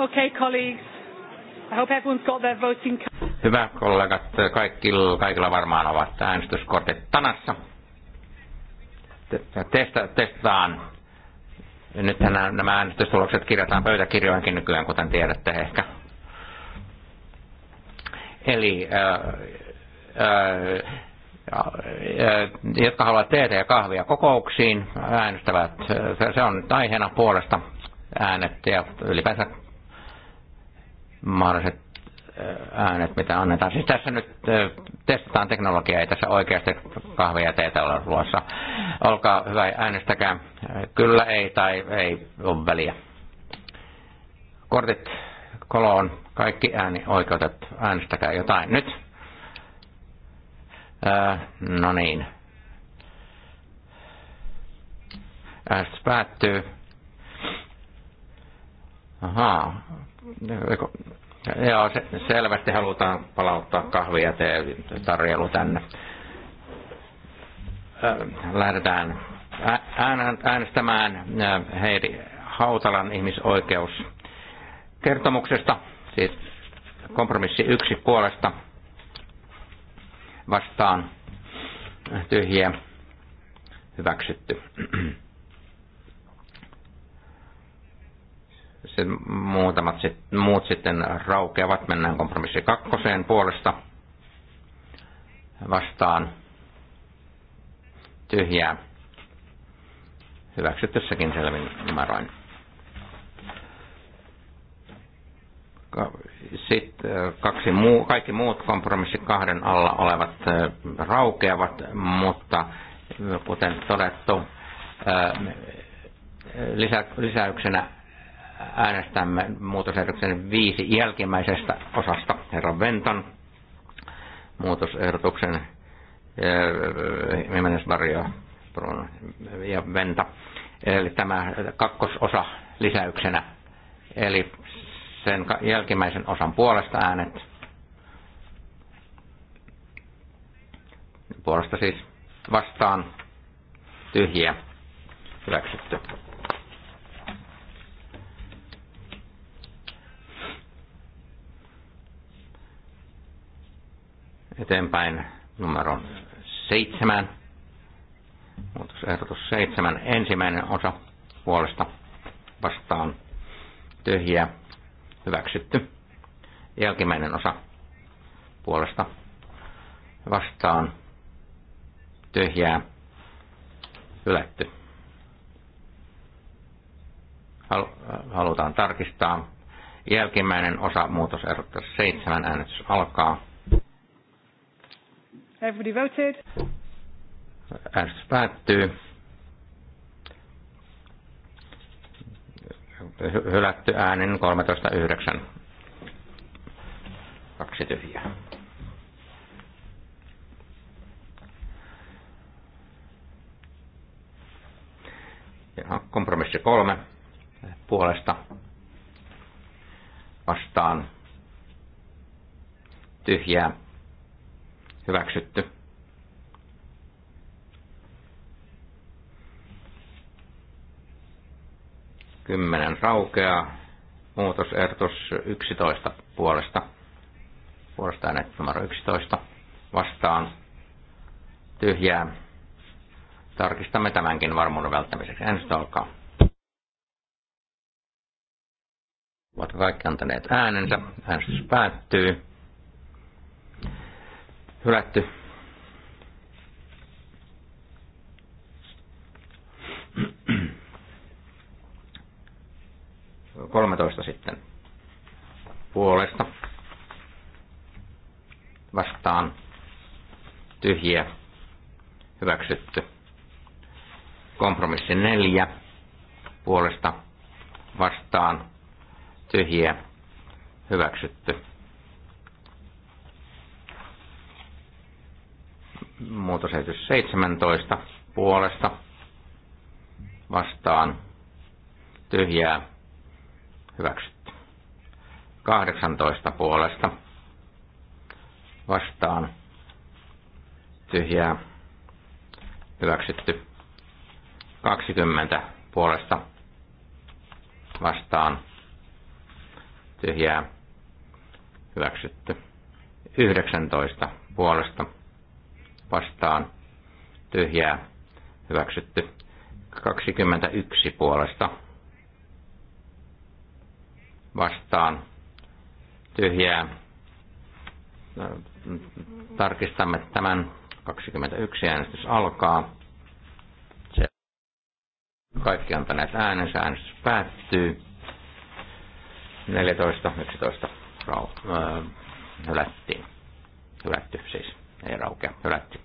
Okay, colleagues. I hope everyone's got their voting card. Hyvä kollegat, kaikilla, kaikilla varmaan ovat äänestyskortit tanassa. Testa, testaan. Nyt nämä, nämä äänestystulokset kirjataan pöytäkirjoinkin nykyään, kuten tiedätte ehkä. Eli ää, äh, ää, äh, äh, jotka haluavat teetä ja kahvia kokouksiin, äänestävät, se on aiheena puolesta äänet ja ylipäänsä mahdolliset äh, äänet, mitä annetaan. Siis tässä nyt äh, testataan teknologiaa, ei tässä oikeasti kahvia ja teetä ole luossa. Olkaa hyvä, äänestäkää kyllä, ei tai ei ole väliä. Kortit koloon, kaikki ääni oikeutet, äänestäkää jotain nyt. Öö, no niin. Äänestys päättyy. Ahaa, Joo, se, selvästi halutaan palauttaa kahvia tarjelu tänne. Lähdetään äänestämään Heidi Hautalan ihmisoikeus kertomuksesta, siis kompromissi yksi puolesta vastaan tyhjiä hyväksytty. sen muutamat sit, muut sitten raukeavat. Mennään kompromissi kakkoseen puolesta vastaan tyhjää hyväksytyssäkin selvin numeroin. Sitten äh, kaksi muu, kaikki muut kompromissi kahden alla olevat äh, raukeavat, mutta äh, kuten todettu, lisäyksenä äänestämme muutosehdotuksen viisi jälkimmäisestä osasta herran Venton muutosehdotuksen eh, Jimenez-Barrio ja Venta. Eli tämä kakkososa lisäyksenä. Eli sen jälkimmäisen osan puolesta äänet. Puolesta siis vastaan tyhjiä hyväksytty. eteenpäin numero seitsemän. Muutosehdotus seitsemän. Ensimmäinen osa puolesta vastaan tyhjä hyväksytty. Jälkimmäinen osa puolesta vastaan tyhjää hylätty. Halutaan tarkistaa. Jälkimmäinen osa muutosehdotus seitsemän äänestys alkaa. Everybody voted. Äänestys päättyy. Hylätty äänen 13.9. Kaksi tyhjää. Ja kompromissi kolme puolesta vastaan tyhjää hyväksytty. Kymmenen raukeaa. Muutosehdotus 11 puolesta. Puolesta äänet numero 11 vastaan tyhjää. Tarkistamme tämänkin varmuuden välttämiseksi. ensi alkaa. Ovat kaikki antaneet äänensä. Äänestys päättyy hylätty. Kolmetoista sitten puolesta vastaan tyhjiä hyväksytty. Kompromissi neljä puolesta vastaan tyhjiä hyväksytty. Muutosesitys 17 puolesta vastaan tyhjää hyväksytty. 18 puolesta vastaan tyhjää hyväksytty. 20 puolesta vastaan tyhjää hyväksytty. 19 puolesta vastaan tyhjää hyväksytty. 21 puolesta vastaan tyhjää. Tarkistamme tämän. 21 äänestys alkaa. Se kaikki antaneet äänensä. Äänestys päättyy. 14, 11 rau, öö, hylättiin. Hylätty siis ei raukea, hylätty.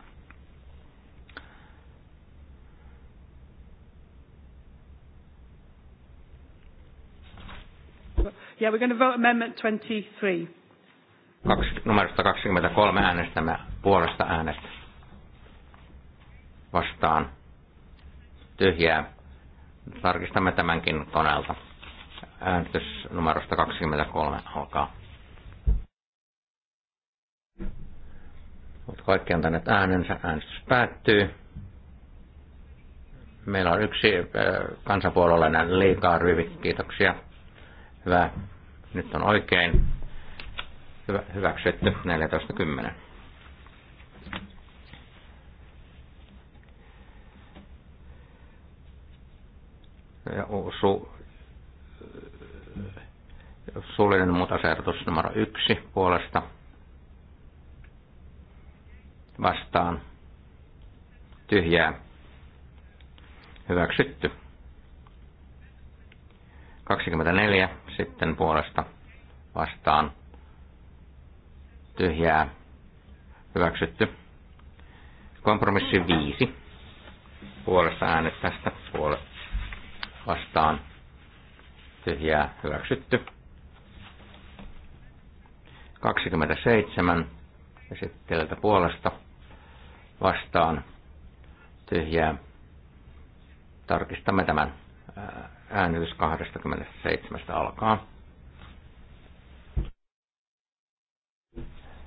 Yeah, we're going to vote amendment 23. Kaksi, numerosta 23 äänestämme puolesta äänestä. Vastaan. Tyhjää. Tarkistamme tämänkin koneelta. Äänestys numerosta 23 alkaa. Mutta kaikki tänne äänensä. Äänestys päättyy. Meillä on yksi äh, kansanpuolueellinen liikaa ryhmä. Kiitoksia. Hyvä. Nyt on oikein Hyvä, hyväksytty 14.10. Ja su, suullinen muutosehdotus numero yksi puolesta vastaan tyhjää hyväksytty. 24 sitten puolesta vastaan tyhjää hyväksytty. Kompromissi 5 puolesta äänet tästä puolesta vastaan tyhjää hyväksytty. 27 esittelijältä puolesta vastaan tyhjää. Tarkistamme tämän. äänitys 27 alkaa.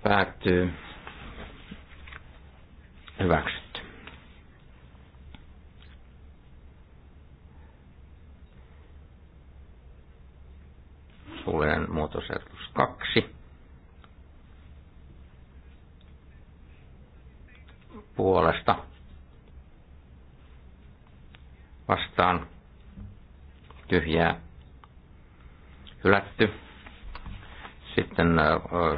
Päättyy. Hyväksytty. Suullinen muutosehdotus 2 puolesta vastaan tyhjää hylätty. Sitten äh,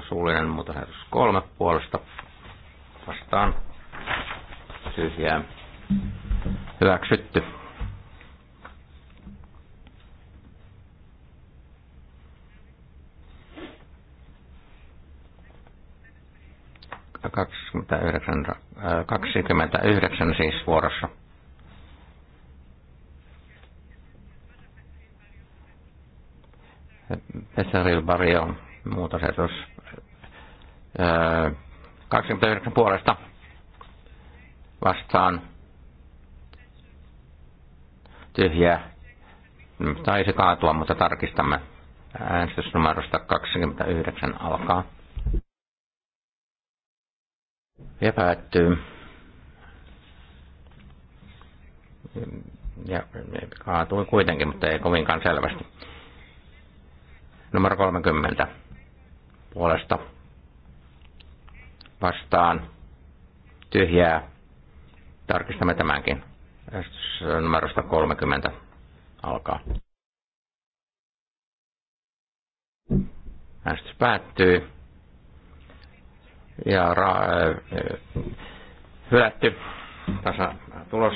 suullinen muutosehdotus kolme puolesta vastaan tyhjää hyväksytty. 29, 29 äh, siis vuorossa. Pesaril Barrio, muutosetus. 29 äh, puolesta vastaan tyhjä. Taisi kaatua, mutta tarkistamme. Äänestysnumerosta 29 alkaa. Ja päättyy. Ja kaatui kuitenkin, mutta ei kovinkaan selvästi. Numero 30 puolesta vastaan tyhjää. Tarkistamme tämänkin. Numerosta 30 alkaa. Äänestys päättyy ja ra- eh, hylätty tasa tulos.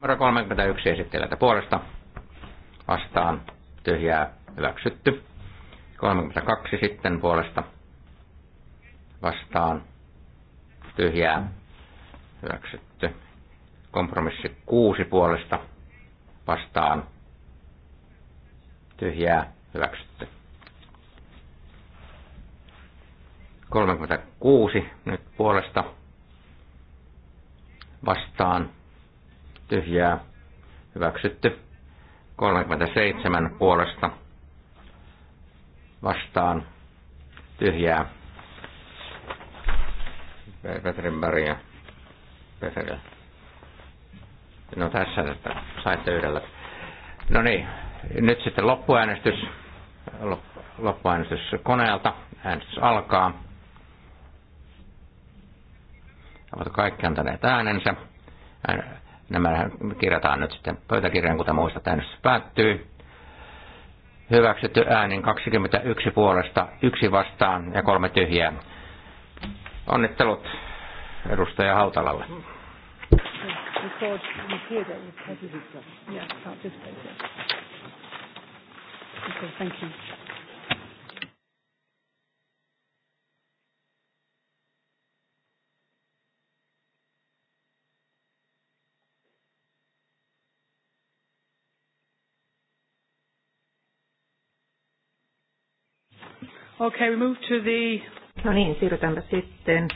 Numero 31 esittelijältä puolesta vastaan tyhjää hyväksytty. 32 sitten puolesta vastaan tyhjää hyväksytty. Kompromissi 6 puolesta vastaan tyhjää hyväksytty. 36 nyt puolesta vastaan tyhjää hyväksytty. 37 puolesta vastaan tyhjää Petrin väriä. Petrin. No tässä, että saitte yhdellä. No niin, nyt sitten loppuäänestys, loppuäänestys koneelta. Äänestys alkaa. Ovat kaikki antaneet äänensä. Nämä kirjataan nyt sitten pöytäkirjaan, kuten muistat, äänestys päättyy. Hyväksytty äänin 21 puolesta, yksi vastaan ja kolme tyhjää. Onnittelut edustaja Hautalalle record you hear that you participate. Yeah, participate. Okay, thank you. Okay, we move to the... No niin, siirrytäänpä sitten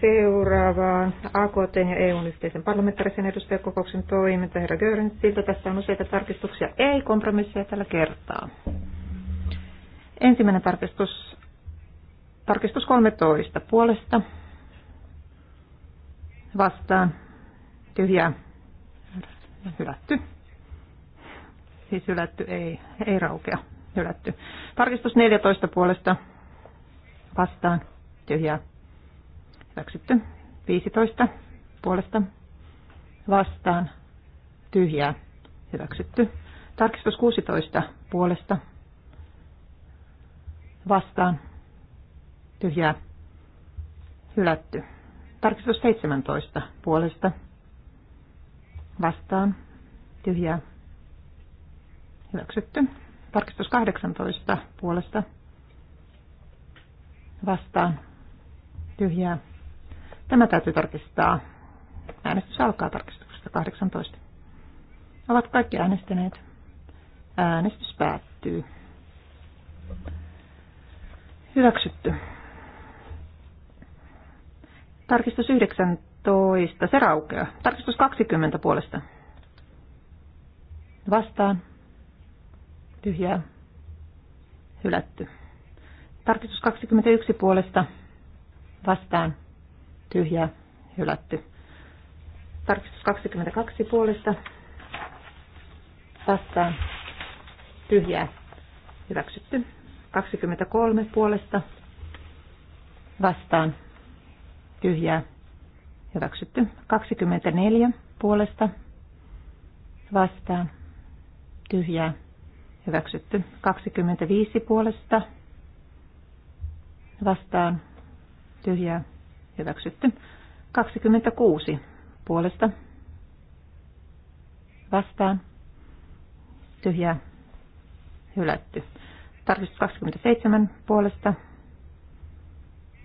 seuraavaan AKT ja EUn yhteisen parlamentaarisen edustajakokouksen toiminta. Herra Siltä tässä on useita tarkistuksia, ei kompromisseja tällä kertaa. Ensimmäinen tarkistus, tarkistus 13 puolesta. Vastaan. Tyhjää. Hylätty. Siis hylätty ei, ei raukea. Hylätty. Tarkistus 14 puolesta. Vastaan. Tyhjää Hyväksytty. 15 puolesta vastaan tyhjää. Hyväksytty. Tarkistus 16 puolesta vastaan tyhjää. Hylätty. Tarkistus 17 puolesta vastaan tyhjää. Hyväksytty. Tarkistus 18 puolesta vastaan tyhjää Tämä täytyy tarkistaa. Äänestys alkaa tarkistuksesta 18. Ovat kaikki äänestäneet. Äänestys päättyy. Hyväksytty. Tarkistus 19. Se raukeaa. Tarkistus 20 puolesta. Vastaan. Tyhjää. Hylätty. Tarkistus 21 puolesta. Vastaan tyhjää, hylätty. Tarkistus 22 puolesta vastaan, tyhjää, hyväksytty. 23 puolesta vastaan, tyhjää, hyväksytty. 24 puolesta vastaan, tyhjää, hyväksytty. 25 puolesta vastaan, tyhjää, Hyväksytty. 26 puolesta. Vastaan. Tyhjää. Hylätty. Tarkistus 27 puolesta.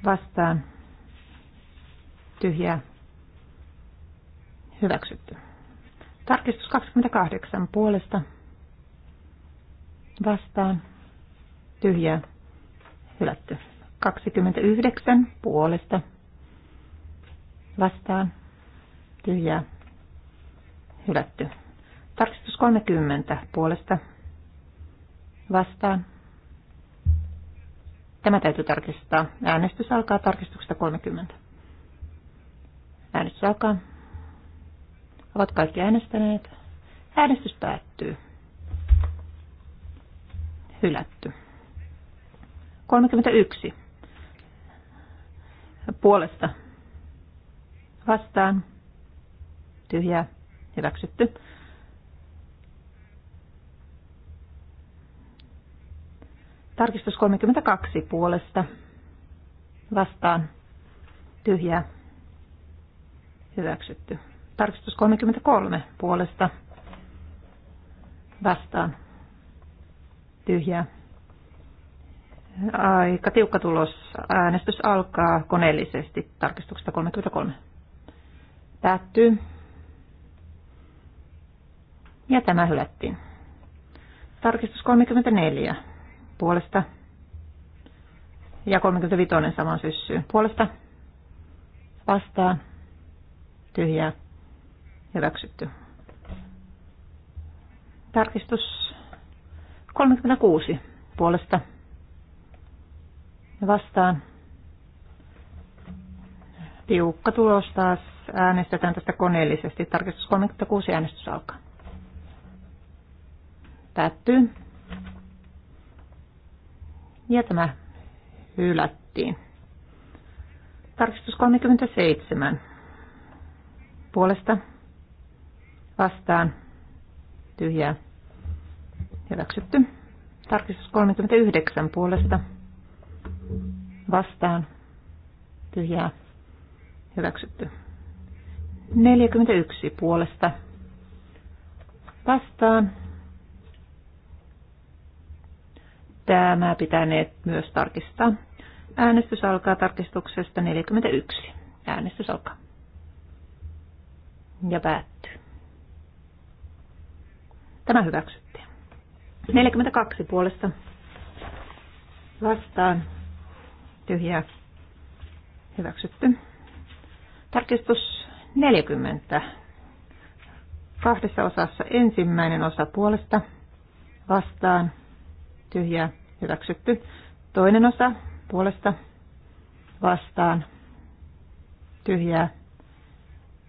Vastaan. Tyhjää. Hyväksytty. Tarkistus 28 puolesta. Vastaan. Tyhjää. Hylätty. 29 puolesta vastaan tyhjää hylätty. Tarkistus 30 puolesta vastaan. Tämä täytyy tarkistaa. Äänestys alkaa tarkistuksesta 30. Äänestys alkaa. Ovat kaikki äänestäneet. Äänestys päättyy. Hylätty. 31. Puolesta vastaan, tyhjää, hyväksytty. Tarkistus 32 puolesta, vastaan, tyhjää, hyväksytty. Tarkistus 33 puolesta, vastaan, tyhjää, Aika tiukka tulos. Äänestys alkaa koneellisesti tarkistuksesta 33. Päättyy. Ja tämä hylättiin. Tarkistus 34. Puolesta. Ja 35 saman syssyyn. Puolesta. Vastaan. Tyhjää. Hyväksytty. Tarkistus 36. Puolesta. Ja vastaan. Tiukka tulos taas äänestetään tästä koneellisesti. Tarkistus 36 äänestys alkaa. Päättyy. Ja tämä hylättiin. Tarkistus 37. Puolesta vastaan tyhjää hyväksytty. Tarkistus 39 puolesta vastaan tyhjää hyväksytty. 41 puolesta vastaan. Tämä pitäneet myös tarkistaa. Äänestys alkaa tarkistuksesta 41. Äänestys alkaa. Ja päättyy. Tämä hyväksyttiin. 42 puolesta vastaan. Tyhjää. Hyväksytty. Tarkistus 40. Kahdessa osassa ensimmäinen osa puolesta vastaan tyhjää hyväksytty. Toinen osa puolesta vastaan tyhjää.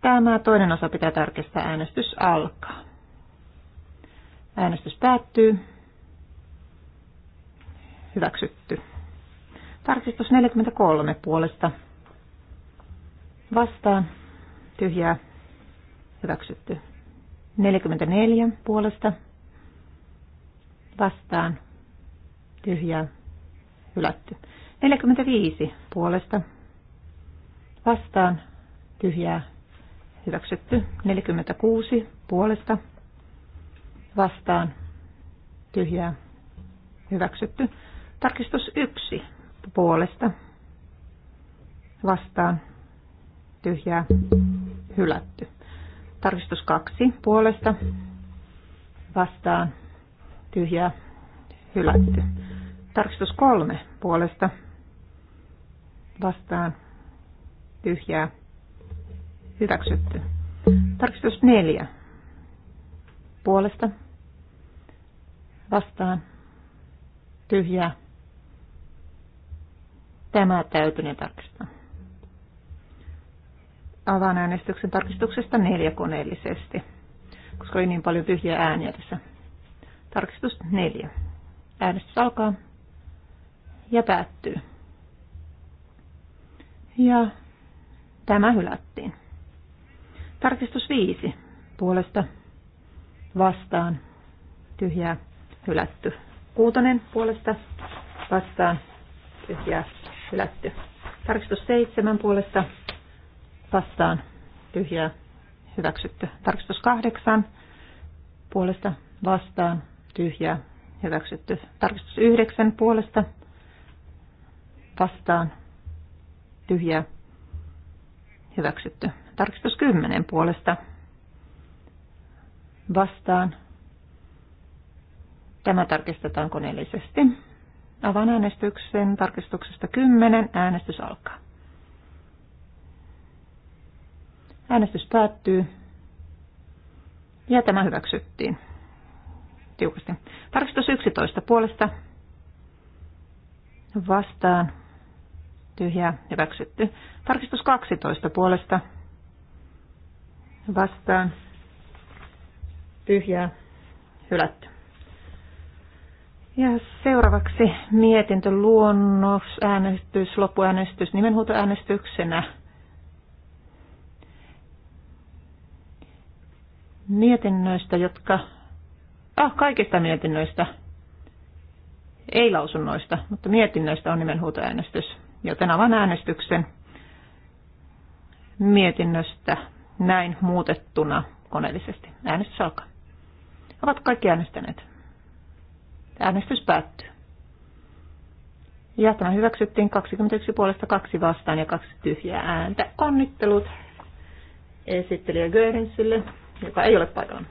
Tämä toinen osa pitää tarkistaa. Äänestys alkaa. Äänestys päättyy. Hyväksytty. Tarkistus 43 puolesta vastaan tyhjää hyväksytty. 44 puolesta vastaan tyhjää hylätty. 45 puolesta vastaan tyhjää hyväksytty. 46 puolesta vastaan tyhjää hyväksytty. Tarkistus 1 puolesta vastaan tyhjää hylätty. Tarkistus kaksi puolesta vastaan tyhjää hylätty. Tarkistus kolme puolesta vastaan tyhjää hyväksytty. Tarkistus neljä puolesta vastaan tyhjää. Tämä täytyy tarkistaa. Avaan äänestyksen tarkistuksesta neljä koneellisesti, koska oli niin paljon tyhjiä ääniä tässä. Tarkistus neljä. Äänestys alkaa ja päättyy. Ja tämä hylättiin. Tarkistus viisi Puolesta vastaan. Tyhjää hylätty. Kuutonen puolesta vastaan. Tyhjää hylätty. Tarkistus seitsemän puolesta vastaan tyhjää hyväksytty. Tarkistus kahdeksan puolesta vastaan tyhjää hyväksytty. Tarkistus yhdeksän puolesta vastaan tyhjää hyväksytty. Tarkistus kymmenen puolesta vastaan. Tämä tarkistetaan koneellisesti. Avaan äänestyksen tarkistuksesta 10. Äänestys alkaa. Äänestys päättyy. Ja tämä hyväksyttiin. Tiukasti. Tarkistus 11 puolesta. Vastaan. Tyhjää. Hyväksytty. Tarkistus 12 puolesta. Vastaan. Tyhjää. Hylätty. Ja seuraavaksi mietintö luonnos, äänestys, loppuäänestys, nimenhuutoäänestyksenä. mietinnöistä, jotka... Ah, kaikista mietinnöistä. Ei lausunnoista, mutta mietinnöistä on nimenhuutoäänestys. Joten avaan äänestyksen mietinnöstä näin muutettuna koneellisesti. Äänestys alkaa. Ovat kaikki äänestäneet. Äänestys päättyy. Ja tämä hyväksyttiin 21 puolesta kaksi vastaan ja kaksi tyhjää ääntä. Onnittelut esittelijä Göringsille joka ei ole paikalla.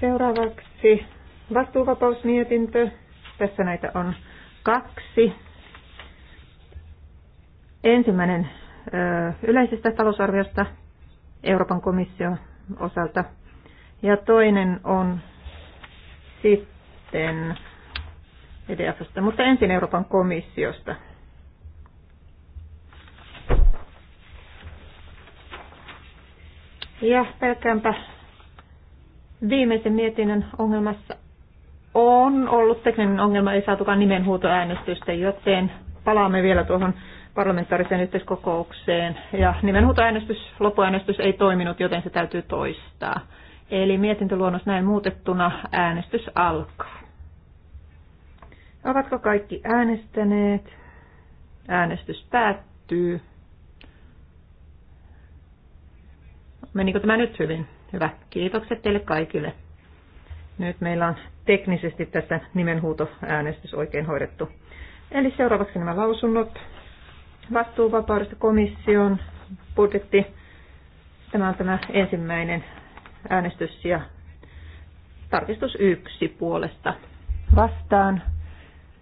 Seuraavaksi vastuuvapausmietintö. Tässä näitä on kaksi. Ensimmäinen yleisestä talousarviosta Euroopan komission osalta ja toinen on sitten EDFstä, mutta ensin Euroopan komissiosta. Ja pelkäänpä viimeisen mietinnön ongelmassa on ollut tekninen ongelma, ei saatukaan nimenhuutoäänestystä, joten palaamme vielä tuohon parlamentaariseen yhteiskokoukseen. Ja nimenhuutoäänestys, loppuäänestys ei toiminut, joten se täytyy toistaa. Eli mietintöluonnos näin muutettuna äänestys alkaa. Ovatko kaikki äänestäneet? Äänestys päättyy. Menikö tämä nyt hyvin? Hyvä. Kiitokset teille kaikille. Nyt meillä on teknisesti tässä nimenhuutoäänestys oikein hoidettu. Eli seuraavaksi nämä lausunnot. Vastuuvapaudesta komission budjetti. Tämä on tämä ensimmäinen äänestys ja tarkistus yksi puolesta. Vastaan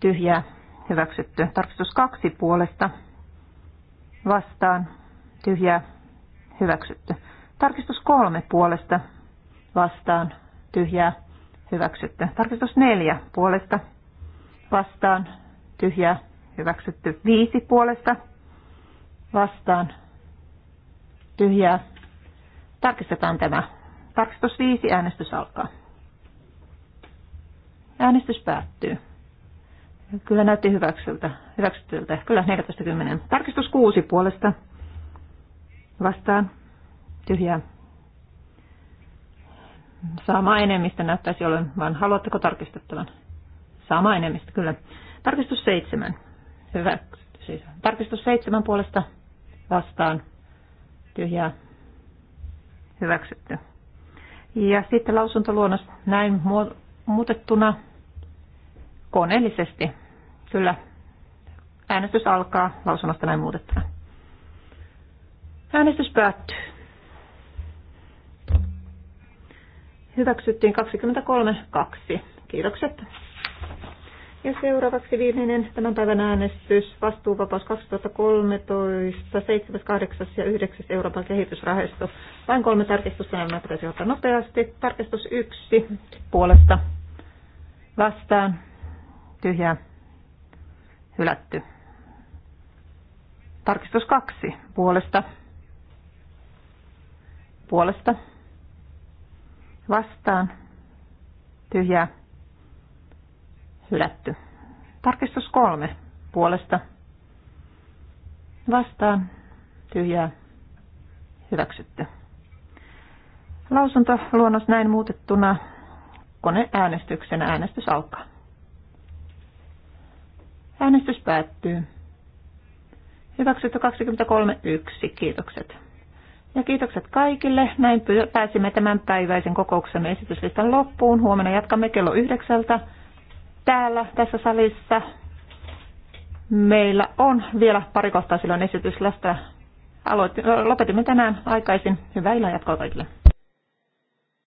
tyhjä hyväksytty. Tarkistus kaksi puolesta. Vastaan tyhjä hyväksytty. Tarkistus kolme puolesta vastaan tyhjää hyväksytty. Tarkistus neljä puolesta vastaan tyhjää hyväksytty. Viisi puolesta vastaan tyhjää. Tarkistetaan tämä. Tarkistus viisi äänestys alkaa. Äänestys päättyy. Kyllä näytti hyväksyltä. hyväksytyltä. Kyllä 14.10. Tarkistus 6 puolesta. Vastaan tyhjää. Sama enemmistö näyttäisi olevan, vaan haluatteko tarkistettavan? Sama enemmistö, kyllä. Tarkistus seitsemän. Hyvä. Siis tarkistus seitsemän puolesta vastaan. Tyhjää. Hyväksytty. Ja sitten lausuntoluonnos näin muutettuna koneellisesti. Kyllä. Äänestys alkaa lausunnosta näin muutettuna. Äänestys päättyy. hyväksyttiin 23.2. Kiitokset. Ja seuraavaksi viimeinen tämän päivän äänestys, vastuuvapaus 2013, 7, 8 ja 9 Euroopan kehitysrahasto. Vain kolme tarkistusta nämä pitäisi ottaa nopeasti. Tarkistus 1 puolesta vastaan, tyhjä hylätty. Tarkistus 2 puolesta, puolesta, vastaan, tyhjää, hylätty. Tarkistus kolme puolesta, vastaan, tyhjää, hyväksytty. Lausunto luonnos näin muutettuna Kone äänestyksenä äänestys alkaa. Äänestys päättyy. Hyväksytty 23.1. Kiitokset. Ja kiitokset kaikille. Näin pääsimme tämän päiväisen kokouksemme esityslistan loppuun. Huomenna jatkamme kello yhdeksältä täällä tässä salissa. Meillä on vielä pari kohtaa silloin esityslästä. Aloit, lopetimme tänään aikaisin. Hyvää illan jatkoa kaikille.